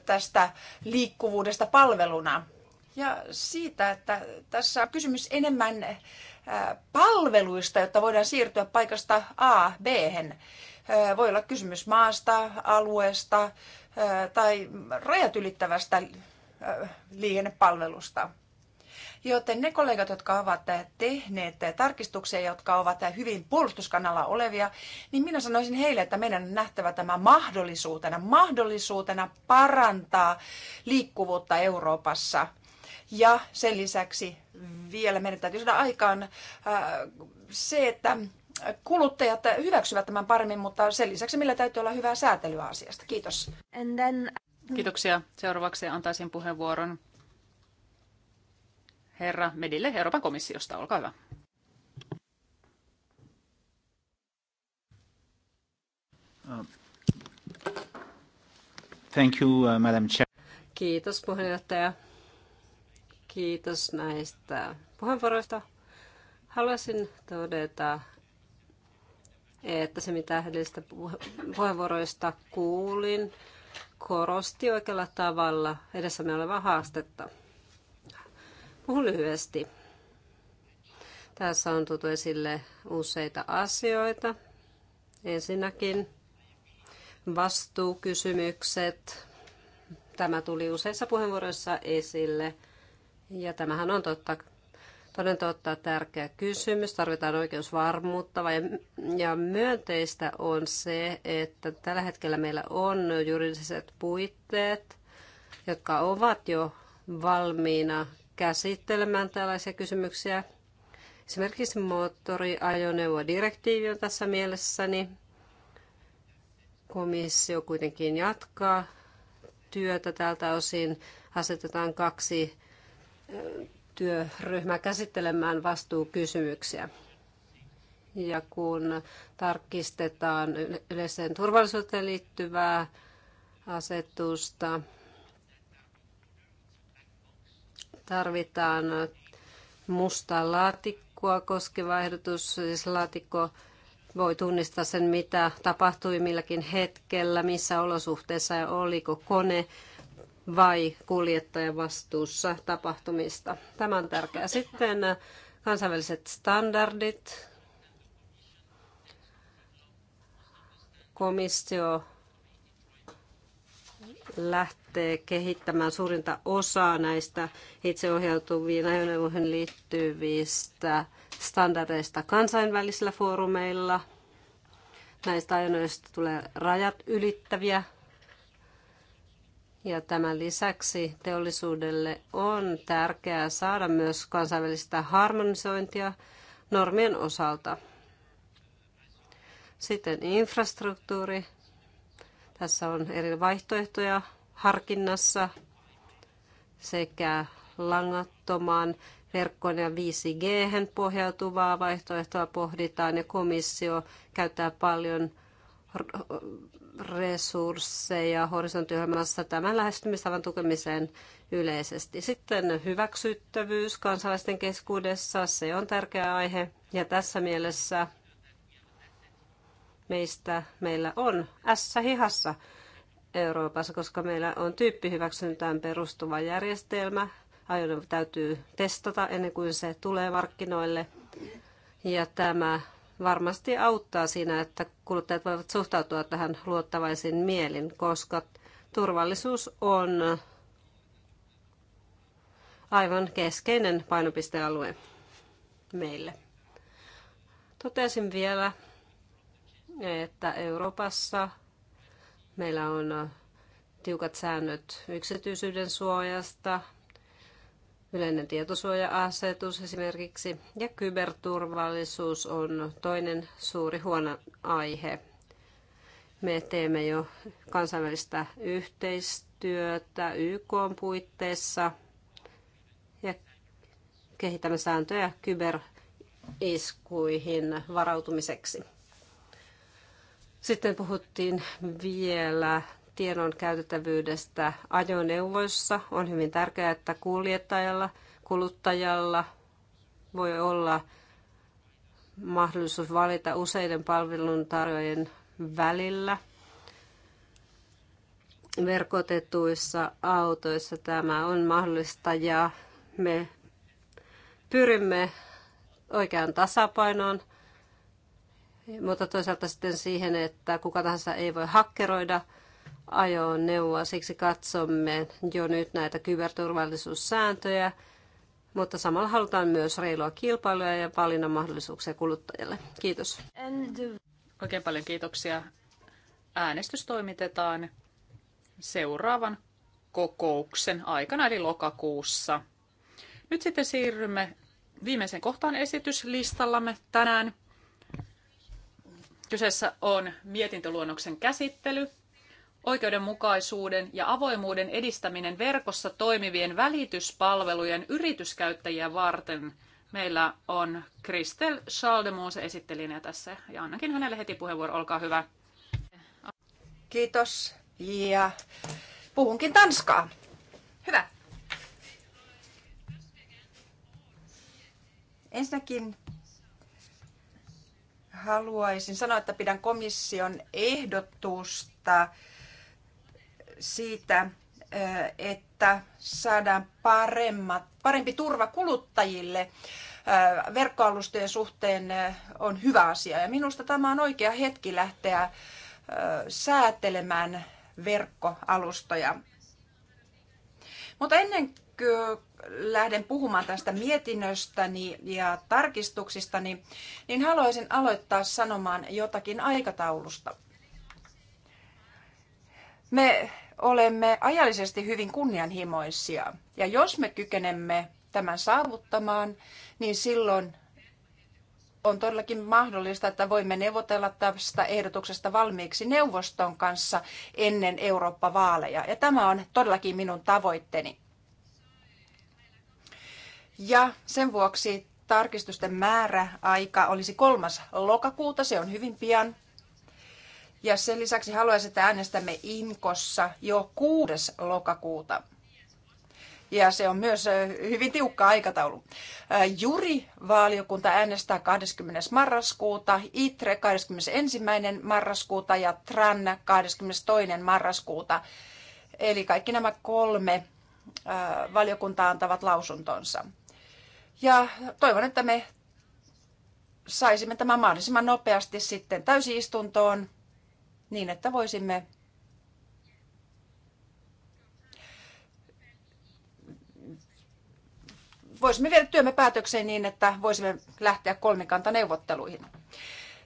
tästä liikkuvuudesta palveluna ja siitä, että tässä on kysymys enemmän äh, palveluista, jotta voidaan siirtyä paikasta A B. -hän. Äh, voi olla kysymys maasta, alueesta äh, tai rajat ylittävästä liikennepalvelusta. Joten ne kollegat, jotka ovat tehneet tarkistuksia, jotka ovat hyvin puolustuskannalla olevia, niin minä sanoisin heille, että meidän on nähtävä tämä mahdollisuutena, mahdollisuutena parantaa liikkuvuutta Euroopassa – ja sen lisäksi vielä meidän täytyy saada aikaan äh, se, että kuluttajat hyväksyvät tämän paremmin, mutta sen lisäksi meillä täytyy olla hyvää säätelyä asiasta. Kiitos. And then... Mm. Kiitoksia. Seuraavaksi antaisin puheenvuoron herra Medille Euroopan komissiosta. Olkaa hyvä. Uh, thank you, uh, Madam Chair. Kiitos puheenjohtaja. Kiitos näistä puheenvuoroista. Haluaisin todeta, että se mitä edellisistä puheenvuoroista kuulin, korosti oikealla tavalla edessämme olevaa haastetta. Puhun lyhyesti. Tässä on tuotu esille useita asioita. Ensinnäkin vastuukysymykset. Tämä tuli useissa puheenvuoroissa esille – ja tämähän on totta, toden totta tärkeä kysymys. Tarvitaan oikeusvarmuutta ja myönteistä on se, että tällä hetkellä meillä on juridiset puitteet, jotka ovat jo valmiina käsittelemään tällaisia kysymyksiä. Esimerkiksi moottoriajoneuvodirektiivi on tässä mielessäni. Komissio kuitenkin jatkaa työtä tältä osin. Asetetaan kaksi työryhmä käsittelemään vastuukysymyksiä. Ja kun tarkistetaan yleiseen turvallisuuteen liittyvää asetusta, tarvitaan mustaa laatikkoa koskeva ehdotus, siis laatikko voi tunnistaa sen, mitä tapahtui milläkin hetkellä, missä olosuhteessa ja oliko kone vai kuljettajan vastuussa tapahtumista. Tämä on tärkeää. Sitten äh, kansainväliset standardit. Komissio lähtee kehittämään suurinta osaa näistä itseohjautuviin ajoneuvoihin liittyvistä standardeista kansainvälisillä foorumeilla. Näistä ajoneuvoista tulee rajat ylittäviä ja tämän lisäksi teollisuudelle on tärkeää saada myös kansainvälistä harmonisointia normien osalta. Sitten infrastruktuuri. Tässä on eri vaihtoehtoja harkinnassa sekä langattomaan verkkoon ja 5G pohjautuvaa vaihtoehtoa pohditaan ja komissio käyttää paljon resursseja horisonttiohjelmassa tämän lähestymistavan tukemiseen yleisesti. Sitten hyväksyttävyys kansalaisten keskuudessa, se on tärkeä aihe ja tässä mielessä meistä meillä on ässä hihassa Euroopassa, koska meillä on tyyppihyväksyntään perustuva järjestelmä. Ajoneuvo täytyy testata ennen kuin se tulee markkinoille. Ja tämä varmasti auttaa siinä, että kuluttajat voivat suhtautua tähän luottavaisin mielin, koska turvallisuus on aivan keskeinen painopistealue meille. Totesin vielä, että Euroopassa meillä on tiukat säännöt yksityisyyden suojasta, Yleinen tietosuoja-asetus esimerkiksi ja kyberturvallisuus on toinen suuri huono aihe. Me teemme jo kansainvälistä yhteistyötä YK puitteissa ja kehitämme sääntöjä kyberiskuihin varautumiseksi. Sitten puhuttiin vielä tiedon käytettävyydestä ajoneuvoissa. On hyvin tärkeää, että kuljettajalla, kuluttajalla voi olla mahdollisuus valita useiden palveluntarjoajien välillä. Verkotetuissa autoissa tämä on mahdollista ja me pyrimme oikeaan tasapainoon, mutta toisaalta sitten siihen, että kuka tahansa ei voi hakkeroida – ajoneuvoa. Siksi katsomme jo nyt näitä kyberturvallisuussääntöjä, mutta samalla halutaan myös reilua kilpailua ja valinnan mahdollisuuksia kuluttajille. Kiitos. Oikein paljon kiitoksia. Äänestys toimitetaan seuraavan kokouksen aikana, eli lokakuussa. Nyt sitten siirrymme viimeisen kohtaan esityslistallamme tänään. Kyseessä on mietintöluonnoksen käsittely oikeudenmukaisuuden ja avoimuuden edistäminen verkossa toimivien välityspalvelujen yrityskäyttäjiä varten. Meillä on Kristel Schaldemuus esittelijänä tässä ja annankin hänelle heti puheenvuoro. Olkaa hyvä. Kiitos ja puhunkin tanskaa. Hyvä. Ensinnäkin haluaisin sanoa, että pidän komission ehdotusta siitä, että saadaan paremmat, parempi turva kuluttajille verkkoalustojen suhteen on hyvä asia. Ja minusta tämä on oikea hetki lähteä säätelemään verkkoalustoja. Mutta ennen kuin lähden puhumaan tästä mietinnöstäni ja tarkistuksistani, niin haluaisin aloittaa sanomaan jotakin aikataulusta. Me olemme ajallisesti hyvin kunnianhimoisia. Ja jos me kykenemme tämän saavuttamaan, niin silloin on todellakin mahdollista, että voimme neuvotella tästä ehdotuksesta valmiiksi neuvoston kanssa ennen Eurooppa-vaaleja. Ja tämä on todellakin minun tavoitteeni. Ja sen vuoksi tarkistusten määrä aika olisi kolmas lokakuuta, se on hyvin pian. Ja sen lisäksi haluaisin, että äänestämme Inkossa jo 6. lokakuuta. Ja se on myös hyvin tiukka aikataulu. Juri valiokunta äänestää 20. marraskuuta, ITRE 21. marraskuuta ja TRAN 22. marraskuuta. Eli kaikki nämä kolme valiokuntaa antavat lausuntonsa. Ja toivon, että me saisimme tämän mahdollisimman nopeasti sitten täysistuntoon niin, että voisimme voisimme viedä työmme päätökseen niin, että voisimme lähteä kolmikantaneuvotteluihin.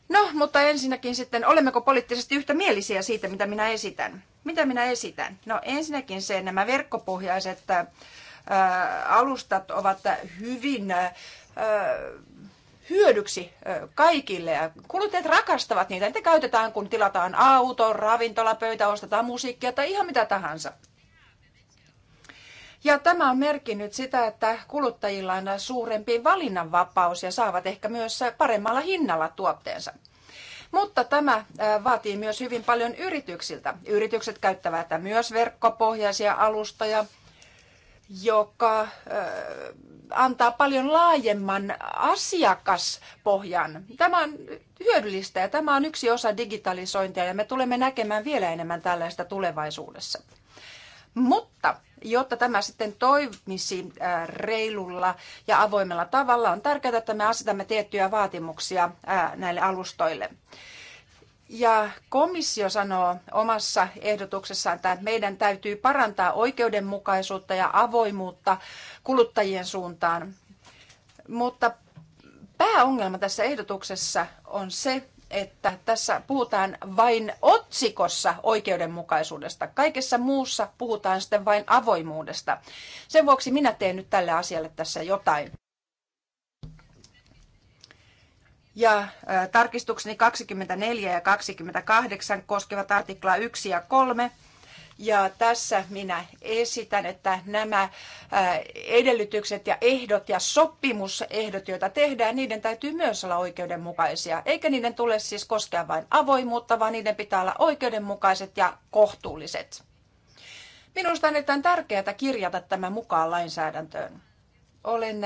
No, mutta ensinnäkin sitten, olemmeko poliittisesti yhtä mielisiä siitä, mitä minä esitän? Mitä minä esitän? No ensinnäkin se, nämä verkkopohjaiset ää, äh, alustat ovat hyvin ää, äh, hyödyksi kaikille. Ja kuluttajat rakastavat niitä. Niitä käytetään, kun tilataan auto, ravintolapöytä, ostetaan musiikkia tai ihan mitä tahansa. Ja tämä on merkinnyt sitä, että kuluttajilla on suurempi valinnanvapaus ja saavat ehkä myös paremmalla hinnalla tuotteensa. Mutta tämä vaatii myös hyvin paljon yrityksiltä. Yritykset käyttävät myös verkkopohjaisia alustoja, joka antaa paljon laajemman asiakaspohjan. Tämä on hyödyllistä ja tämä on yksi osa digitalisointia ja me tulemme näkemään vielä enemmän tällaista tulevaisuudessa. Mutta jotta tämä sitten toimisi äh, reilulla ja avoimella tavalla, on tärkeää, että me asetamme tiettyjä vaatimuksia äh, näille alustoille. Ja komissio sanoo omassa ehdotuksessaan, että meidän täytyy parantaa oikeudenmukaisuutta ja avoimuutta kuluttajien suuntaan. Mutta pääongelma tässä ehdotuksessa on se, että tässä puhutaan vain otsikossa oikeudenmukaisuudesta. Kaikessa muussa puhutaan sitten vain avoimuudesta. Sen vuoksi minä teen nyt tälle asialle tässä jotain. ja tarkistukseni 24 ja 28 koskevat artiklaa 1 ja 3. Ja tässä minä esitän, että nämä edellytykset ja ehdot ja sopimusehdot, joita tehdään, niiden täytyy myös olla oikeudenmukaisia. Eikä niiden tule siis koskea vain avoimuutta, vaan niiden pitää olla oikeudenmukaiset ja kohtuulliset. Minusta on erittäin tärkeää kirjata tämä mukaan lainsäädäntöön. Olen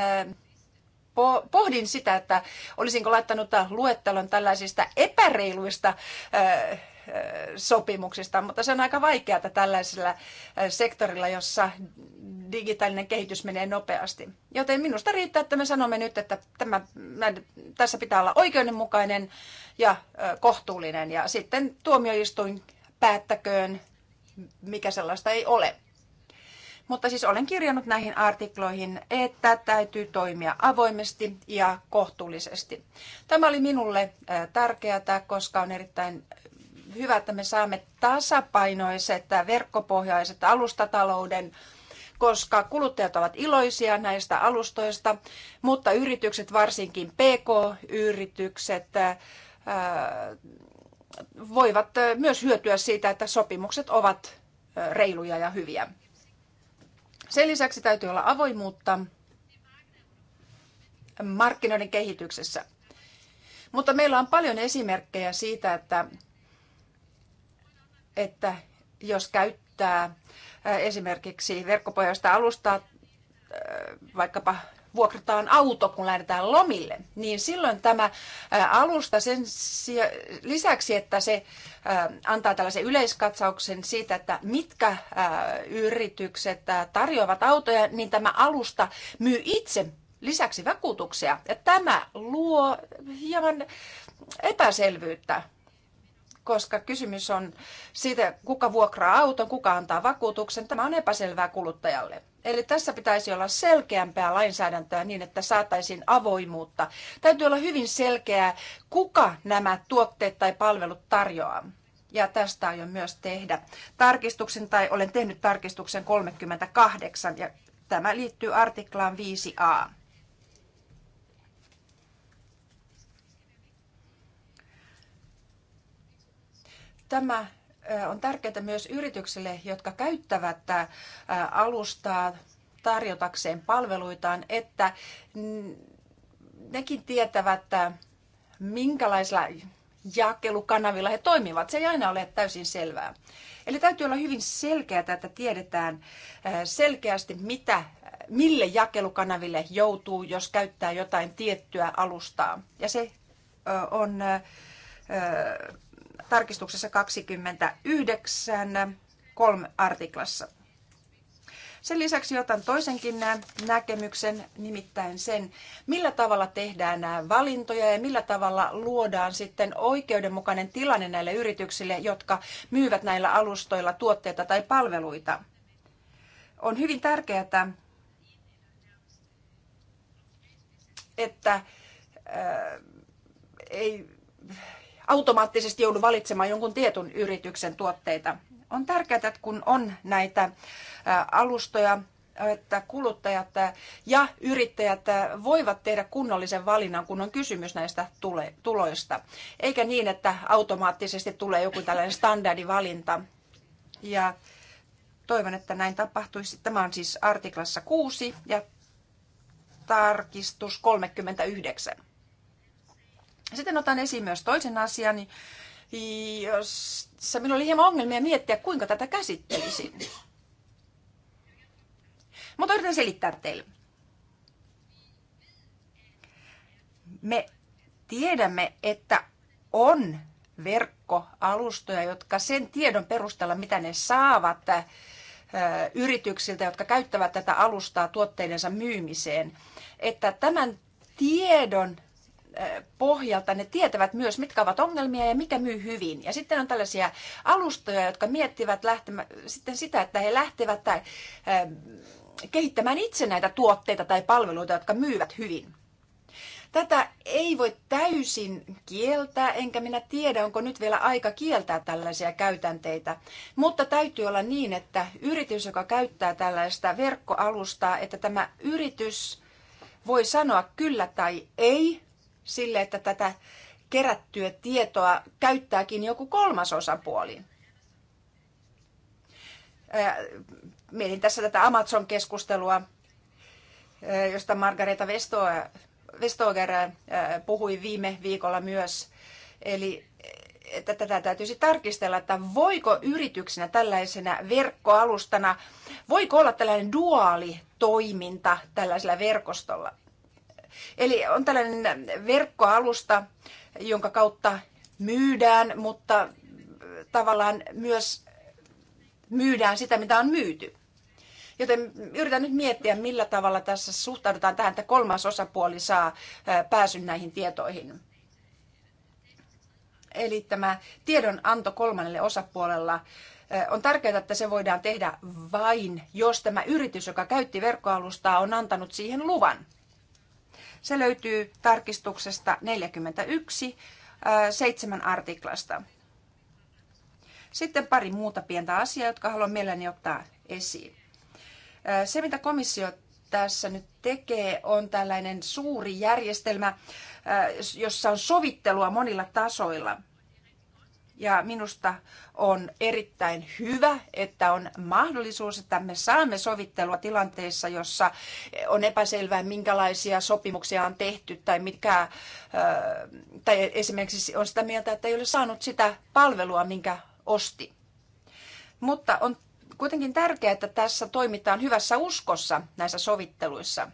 pohdin sitä, että olisinko laittanut luettelon tällaisista epäreiluista sopimuksista, mutta se on aika vaikeaa tällaisella sektorilla, jossa digitaalinen kehitys menee nopeasti. Joten minusta riittää, että me sanomme nyt, että tämä, tässä pitää olla oikeudenmukainen ja kohtuullinen ja sitten tuomioistuin päättäköön, mikä sellaista ei ole. Mutta siis olen kirjannut näihin artikloihin, että täytyy toimia avoimesti ja kohtuullisesti. Tämä oli minulle tärkeää, koska on erittäin hyvä, että me saamme tasapainoiset verkkopohjaiset alustatalouden koska kuluttajat ovat iloisia näistä alustoista, mutta yritykset, varsinkin PK-yritykset, voivat myös hyötyä siitä, että sopimukset ovat reiluja ja hyviä. Sen lisäksi täytyy olla avoimuutta markkinoiden kehityksessä. Mutta meillä on paljon esimerkkejä siitä, että, että jos käyttää esimerkiksi verkkopohjaista alustaa, vaikkapa vuokrataan auto, kun lähdetään lomille, niin silloin tämä alusta sen lisäksi, että se antaa tällaisen yleiskatsauksen siitä, että mitkä yritykset tarjoavat autoja, niin tämä alusta myy itse lisäksi vakuutuksia. Ja tämä luo hieman epäselvyyttä koska kysymys on siitä, kuka vuokraa auton, kuka antaa vakuutuksen. Tämä on epäselvää kuluttajalle. Eli tässä pitäisi olla selkeämpää lainsäädäntöä niin, että saataisiin avoimuutta. Täytyy olla hyvin selkeää, kuka nämä tuotteet tai palvelut tarjoaa. Ja tästä aion myös tehdä tarkistuksen, tai olen tehnyt tarkistuksen 38, ja tämä liittyy artiklaan 5a. Tämä on tärkeää myös yrityksille, jotka käyttävät alustaa tarjotakseen palveluitaan, että nekin tietävät, minkälaisilla jakelukanavilla he toimivat. Se ei aina ole täysin selvää. Eli täytyy olla hyvin selkeää, että tiedetään selkeästi, mitä, mille jakelukanaville joutuu, jos käyttää jotain tiettyä alustaa. Ja se on tarkistuksessa 29 kolme artiklassa. Sen lisäksi otan toisenkin näkemyksen, nimittäin sen, millä tavalla tehdään nämä valintoja ja millä tavalla luodaan sitten oikeudenmukainen tilanne näille yrityksille, jotka myyvät näillä alustoilla tuotteita tai palveluita. On hyvin tärkeää, että äh, ei automaattisesti joudu valitsemaan jonkun tietyn yrityksen tuotteita. On tärkeää, että kun on näitä alustoja, että kuluttajat ja yrittäjät voivat tehdä kunnollisen valinnan, kun on kysymys näistä tule- tuloista, eikä niin, että automaattisesti tulee joku tällainen standardivalinta. Ja toivon, että näin tapahtuisi. Tämä on siis artiklassa 6 ja tarkistus 39. Sitten otan esiin myös toisen asian, jossa minulla oli hieman ongelmia miettiä, kuinka tätä käsittelisin. Mutta yritän selittää teille. Me tiedämme, että on verkkoalustoja, jotka sen tiedon perusteella, mitä ne saavat yrityksiltä, jotka käyttävät tätä alustaa tuotteidensa myymiseen, että tämän tiedon pohjalta ne tietävät myös, mitkä ovat ongelmia ja mikä myy hyvin. Ja sitten on tällaisia alustoja, jotka miettivät lähtemä, sitten sitä, että he lähtevät tai, kehittämään itse näitä tuotteita tai palveluita, jotka myyvät hyvin. Tätä ei voi täysin kieltää, enkä minä tiedä, onko nyt vielä aika kieltää tällaisia käytänteitä. Mutta täytyy olla niin, että yritys, joka käyttää tällaista verkkoalustaa, että tämä yritys voi sanoa kyllä tai ei sille, että tätä kerättyä tietoa käyttääkin joku kolmas osapuoli. Mietin tässä tätä Amazon-keskustelua, josta Margareta Vestager puhui viime viikolla myös. Eli että tätä täytyisi tarkistella, että voiko yrityksenä tällaisena verkkoalustana, voiko olla tällainen duaalitoiminta tällaisella verkostolla. Eli on tällainen verkkoalusta, jonka kautta myydään, mutta tavallaan myös myydään sitä, mitä on myyty. Joten yritän nyt miettiä, millä tavalla tässä suhtaudutaan tähän, että kolmas osapuoli saa pääsyn näihin tietoihin. Eli tämä tiedonanto kolmannelle osapuolella on tärkeää, että se voidaan tehdä vain, jos tämä yritys, joka käytti verkkoalustaa, on antanut siihen luvan. Se löytyy tarkistuksesta 41 äh, seitsemän artiklasta. Sitten pari muuta pientä asiaa, jotka haluan mielelläni ottaa esiin. Äh, se, mitä komissio tässä nyt tekee, on tällainen suuri järjestelmä, äh, jossa on sovittelua monilla tasoilla – ja minusta on erittäin hyvä, että on mahdollisuus, että me saamme sovittelua tilanteessa, jossa on epäselvää, minkälaisia sopimuksia on tehty tai mitkä, tai esimerkiksi on sitä mieltä, että ei ole saanut sitä palvelua, minkä osti. Mutta on kuitenkin tärkeää, että tässä toimitaan hyvässä uskossa näissä sovitteluissa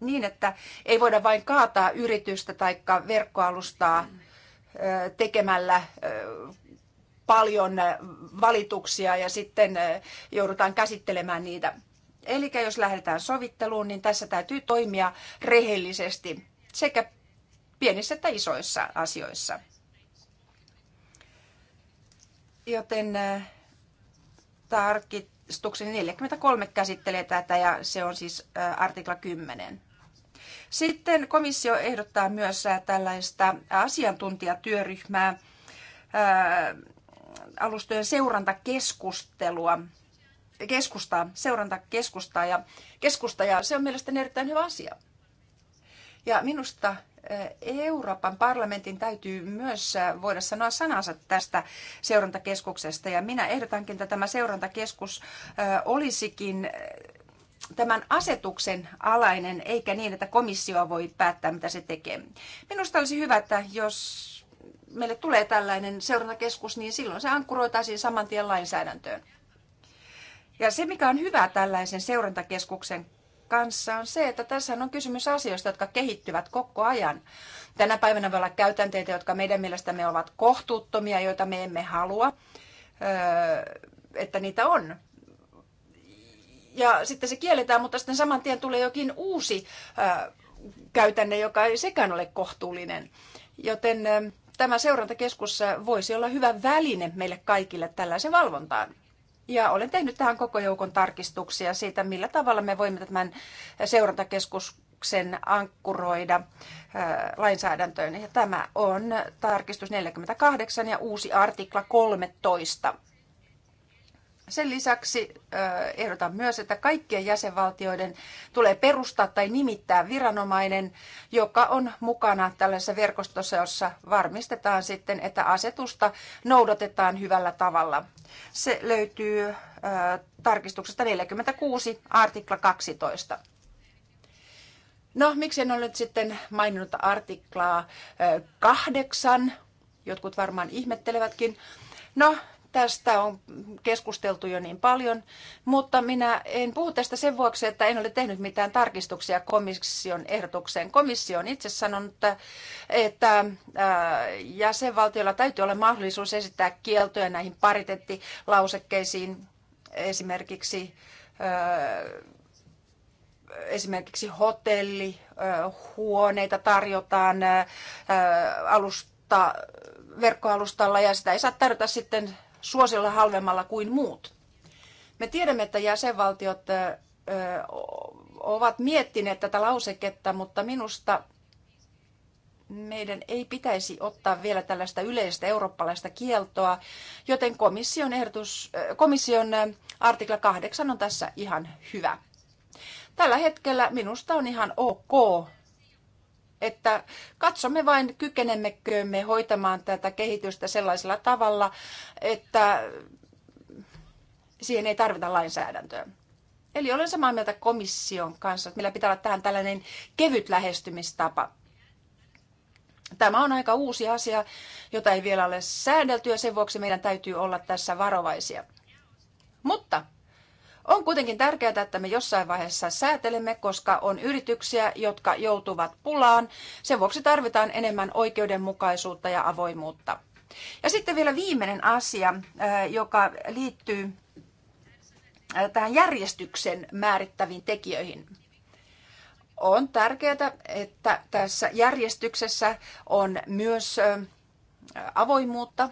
niin, että ei voida vain kaataa yritystä tai verkkoalustaa tekemällä paljon äh, valituksia ja sitten äh, joudutaan käsittelemään niitä. Eli jos lähdetään sovitteluun, niin tässä täytyy toimia rehellisesti sekä pienissä että isoissa asioissa. Joten äh, tarkistuksen 43 käsittelee tätä ja se on siis artikla 10. Sitten komissio ehdottaa myös tällaista asiantuntijatyöryhmää alustojen seurantakeskustelua keskustaa, seurantakeskustaa ja keskusta, ja se on mielestäni erittäin hyvä asia. Ja minusta eh, Euroopan parlamentin täytyy myös eh, voida sanoa sanansa tästä seurantakeskuksesta, ja minä ehdotankin, että tämä seurantakeskus eh, olisikin tämän asetuksen alainen, eikä niin, että komissio voi päättää, mitä se tekee. Minusta olisi hyvä, että jos meille tulee tällainen seurantakeskus, niin silloin se ankkuroitaisiin saman tien lainsäädäntöön. Ja se, mikä on hyvä tällaisen seurantakeskuksen kanssa on se, että tässä on kysymys asioista, jotka kehittyvät koko ajan. Tänä päivänä voi olla käytänteitä, jotka meidän mielestämme ovat kohtuuttomia, joita me emme halua, öö, että niitä on. Ja sitten se kielletään, mutta sitten saman tien tulee jokin uusi öö, käytänne, joka ei sekään ole kohtuullinen. Joten öö, tämä seurantakeskus voisi olla hyvä väline meille kaikille tällaisen valvontaan. Ja olen tehnyt tähän koko joukon tarkistuksia siitä, millä tavalla me voimme tämän seurantakeskuksen ankkuroida lainsäädäntöön. Ja tämä on tarkistus 48 ja uusi artikla 13. Sen lisäksi ehdotan myös, että kaikkien jäsenvaltioiden tulee perustaa tai nimittää viranomainen, joka on mukana tällaisessa verkostossa, jossa varmistetaan sitten, että asetusta noudatetaan hyvällä tavalla. Se löytyy tarkistuksesta 46, artikla 12. No, miksi en ole nyt sitten maininnut artiklaa kahdeksan? Jotkut varmaan ihmettelevätkin. No, Tästä on keskusteltu jo niin paljon, mutta minä en puhu tästä sen vuoksi, että en ole tehnyt mitään tarkistuksia komission ehdotukseen. Komissio on itse sanonut, että, että äh, jäsenvaltiolla täytyy olla mahdollisuus esittää kieltoja näihin pariteettilausekkeisiin, esimerkiksi äh, esimerkiksi hotelli äh, huoneita tarjotaan alusta, verkkoalustalla ja sitä ei saa tarjota sitten suosiolla halvemmalla kuin muut. Me tiedämme, että jäsenvaltiot ovat miettineet tätä lauseketta, mutta minusta meidän ei pitäisi ottaa vielä tällaista yleistä eurooppalaista kieltoa, joten komission, ehdotus, komission artikla 8 on tässä ihan hyvä. Tällä hetkellä minusta on ihan ok että katsomme vain, kykenemmekö me hoitamaan tätä kehitystä sellaisella tavalla, että siihen ei tarvita lainsäädäntöä. Eli olen samaa mieltä komission kanssa, että meillä pitää olla tähän tällainen kevyt lähestymistapa. Tämä on aika uusi asia, jota ei vielä ole säädelty ja sen vuoksi meidän täytyy olla tässä varovaisia. Mutta on kuitenkin tärkeää, että me jossain vaiheessa säätelemme, koska on yrityksiä, jotka joutuvat pulaan. Sen vuoksi tarvitaan enemmän oikeudenmukaisuutta ja avoimuutta. Ja sitten vielä viimeinen asia, äh, joka liittyy äh, tähän järjestyksen määrittäviin tekijöihin. On tärkeää, että tässä järjestyksessä on myös äh, avoimuutta,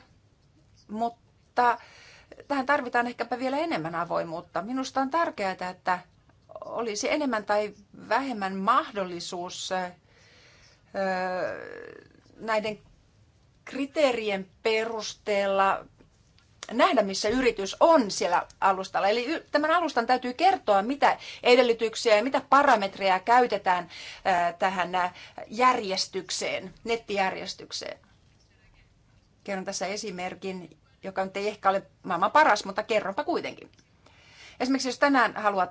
mutta tähän tarvitaan ehkäpä vielä enemmän avoimuutta. Minusta on tärkeää, että olisi enemmän tai vähemmän mahdollisuus näiden kriteerien perusteella nähdä, missä yritys on siellä alustalla. Eli tämän alustan täytyy kertoa, mitä edellytyksiä ja mitä parametreja käytetään tähän järjestykseen, nettijärjestykseen. Kerron tässä esimerkin, joka nyt ei ehkä ole maailman paras, mutta kerronpa kuitenkin. Esimerkiksi jos tänään haluat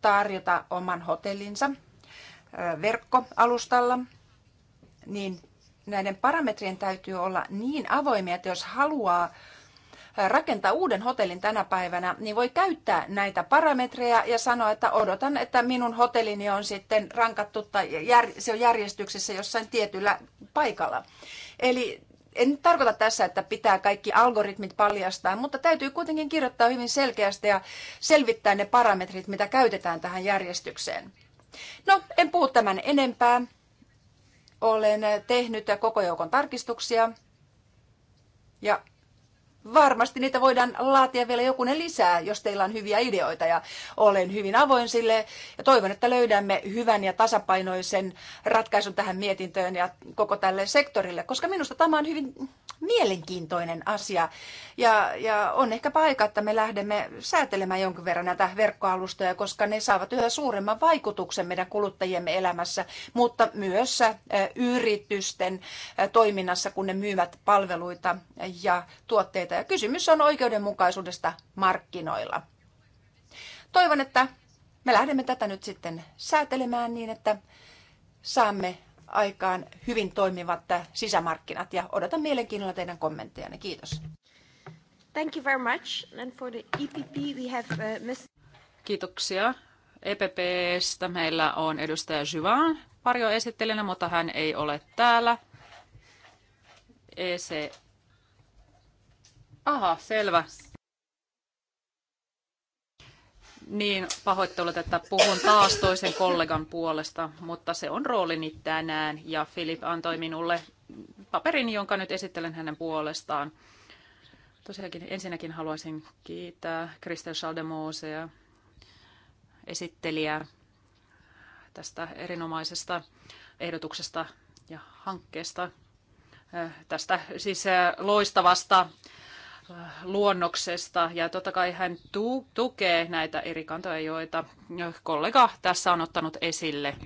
tarjota oman hotellinsa verkkoalustalla, niin näiden parametrien täytyy olla niin avoimia, että jos haluaa rakentaa uuden hotellin tänä päivänä, niin voi käyttää näitä parametreja ja sanoa, että odotan, että minun hotellini on sitten rankattu tai jär, se on järjestyksessä jossain tietyllä paikalla. Eli en tarkoita tässä, että pitää kaikki algoritmit paljastaa, mutta täytyy kuitenkin kirjoittaa hyvin selkeästi ja selvittää ne parametrit, mitä käytetään tähän järjestykseen. No, en puhu tämän enempää. Olen tehnyt koko joukon tarkistuksia ja varmasti niitä voidaan laatia vielä jokunen lisää, jos teillä on hyviä ideoita ja olen hyvin avoin sille ja toivon, että löydämme hyvän ja tasapainoisen ratkaisun tähän mietintöön ja koko tälle sektorille, koska minusta tämä on hyvin mielenkiintoinen asia ja, ja on ehkä paikka, että me lähdemme säätelemään jonkun verran näitä verkkoalustoja, koska ne saavat yhä suuremman vaikutuksen meidän kuluttajiemme elämässä, mutta myös yritysten toiminnassa, kun ne myyvät palveluita ja tuotteita ja kysymys on oikeudenmukaisuudesta markkinoilla. Toivon, että me lähdemme tätä nyt sitten säätelemään niin, että saamme aikaan hyvin toimivat sisämarkkinat ja odotan mielenkiinnolla teidän kommenttejanne. Kiitos. Thank you very much. And for the EPP we have uh, Ms. Kiitoksia. EPPstä meillä on edustaja Juvan varjoesittelijänä, mutta hän ei ole täällä. EC Aha, selvä. Niin, pahoittelut, että puhun taas toisen kollegan puolesta, mutta se on roolini tänään ja Filip antoi minulle paperin, jonka nyt esittelen hänen puolestaan. Tosiaankin ensinnäkin haluaisin kiittää Kristel Schaldemosea, esittelijää tästä erinomaisesta ehdotuksesta ja hankkeesta, äh, tästä siis äh, loistavasta luonnoksesta ja totta kai hän tu- tukee näitä eri kantoja, joita kollega tässä on ottanut esille.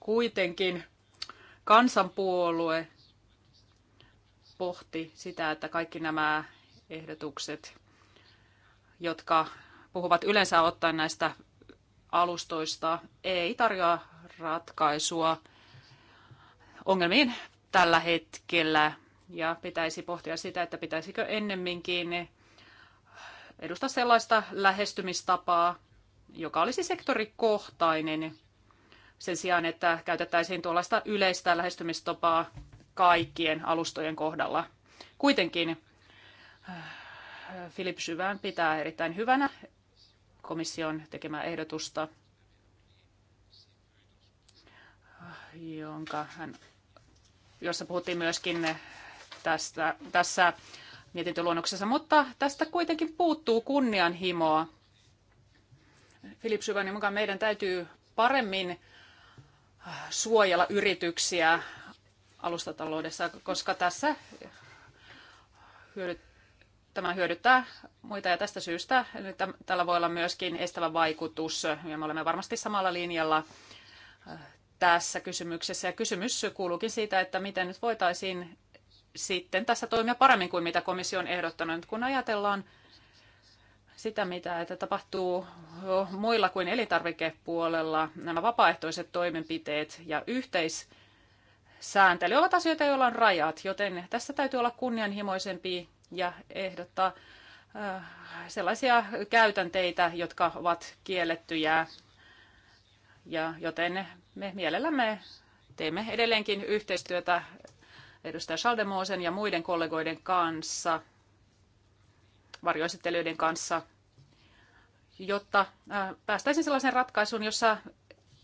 Kuitenkin kansanpuolue pohti sitä, että kaikki nämä ehdotukset, jotka puhuvat yleensä ottaen näistä alustoista, ei tarjoa ratkaisua ongelmiin tällä hetkellä ja pitäisi pohtia sitä, että pitäisikö ennemminkin edustaa sellaista lähestymistapaa, joka olisi sektorikohtainen sen sijaan, että käytettäisiin tuollaista yleistä lähestymistapaa kaikkien alustojen kohdalla. Kuitenkin äh, Philip Syvään pitää erittäin hyvänä komission tekemää ehdotusta, jonka hän, jossa puhuttiin myöskin tästä, tässä mietintöluonnoksessa, mutta tästä kuitenkin puuttuu kunnianhimoa. Filip Syvänin mukaan meidän täytyy paremmin äh, suojella yrityksiä alustataloudessa, koska tässä hyödyt, tämä hyödyttää muita ja tästä syystä tällä voi olla myöskin estävä vaikutus ja me olemme varmasti samalla linjalla äh, tässä kysymyksessä. Ja kysymys kuuluukin siitä, että miten nyt voitaisiin sitten tässä toimia paremmin kuin mitä komissio on ehdottanut. Kun ajatellaan sitä, mitä että tapahtuu muilla kuin elintarvikepuolella, nämä vapaaehtoiset toimenpiteet ja yhteis sääntely ovat asioita, joilla on rajat, joten tässä täytyy olla kunnianhimoisempi ja ehdottaa äh, sellaisia käytänteitä, jotka ovat kiellettyjä. Ja joten me mielellämme teemme edelleenkin yhteistyötä edustaja Schaldemosen ja muiden kollegoiden kanssa, varjoesittelyiden kanssa, jotta äh, päästäisiin sellaiseen ratkaisuun, jossa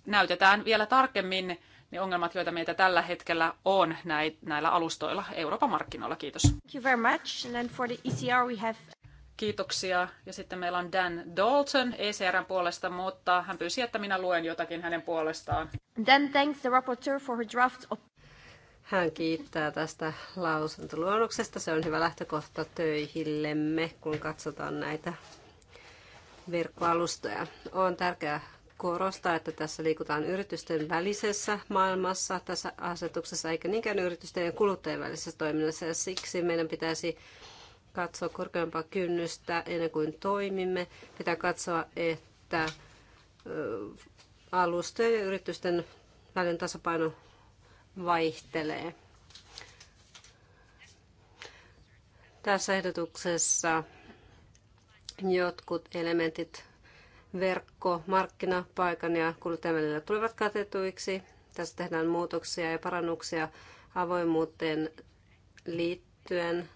näytetään vielä tarkemmin ne ongelmat, joita meitä tällä hetkellä on näillä alustoilla Euroopan markkinoilla. Kiitos. Thank you very much. And then for the ECR we have... Kiitoksia. Ja sitten meillä on Dan Dalton ECRn puolesta, mutta hän pyysi, että minä luen jotakin hänen puolestaan. Then thanks the rapporteur for her draft op- hän kiittää tästä lausuntoluonnoksesta. Se on hyvä lähtökohta töihillemme, kun katsotaan näitä verkkoalustoja. On tärkeää korostaa, että tässä liikutaan yritysten välisessä maailmassa tässä asetuksessa, eikä niinkään yritysten ja kuluttajien välisessä toiminnassa. Ja siksi meidän pitäisi katsoa korkeampaa kynnystä ennen kuin toimimme. Pitää katsoa, että alustojen ja yritysten välinen tasapaino vaihtelee. Tässä ehdotuksessa jotkut elementit verkko, markkinapaikan ja kuluttajan tulevat katetuiksi. Tässä tehdään muutoksia ja parannuksia avoimuuteen liittyen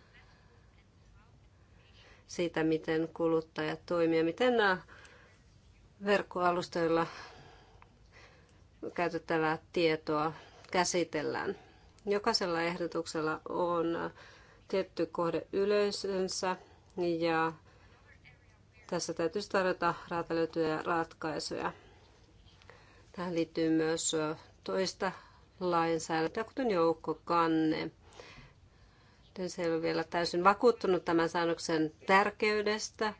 siitä, miten kuluttajat toimii ja miten nämä verkkoalustoilla käytettävää tietoa käsitellään. Jokaisella ehdotuksella on tietty kohde yleisönsä ja tässä täytyisi tarjota räätälöityjä ratkaisuja. Tähän liittyy myös toista lainsäädäntöä, kuten joukkokanne. Se ei ole vielä täysin vakuuttunut tämän säännöksen tärkeydestä.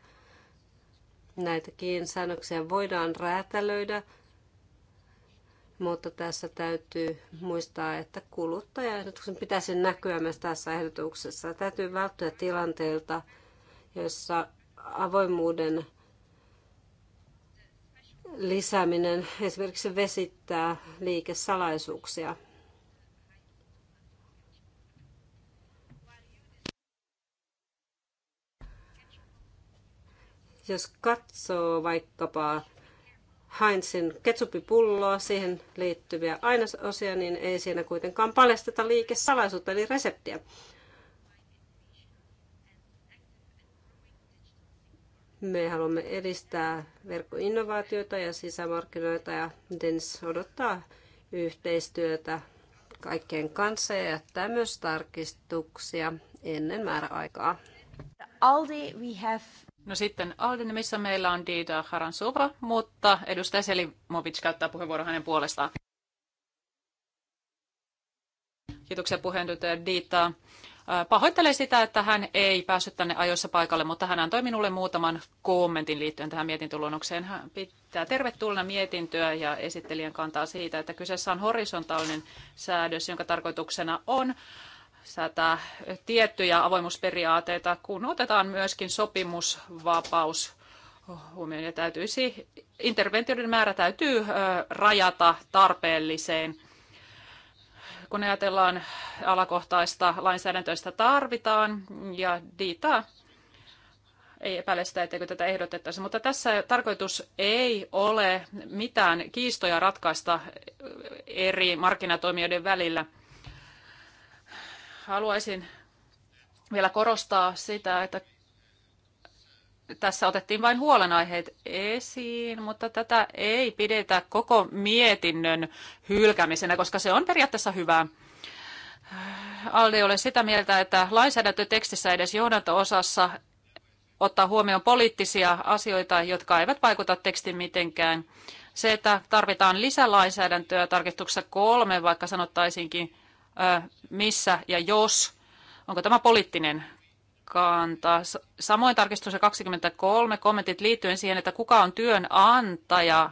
Näitäkin säännöksiä voidaan räätälöidä mutta tässä täytyy muistaa, että kuluttajaehdotuksen pitäisi näkyä myös tässä ehdotuksessa. Täytyy välttyä tilanteilta, jossa avoimuuden lisääminen esimerkiksi vesittää liikesalaisuuksia. Jos katsoo vaikkapa sen ketsupipulloa, siihen liittyviä ainesosia, niin ei siinä kuitenkaan paljasteta liikesalaisuutta eli reseptiä. Me haluamme edistää verkkoinnovaatioita ja sisämarkkinoita ja Dens odottaa yhteistyötä kaikkien kanssa ja jättää myös tarkistuksia ennen määräaikaa. Aldi, we have No sitten Alden, missä meillä on Dida Haransuva, mutta edustaja Selimovic käyttää puheenvuoron hänen puolestaan. Kiitoksia puheenjohtaja Diita. Äh, pahoittelen sitä, että hän ei päässyt tänne ajoissa paikalle, mutta hän antoi minulle muutaman kommentin liittyen tähän mietintöluonnokseen. Hän pitää tervetulleena mietintöä ja esittelijän kantaa siitä, että kyseessä on horisontaalinen säädös, jonka tarkoituksena on säätää tiettyjä avoimuusperiaateita, kun otetaan myöskin sopimusvapaus huomioon ja täytyisi, interventioiden määrä täytyy rajata tarpeelliseen. Kun ajatellaan alakohtaista lainsäädäntöistä tarvitaan ja Diita ei epäile sitä, etteikö tätä ehdotettaisi, mutta tässä tarkoitus ei ole mitään kiistoja ratkaista eri markkinatoimijoiden välillä – haluaisin vielä korostaa sitä, että tässä otettiin vain huolenaiheet esiin, mutta tätä ei pidetä koko mietinnön hylkämisenä, koska se on periaatteessa hyvä. Aldi ole sitä mieltä, että lainsäädäntötekstissä edes johdanto-osassa ottaa huomioon poliittisia asioita, jotka eivät vaikuta tekstiin mitenkään. Se, että tarvitaan lisälainsäädäntöä tarkistuksessa kolme, vaikka sanottaisinkin missä ja jos, onko tämä poliittinen kanta. Samoin tarkistus 23 kommentit liittyen siihen, että kuka on työnantaja.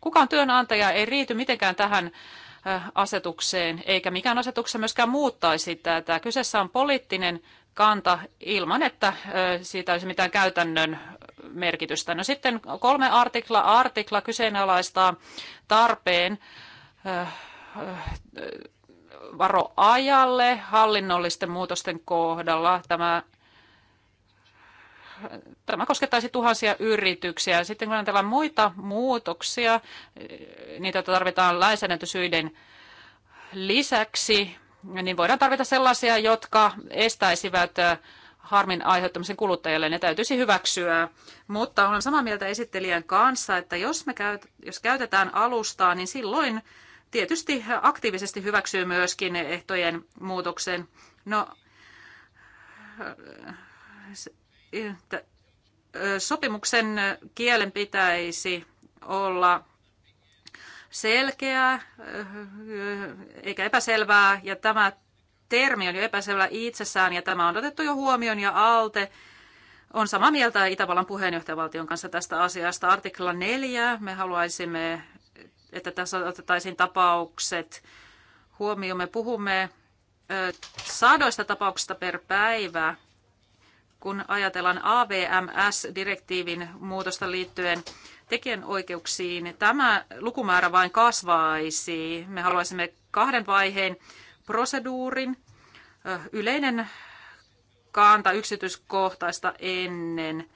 Kuka on työnantaja ei riity mitenkään tähän asetukseen, eikä mikään asetuksessa myöskään muuttaisi tätä. Kyseessä on poliittinen kanta ilman, että siitä olisi mitään käytännön merkitystä. No sitten kolme artikla. Artikla kyseenalaistaa tarpeen varoajalle hallinnollisten muutosten kohdalla. Tämä, tämä koskettaisi tuhansia yrityksiä. Sitten kun ajatellaan muita muutoksia, niitä tarvitaan lainsäädäntösyiden lisäksi, niin voidaan tarvita sellaisia, jotka estäisivät harmin aiheuttamisen kuluttajalle, ne täytyisi hyväksyä. Mutta olen samaa mieltä esittelijän kanssa, että jos, me käyt, jos käytetään alustaa, niin silloin tietysti aktiivisesti hyväksyy myöskin ehtojen muutoksen. No, sopimuksen kielen pitäisi olla selkeää eikä epäselvää, ja tämä termi on jo epäselvä itsessään, ja tämä on otettu jo huomioon, ja ALTE on samaa mieltä Itävallan puheenjohtajavaltion kanssa tästä asiasta. Artikla 4, me haluaisimme että tässä otettaisiin tapaukset huomioon. Me puhumme sadoista tapauksista per päivä, kun ajatellaan AVMS-direktiivin muutosta liittyen tekijänoikeuksiin. Tämä lukumäärä vain kasvaisi. Me haluaisimme kahden vaiheen proseduurin, yleinen kanta yksityiskohtaista ennen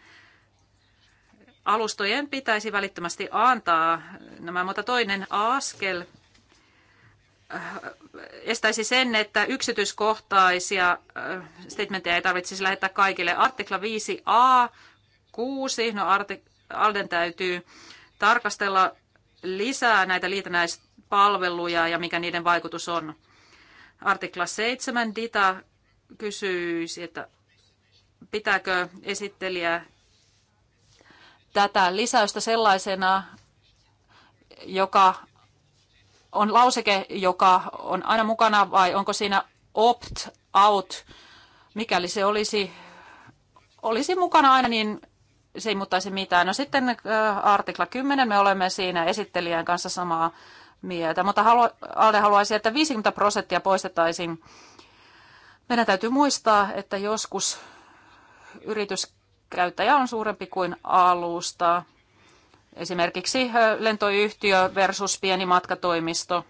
alustojen pitäisi välittömästi antaa nämä, mutta toinen askel äh, estäisi sen, että yksityiskohtaisia äh, statementteja ei tarvitsisi lähettää kaikille. Artikla 5a, 6, no artik- Alden täytyy tarkastella lisää näitä liitännäispalveluja ja mikä niiden vaikutus on. Artikla 7, Dita kysyisi, että pitääkö esittelijä tätä lisäystä sellaisena, joka on lauseke, joka on aina mukana, vai onko siinä opt-out, mikäli se olisi, olisi mukana aina, niin se ei muuttaisi mitään. No sitten äh, artikla 10, me olemme siinä esittelijän kanssa samaa mieltä, mutta halu, Alde haluaisi, että 50 prosenttia poistettaisiin. Meidän täytyy muistaa, että joskus yritys käyttäjä on suurempi kuin alusta. Esimerkiksi lentoyhtiö versus pieni matkatoimisto.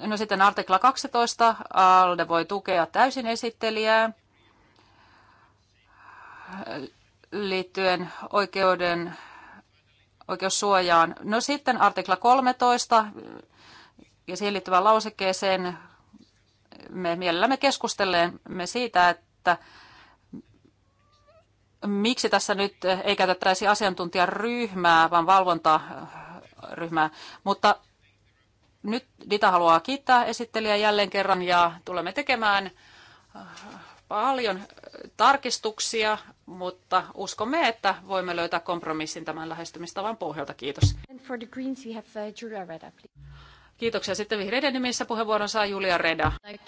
No sitten artikla 12. ALDE voi tukea täysin esittelijää liittyen oikeuden, oikeussuojaan. No sitten artikla 13 ja siihen liittyvään lausekkeeseen me mielellämme keskustelemme siitä, että että miksi tässä nyt ei käytettäisi asiantuntijaryhmää, vaan valvontaryhmää. Mutta nyt Dita haluaa kiittää esittelijä jälleen kerran ja tulemme tekemään äh, paljon äh, tarkistuksia, mutta uskomme, että voimme löytää kompromissin tämän lähestymistavan pohjalta. Kiitos. Uh, Kiitoksia. Sitten vihreiden nimissä puheenvuoron saa Julia Reda. Like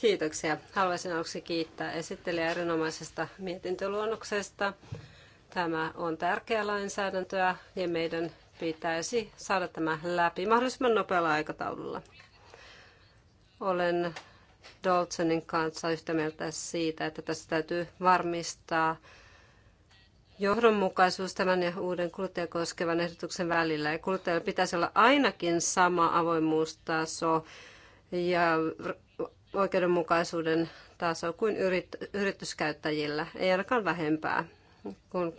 Kiitoksia. Haluaisin aluksi kiittää esittelijä erinomaisesta mietintöluonnoksesta. Tämä on tärkeä lainsäädäntöä ja meidän pitäisi saada tämä läpi mahdollisimman nopealla aikataululla. Olen Doltsenin kanssa yhtä mieltä siitä, että tässä täytyy varmistaa johdonmukaisuus tämän ja uuden kuluttaja koskevan ehdotuksen välillä. Ja kuluttajalla pitäisi olla ainakin sama avoimuustaso ja oikeudenmukaisuuden taso kuin yrityskäyttäjillä, ei ainakaan vähempää. Kun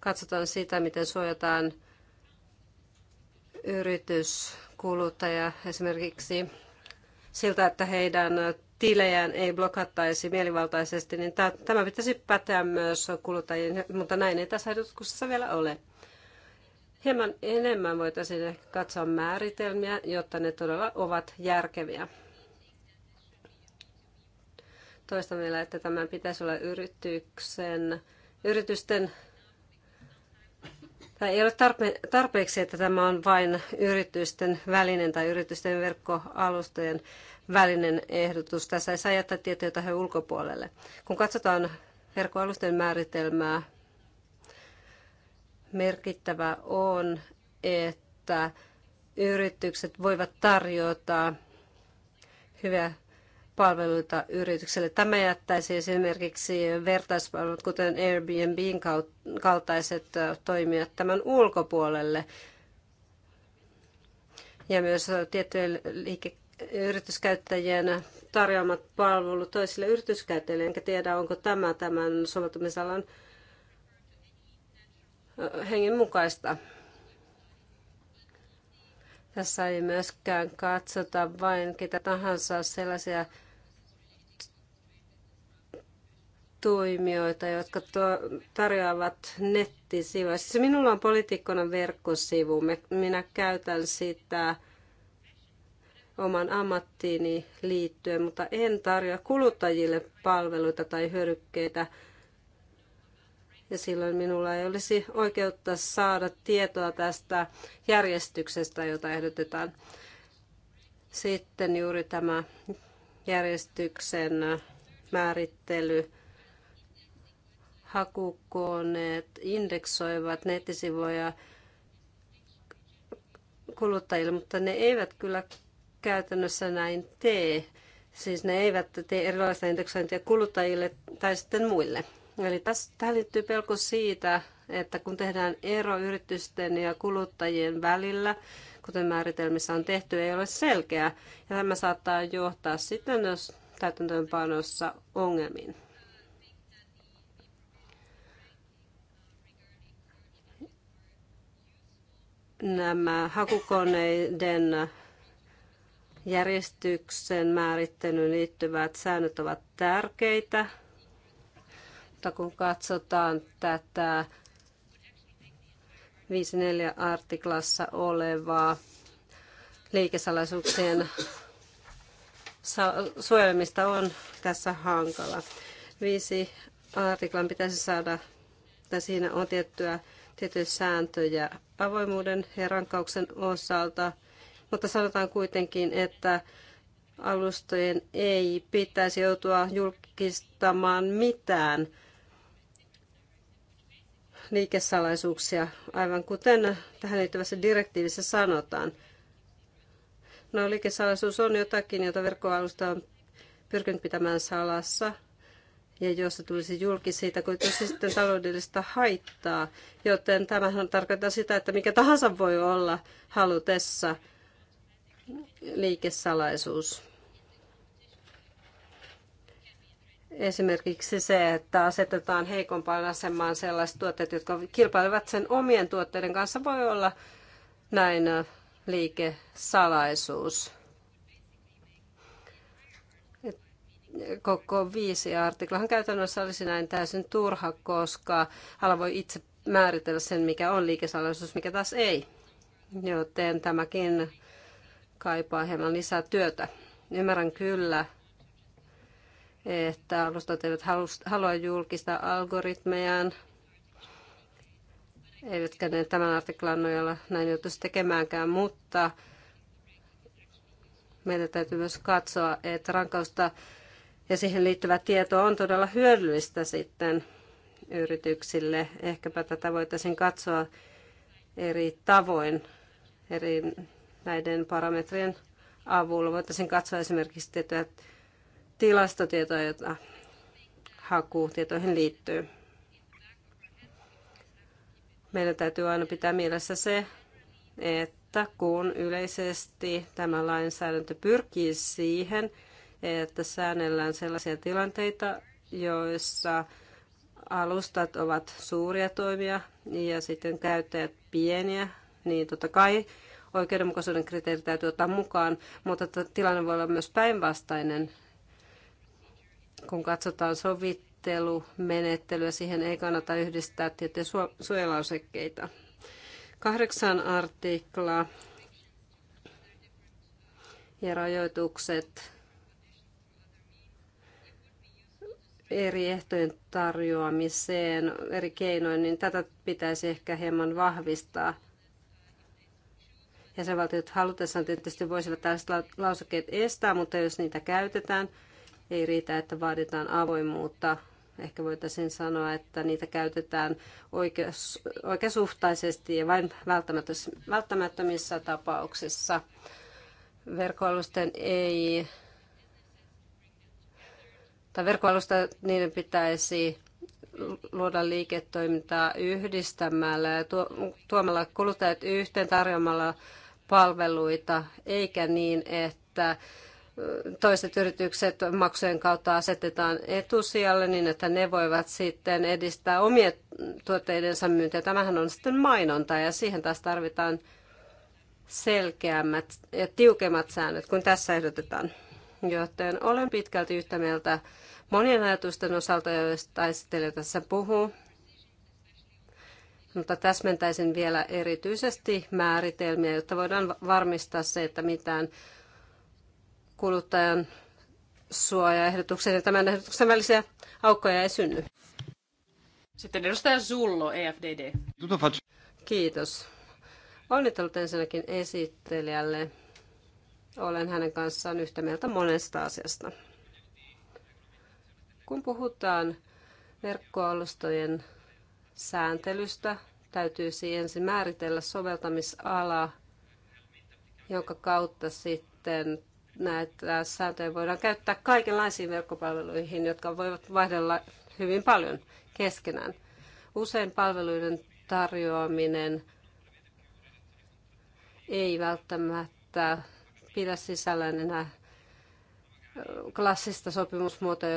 katsotaan sitä, miten suojataan yrityskuluttaja esimerkiksi siltä, että heidän tilejään ei blokattaisi mielivaltaisesti, niin tämä pitäisi päteä myös kuluttajien, mutta näin ei tässä ehdotuksessa vielä ole. Hieman enemmän voitaisiin katsoa määritelmiä, jotta ne todella ovat järkeviä toista vielä, että tämän pitäisi olla yrityksen, yritysten, tai ei ole tarpeeksi, että tämä on vain yritysten välinen tai yritysten verkkoalustojen välinen ehdotus. Tässä ei saa jättää tietoja tähän ulkopuolelle. Kun katsotaan verkkoalusten määritelmää, merkittävä on, että yritykset voivat tarjota hyviä palveluita yritykselle. Tämä jättäisi esimerkiksi vertaispalvelut, kuten Airbnbin kaltaiset toimijat tämän ulkopuolelle. Ja myös tiettyjen liike- yrityskäyttäjien tarjoamat palvelut toisille yrityskäyttäjille. Enkä tiedä, onko tämä tämän soveltamisalan hengen mukaista. Tässä ei myöskään katsota vain ketä tahansa sellaisia toimijoita, jotka to, tarjoavat nettisivuja. Siis minulla on politiikkona verkkosivu. Minä käytän sitä oman ammattiini liittyen, mutta en tarjoa kuluttajille palveluita tai hyödykkeitä. Ja silloin minulla ei olisi oikeutta saada tietoa tästä järjestyksestä, jota ehdotetaan. Sitten juuri tämä järjestyksen määrittely – hakukoneet indeksoivat nettisivuja kuluttajille, mutta ne eivät kyllä käytännössä näin tee. Siis ne eivät tee erilaista indeksointia kuluttajille tai sitten muille. Eli tähän liittyy pelko siitä, että kun tehdään ero yritysten ja kuluttajien välillä, kuten määritelmissä on tehty, ei ole selkeä. Ja tämä saattaa johtaa sitten, myös täytäntöönpanossa ongelmiin. nämä hakukoneiden järjestyksen määrittelyyn liittyvät säännöt ovat tärkeitä, mutta kun katsotaan tätä 54 artiklassa olevaa liikesalaisuuksien suojelemista on tässä hankala. Viisi artiklan pitäisi saada, tai siinä on tiettyä tiettyjä sääntöjä avoimuuden ja rankauksen osalta, mutta sanotaan kuitenkin, että alustojen ei pitäisi joutua julkistamaan mitään liikesalaisuuksia, aivan kuten tähän liittyvässä direktiivissä sanotaan. No, liikesalaisuus on jotakin, jota verkkoalusta on pyrkinyt pitämään salassa – ja jossa tulisi julki siitä, koituisi sitten taloudellista haittaa. Joten tämähän tarkoittaa sitä, että mikä tahansa voi olla halutessa liikesalaisuus. Esimerkiksi se, että asetetaan heikompaan asemaan sellaiset tuotteet, jotka kilpailevat sen omien tuotteiden kanssa, voi olla näin liikesalaisuus. koko viisi artiklahan käytännössä olisi näin täysin turha, koska ala voi itse määritellä sen, mikä on liikesalaisuus, mikä taas ei. Joten tämäkin kaipaa hieman lisää työtä. Ymmärrän kyllä, että alustat eivät halua julkista algoritmejaan, eivätkä ne tämän artiklan nojalla näin joutuisi tekemäänkään, mutta meidän täytyy myös katsoa, että rankausta ja siihen liittyvä tieto on todella hyödyllistä sitten yrityksille. Ehkäpä tätä voitaisiin katsoa eri tavoin, eri näiden parametrien avulla. Voitaisiin katsoa esimerkiksi tiettyjä tilastotietoja, joita hakutietoihin liittyy. Meidän täytyy aina pitää mielessä se, että kun yleisesti tämä lainsäädäntö pyrkii siihen, että säännellään sellaisia tilanteita, joissa alustat ovat suuria toimia ja sitten käyttäjät pieniä, niin totta kai oikeudenmukaisuuden kriteeri täytyy ottaa mukaan, mutta tilanne voi olla myös päinvastainen, kun katsotaan sovittelumenettelyä, siihen ei kannata yhdistää tiettyjä suojelausekkeita. Kahdeksan artiklaa ja rajoitukset eri ehtojen tarjoamiseen eri keinoin, niin tätä pitäisi ehkä hieman vahvistaa. Jäsenvaltiot halutessaan tietysti voisivat tällaiset lausakkeet estää, mutta jos niitä käytetään, ei riitä, että vaaditaan avoimuutta. Ehkä voitaisiin sanoa, että niitä käytetään oikeasuhtaisesti ja vain välttämättömissä tapauksissa. Verkkoalusten ei tai verkkoalusta niiden pitäisi luoda liiketoimintaa yhdistämällä ja tuomalla kuluttajat yhteen tarjoamalla palveluita, eikä niin, että toiset yritykset maksujen kautta asetetaan etusijalle niin, että ne voivat sitten edistää omia tuotteidensa myyntiä. Tämähän on sitten mainonta ja siihen taas tarvitaan selkeämmät ja tiukemmat säännöt kuin tässä ehdotetaan joten olen pitkälti yhtä mieltä monien ajatusten osalta, joista esittelijä tässä puhuu. Mutta täsmentäisin vielä erityisesti määritelmiä, jotta voidaan varmistaa se, että mitään kuluttajan suojaehdotuksen ja tämän ehdotuksen välisiä aukkoja ei synny. Sitten edustaja Zullo, EFDD. Kiitos. Onnittelut ensinnäkin esittelijälle. Olen hänen kanssaan yhtä mieltä monesta asiasta. Kun puhutaan verkkoalustojen sääntelystä, täytyy ensin määritellä soveltamisala, jonka kautta sitten näitä sääntöjä voidaan käyttää kaikenlaisiin verkkopalveluihin, jotka voivat vaihdella hyvin paljon keskenään. Usein palveluiden tarjoaminen ei välttämättä pidä sisällään enää klassista sopimusmuotoa,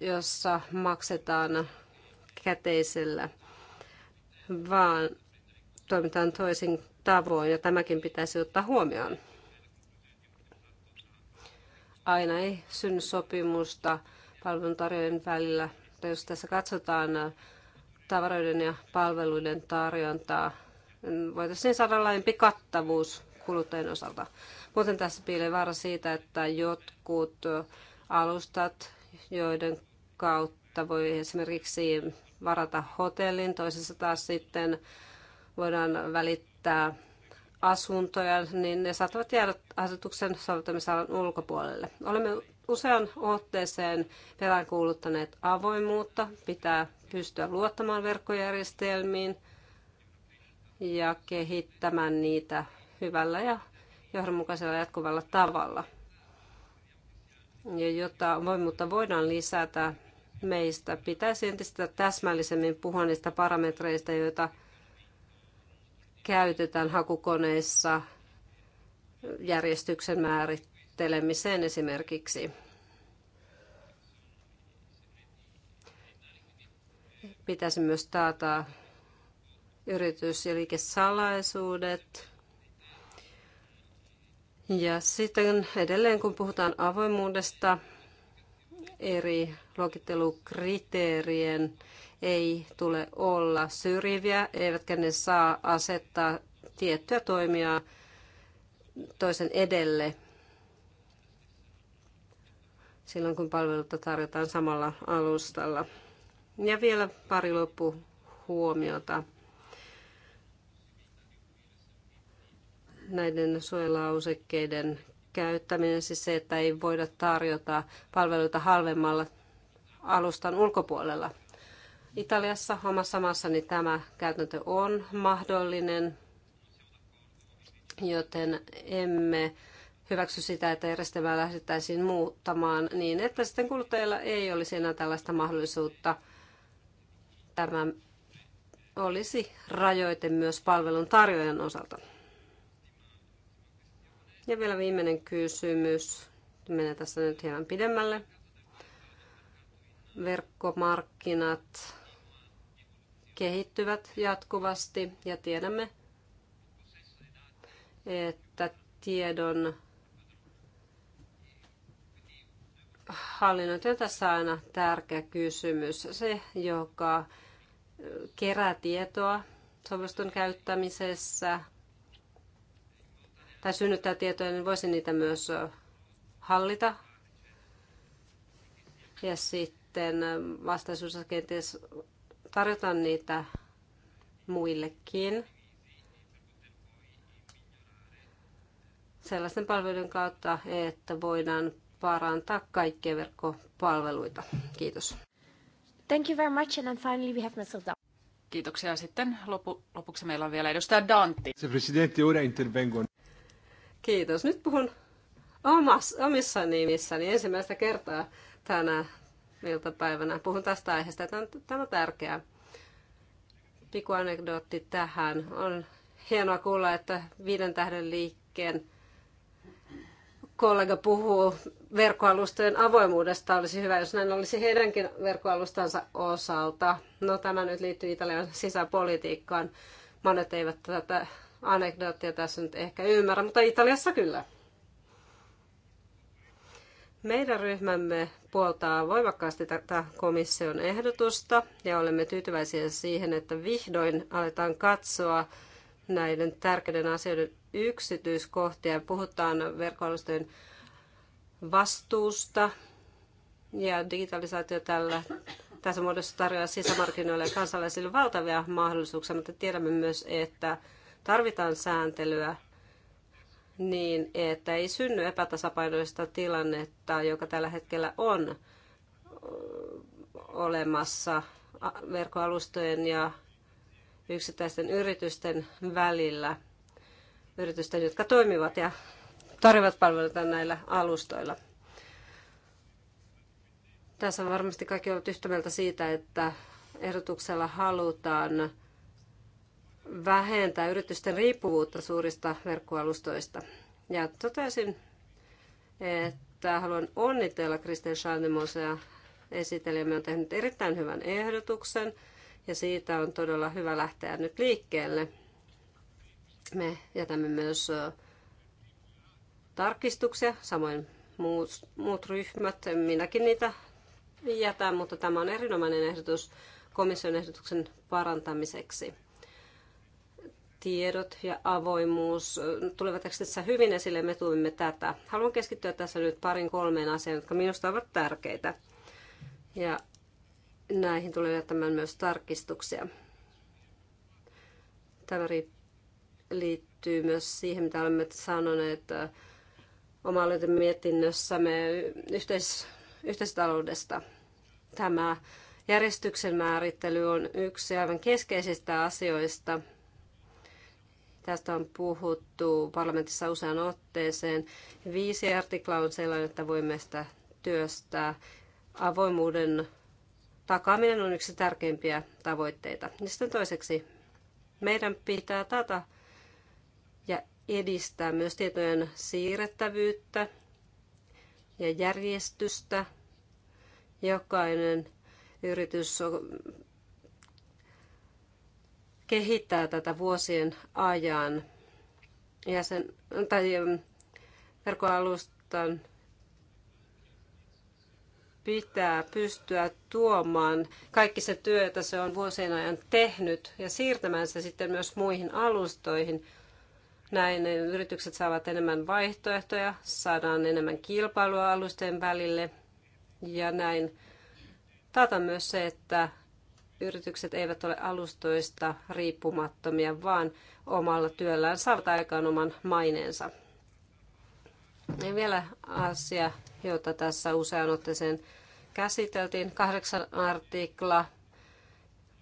jossa maksetaan käteisellä, vaan toimitaan toisin tavoin ja tämäkin pitäisi ottaa huomioon. Aina ei synny sopimusta palveluntarjoajien välillä, mutta jos tässä katsotaan tavaroiden ja palveluiden tarjontaa, niin voitaisiin saada laajempi kattavuus kuluttajien osalta. Muuten tässä piilee vaara siitä, että jotkut alustat, joiden kautta voi esimerkiksi varata hotellin, toisessa taas sitten voidaan välittää asuntoja, niin ne saattavat jäädä asetuksen soveltamisalan ulkopuolelle. Olemme usean otteeseen peräänkuuluttaneet avoimuutta, pitää pystyä luottamaan verkkojärjestelmiin ja kehittämään niitä hyvällä ja johdonmukaisella jatkuvalla tavalla. Ja jotta voimuutta voidaan lisätä, meistä pitäisi entistä täsmällisemmin puhua niistä parametreista, joita käytetään hakukoneissa järjestyksen määrittelemiseen esimerkiksi. Pitäisi myös taata yritys- ja liikesalaisuudet. Ja sitten edelleen, kun puhutaan avoimuudesta, eri luokittelukriteerien ei tule olla syrjiviä, eivätkä ne saa asettaa tiettyä toimia toisen edelle silloin, kun palveluita tarjotaan samalla alustalla. Ja vielä pari loppuhuomiota. näiden suojelausekkeiden käyttäminen, siis se, että ei voida tarjota palveluita halvemmalla alustan ulkopuolella. Italiassa, omassa maassani tämä käytäntö on mahdollinen, joten emme hyväksy sitä, että järjestelmää lähdettäisiin muuttamaan niin, että sitten kuluttajilla ei olisi enää tällaista mahdollisuutta. Tämä olisi rajoite myös palvelun tarjoajan osalta. Ja vielä viimeinen kysymys. Menee tässä nyt hieman pidemmälle. Verkkomarkkinat kehittyvät jatkuvasti ja tiedämme, että tiedon hallinnointi on tässä aina tärkeä kysymys. Se, joka kerää tietoa sovelluston käyttämisessä, tai synnyttää tietoja, niin voisin niitä myös hallita. Ja sitten vastaisuudessa kenties tarjota niitä muillekin. sellaisten palveluiden kautta, että voidaan parantaa kaikkia verkkopalveluita. Kiitos. Thank you very much and then finally we have Mr. Kiitoksia. Sitten lopu, lopuksi meillä on vielä edustaja Dantti. Se presidentti ora intervengo. Kiitos. Nyt puhun omas, omissa nimissäni ensimmäistä kertaa tänä iltapäivänä. Puhun tästä aiheesta. Tämä on, tämä on tärkeää. Pikku anekdootti tähän. On hienoa kuulla, että viiden tähden liikkeen kollega puhuu verkkoalustojen avoimuudesta. Olisi hyvä, jos näin olisi heidänkin verkkoalustansa osalta. No tämä nyt liittyy Italian sisäpolitiikkaan. Monet eivät tätä anekdoottia tässä nyt ehkä ymmärrä, mutta Italiassa kyllä. Meidän ryhmämme puoltaa voimakkaasti tätä komission ehdotusta ja olemme tyytyväisiä siihen, että vihdoin aletaan katsoa näiden tärkeiden asioiden yksityiskohtia. Puhutaan verkkoalustojen vastuusta ja digitalisaatio tällä tässä muodossa tarjoaa sisämarkkinoille ja kansalaisille valtavia mahdollisuuksia, mutta tiedämme myös, että tarvitaan sääntelyä niin, että ei synny epätasapainoista tilannetta, joka tällä hetkellä on olemassa verkkoalustojen ja yksittäisten yritysten välillä, yritysten, jotka toimivat ja tarjoavat palveluita näillä alustoilla. Tässä on varmasti kaikki ollut yhtä mieltä siitä, että ehdotuksella halutaan vähentää yritysten riippuvuutta suurista verkkoalustoista. Ja totesin, että haluan onnitella Kristel Schalnemosea. esitelijämme on tehnyt erittäin hyvän ehdotuksen ja siitä on todella hyvä lähteä nyt liikkeelle. Me jätämme myös tarkistuksia, samoin muut ryhmät, minäkin niitä jätän, mutta tämä on erinomainen ehdotus komission ehdotuksen parantamiseksi tiedot ja avoimuus tulevat tässä hyvin esille, me tuimme tätä. Haluan keskittyä tässä nyt parin kolmeen asiaan, jotka minusta ovat tärkeitä. Ja näihin tulee jättämään myös tarkistuksia. Tämä liittyy myös siihen, mitä olemme sanoneet oma mietinnössämme yhteis- yhteistaloudesta. Tämä järjestyksen määrittely on yksi aivan keskeisistä asioista – Tästä on puhuttu parlamentissa usean otteeseen. Viisi artikla on sellainen, että voimme sitä työstää. Avoimuuden takaaminen on yksi tärkeimpiä tavoitteita. Ja sitten toiseksi, meidän pitää tätä ja edistää myös tietojen siirrettävyyttä ja järjestystä. Jokainen yritys kehittää tätä vuosien ajan. Jäsen, tai verkkoalustan pitää pystyä tuomaan kaikki se työ, jota se on vuosien ajan tehnyt ja siirtämään se sitten myös muihin alustoihin. Näin yritykset saavat enemmän vaihtoehtoja, saadaan enemmän kilpailua alusten välille ja näin taata myös se, että yritykset eivät ole alustoista riippumattomia, vaan omalla työllään saavat aikaan oman maineensa. Ja vielä asia, jota tässä usean otteeseen käsiteltiin. Kahdeksan artikla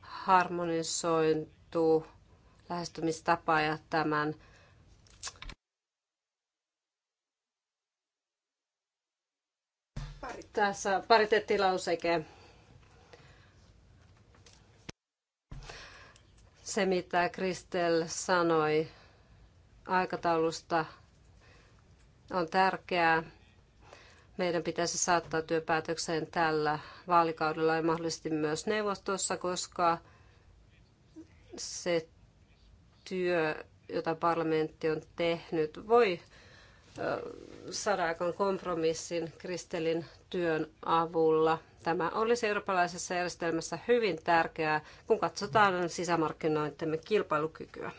harmonisointuu lähestymistapa ja tämän tässä pariteettilauseke Se, mitä Kristel sanoi aikataulusta, on tärkeää. Meidän pitäisi saattaa työpäätökseen tällä vaalikaudella ja mahdollisesti myös neuvostossa, koska se työ, jota parlamentti on tehnyt, voi saada aikaan kompromissin Kristelin työn avulla – Tämä olisi eurooppalaisessa järjestelmässä hyvin tärkeää, kun katsotaan sisämarkkinoittemme kilpailukykyä.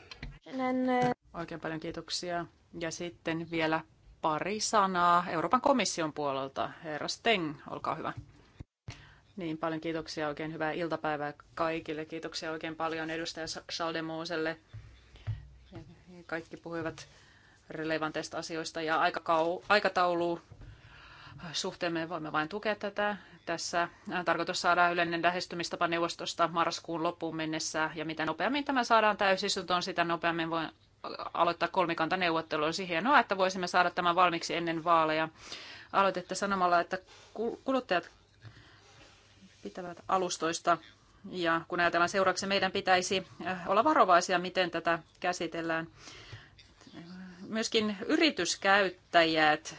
Oikein paljon kiitoksia. Ja sitten vielä pari sanaa Euroopan komission puolelta. Herra Steng, olkaa hyvä. Niin, paljon kiitoksia. Oikein hyvää iltapäivää kaikille. Kiitoksia oikein paljon edustaja Saldemuuselle. Kaikki puhuivat relevanteista asioista ja aikataulu suhteen me voimme vain tukea tätä. Tässä tarkoitus saada yleinen lähestymistapa neuvostosta marraskuun loppuun mennessä, ja mitä nopeammin tämä saadaan täysistuntoon, sitä nopeammin voi aloittaa kolmikanta kolmikantaneuvottelu. Olisi hienoa, että voisimme saada tämän valmiiksi ennen vaaleja. Aloitette sanomalla, että kuluttajat pitävät alustoista ja kun ajatellaan seuraavaksi, meidän pitäisi olla varovaisia, miten tätä käsitellään. Myöskin yrityskäyttäjät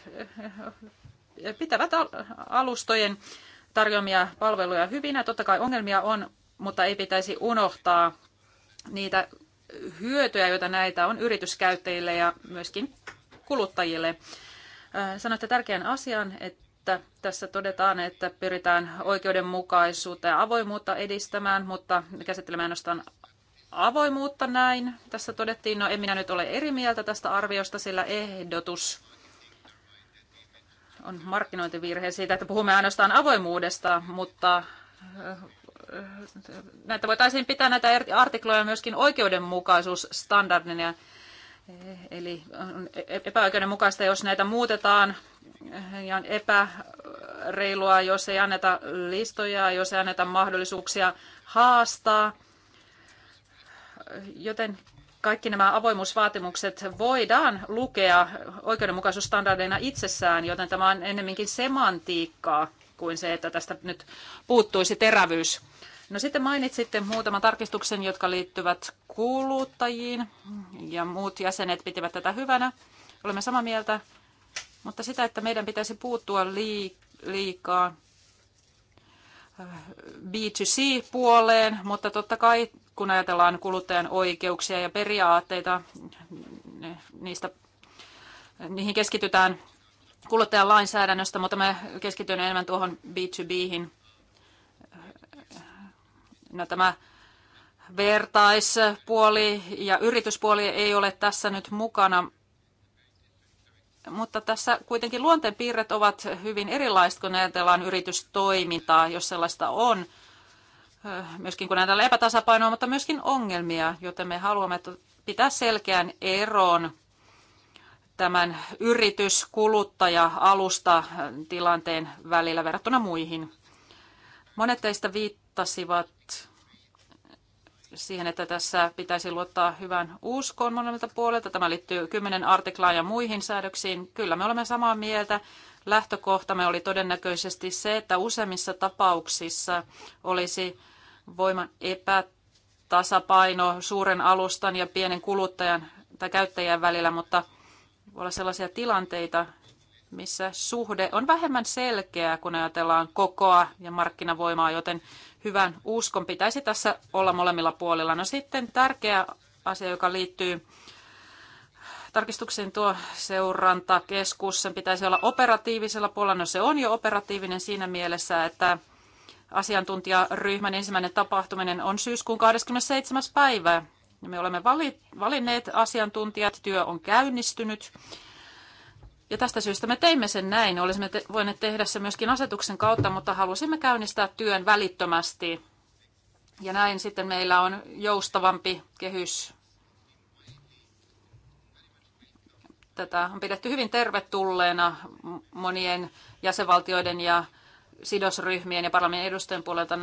pitävät alustojen tarjoamia palveluja hyvinä. Totta kai ongelmia on, mutta ei pitäisi unohtaa niitä hyötyjä, joita näitä on yrityskäyttäjille ja myöskin kuluttajille. Sanoitte tärkeän asian, että tässä todetaan, että pyritään oikeudenmukaisuutta ja avoimuutta edistämään, mutta käsittelemään ainoastaan avoimuutta näin. Tässä todettiin, no en minä nyt ole eri mieltä tästä arviosta, sillä ehdotus on markkinointivirhe siitä, että puhumme ainoastaan avoimuudesta, mutta eh, näitä voitaisiin pitää näitä er-, artikloja myöskin oikeudenmukaisuusstandardina. Eh, eli on e-, epäoikeudenmukaista, jos näitä muutetaan eh, ja on epäreilua, jos ei anneta listoja, jos ei anneta mahdollisuuksia haastaa. Joten kaikki nämä avoimuusvaatimukset voidaan lukea oikeudenmukaisuusstandardeina itsessään, joten tämä on ennemminkin semantiikkaa kuin se, että tästä nyt puuttuisi terävyys. No sitten mainitsitte muutaman tarkistuksen, jotka liittyvät kuluttajiin ja muut jäsenet pitivät tätä hyvänä. Olemme samaa mieltä, mutta sitä, että meidän pitäisi puuttua liikaa äh, B2C-puoleen, mutta totta kai kun ajatellaan kuluttajan oikeuksia ja periaatteita, niistä, niihin keskitytään kuluttajan lainsäädännöstä, mutta me keskityn enemmän tuohon B2Bhin. No, tämä vertaispuoli ja yrityspuoli ei ole tässä nyt mukana, mutta tässä kuitenkin luonteenpiirret ovat hyvin erilaiset, kun ajatellaan yritystoimintaa, jos sellaista on – Äh, myöskin kun näitä epätasapainoa, mutta myöskin ongelmia, joten me haluamme pitää selkeän eron tämän yritys, kuluttaja, alusta äh, tilanteen välillä verrattuna muihin. Monet teistä viittasivat siihen, että tässä pitäisi luottaa hyvän uskoon monelta puolelta. Tämä liittyy 10 artiklaan ja muihin säädöksiin. Kyllä me olemme samaa mieltä. Lähtökohtamme oli todennäköisesti se, että useimmissa tapauksissa olisi voiman epätasapaino suuren alustan ja pienen kuluttajan tai käyttäjän välillä, mutta voi olla sellaisia tilanteita, missä suhde on vähemmän selkeää, kun ajatellaan kokoa ja markkinavoimaa, joten hyvän uskon pitäisi tässä olla molemmilla puolilla. No sitten tärkeä asia, joka liittyy tarkistukseen tuo seurantakeskus, sen pitäisi olla operatiivisella puolella. No se on jo operatiivinen siinä mielessä, että asiantuntijaryhmän ensimmäinen tapahtuminen on syyskuun 27. päivä. Me olemme valinneet asiantuntijat, työ on käynnistynyt. Ja tästä syystä me teimme sen näin. Olisimme te- voineet tehdä se myöskin asetuksen kautta, mutta halusimme käynnistää työn välittömästi. Ja näin sitten meillä on joustavampi kehys. Tätä on pidetty hyvin tervetulleena monien jäsenvaltioiden ja sidosryhmien ja parlamentin edustajien puolelta on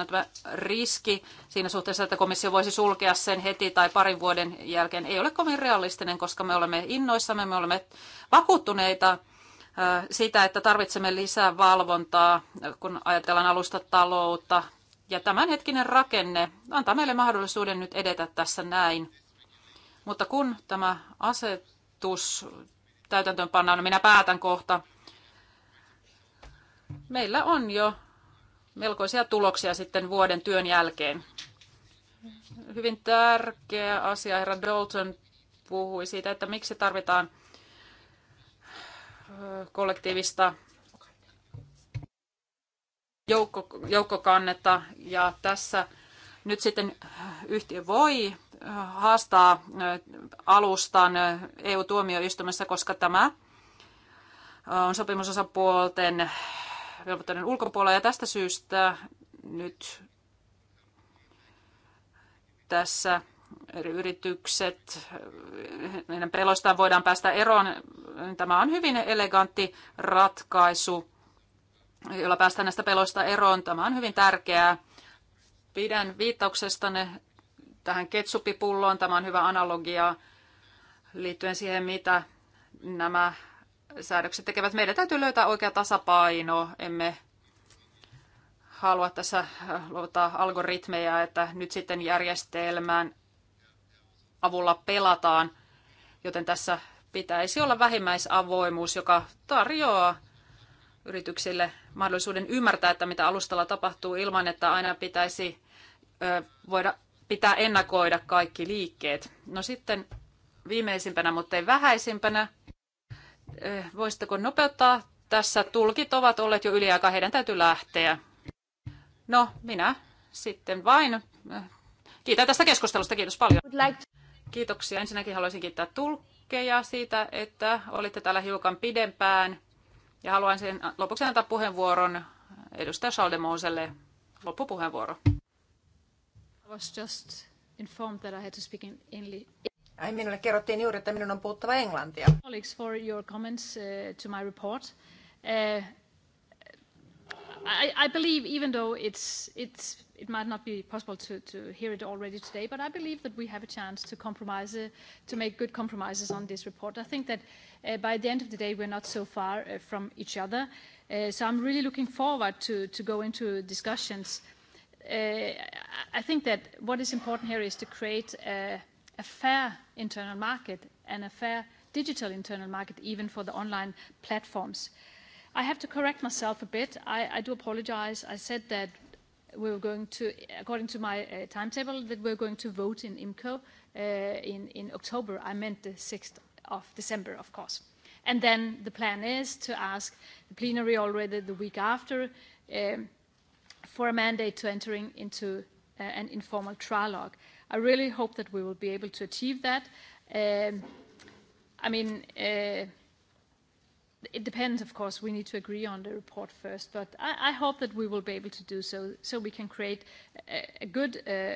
riski siinä suhteessa, että komissio voisi sulkea sen heti tai parin vuoden jälkeen, ei ole kovin realistinen, koska me olemme innoissamme, me olemme vakuuttuneita sitä, että tarvitsemme lisää valvontaa, kun ajatellaan alustataloutta. Ja tämänhetkinen rakenne antaa meille mahdollisuuden nyt edetä tässä näin. Mutta kun tämä asetus täytäntöön pannaan, no minä päätän kohta, meillä on jo melkoisia tuloksia sitten vuoden työn jälkeen. Hyvin tärkeä asia, herra Dalton puhui siitä, että miksi tarvitaan kollektiivista joukko, joukkokannetta ja tässä nyt sitten yhtiö voi haastaa alustan EU-tuomioistuimessa, koska tämä on sopimusosapuolten velvoitteiden ulkopuolella ja tästä syystä nyt tässä eri yritykset, meidän peloistaan voidaan päästä eroon. Tämä on hyvin elegantti ratkaisu, jolla päästään näistä peloista eroon. Tämä on hyvin tärkeää. Pidän viittauksestanne tähän ketsupipulloon Tämä on hyvä analogia liittyen siihen, mitä nämä säädökset tekevät. Meidän täytyy löytää oikea tasapaino. Emme halua tässä äh, luottaa algoritmeja, että nyt sitten järjestelmän avulla pelataan, joten tässä pitäisi olla vähimmäisavoimuus, joka tarjoaa yrityksille mahdollisuuden ymmärtää, että mitä alustalla tapahtuu ilman, että aina pitäisi voida pitää ennakoida kaikki liikkeet. No sitten viimeisimpänä, mutta ei vähäisimpänä, Eh, voisitteko nopeuttaa? Tässä tulkit ovat olleet jo yliaikaa, heidän täytyy lähteä. No, minä sitten vain. Eh, kiitän tästä keskustelusta, kiitos paljon. Kiitoksia. Ensinnäkin haluaisin kiittää tulkkeja siitä, että olitte täällä hiukan pidempään. Ja haluan sen lopuksi antaa puheenvuoron edustaja Saldemoselle. Loppupuheenvuoro. I was just informed that I had to speak in English. Ai, minulle kerrottiin juuri, että minun on puhuttava englantia. Colleagues for your comments uh, to my report. Uh, I, I believe, even though it's, it's, it might not be possible to, to hear it already today, but I believe that we have a chance to compromise, uh, to make good compromises on this report. I think that uh, by the end of the day, we're not so far uh, from each other. Uh, so I'm really looking forward to, to go into discussions. Uh, I think that what is important here is to create a, uh, a fair internal market and a fair digital internal market, even for the online platforms. I have to correct myself a bit. I, I do apologize. I said that we were going to, according to my uh, timetable, that we're going to vote in IMCO uh, in, in October. I meant the 6th of December, of course. And then the plan is to ask the plenary already the week after um, for a mandate to entering into uh, an informal trialogue. I really hope that we will be able to achieve that. Um, I mean, uh, it depends, of course. We need to agree on the report first, but I, I hope that we will be able to do so, so we can create a, a good uh,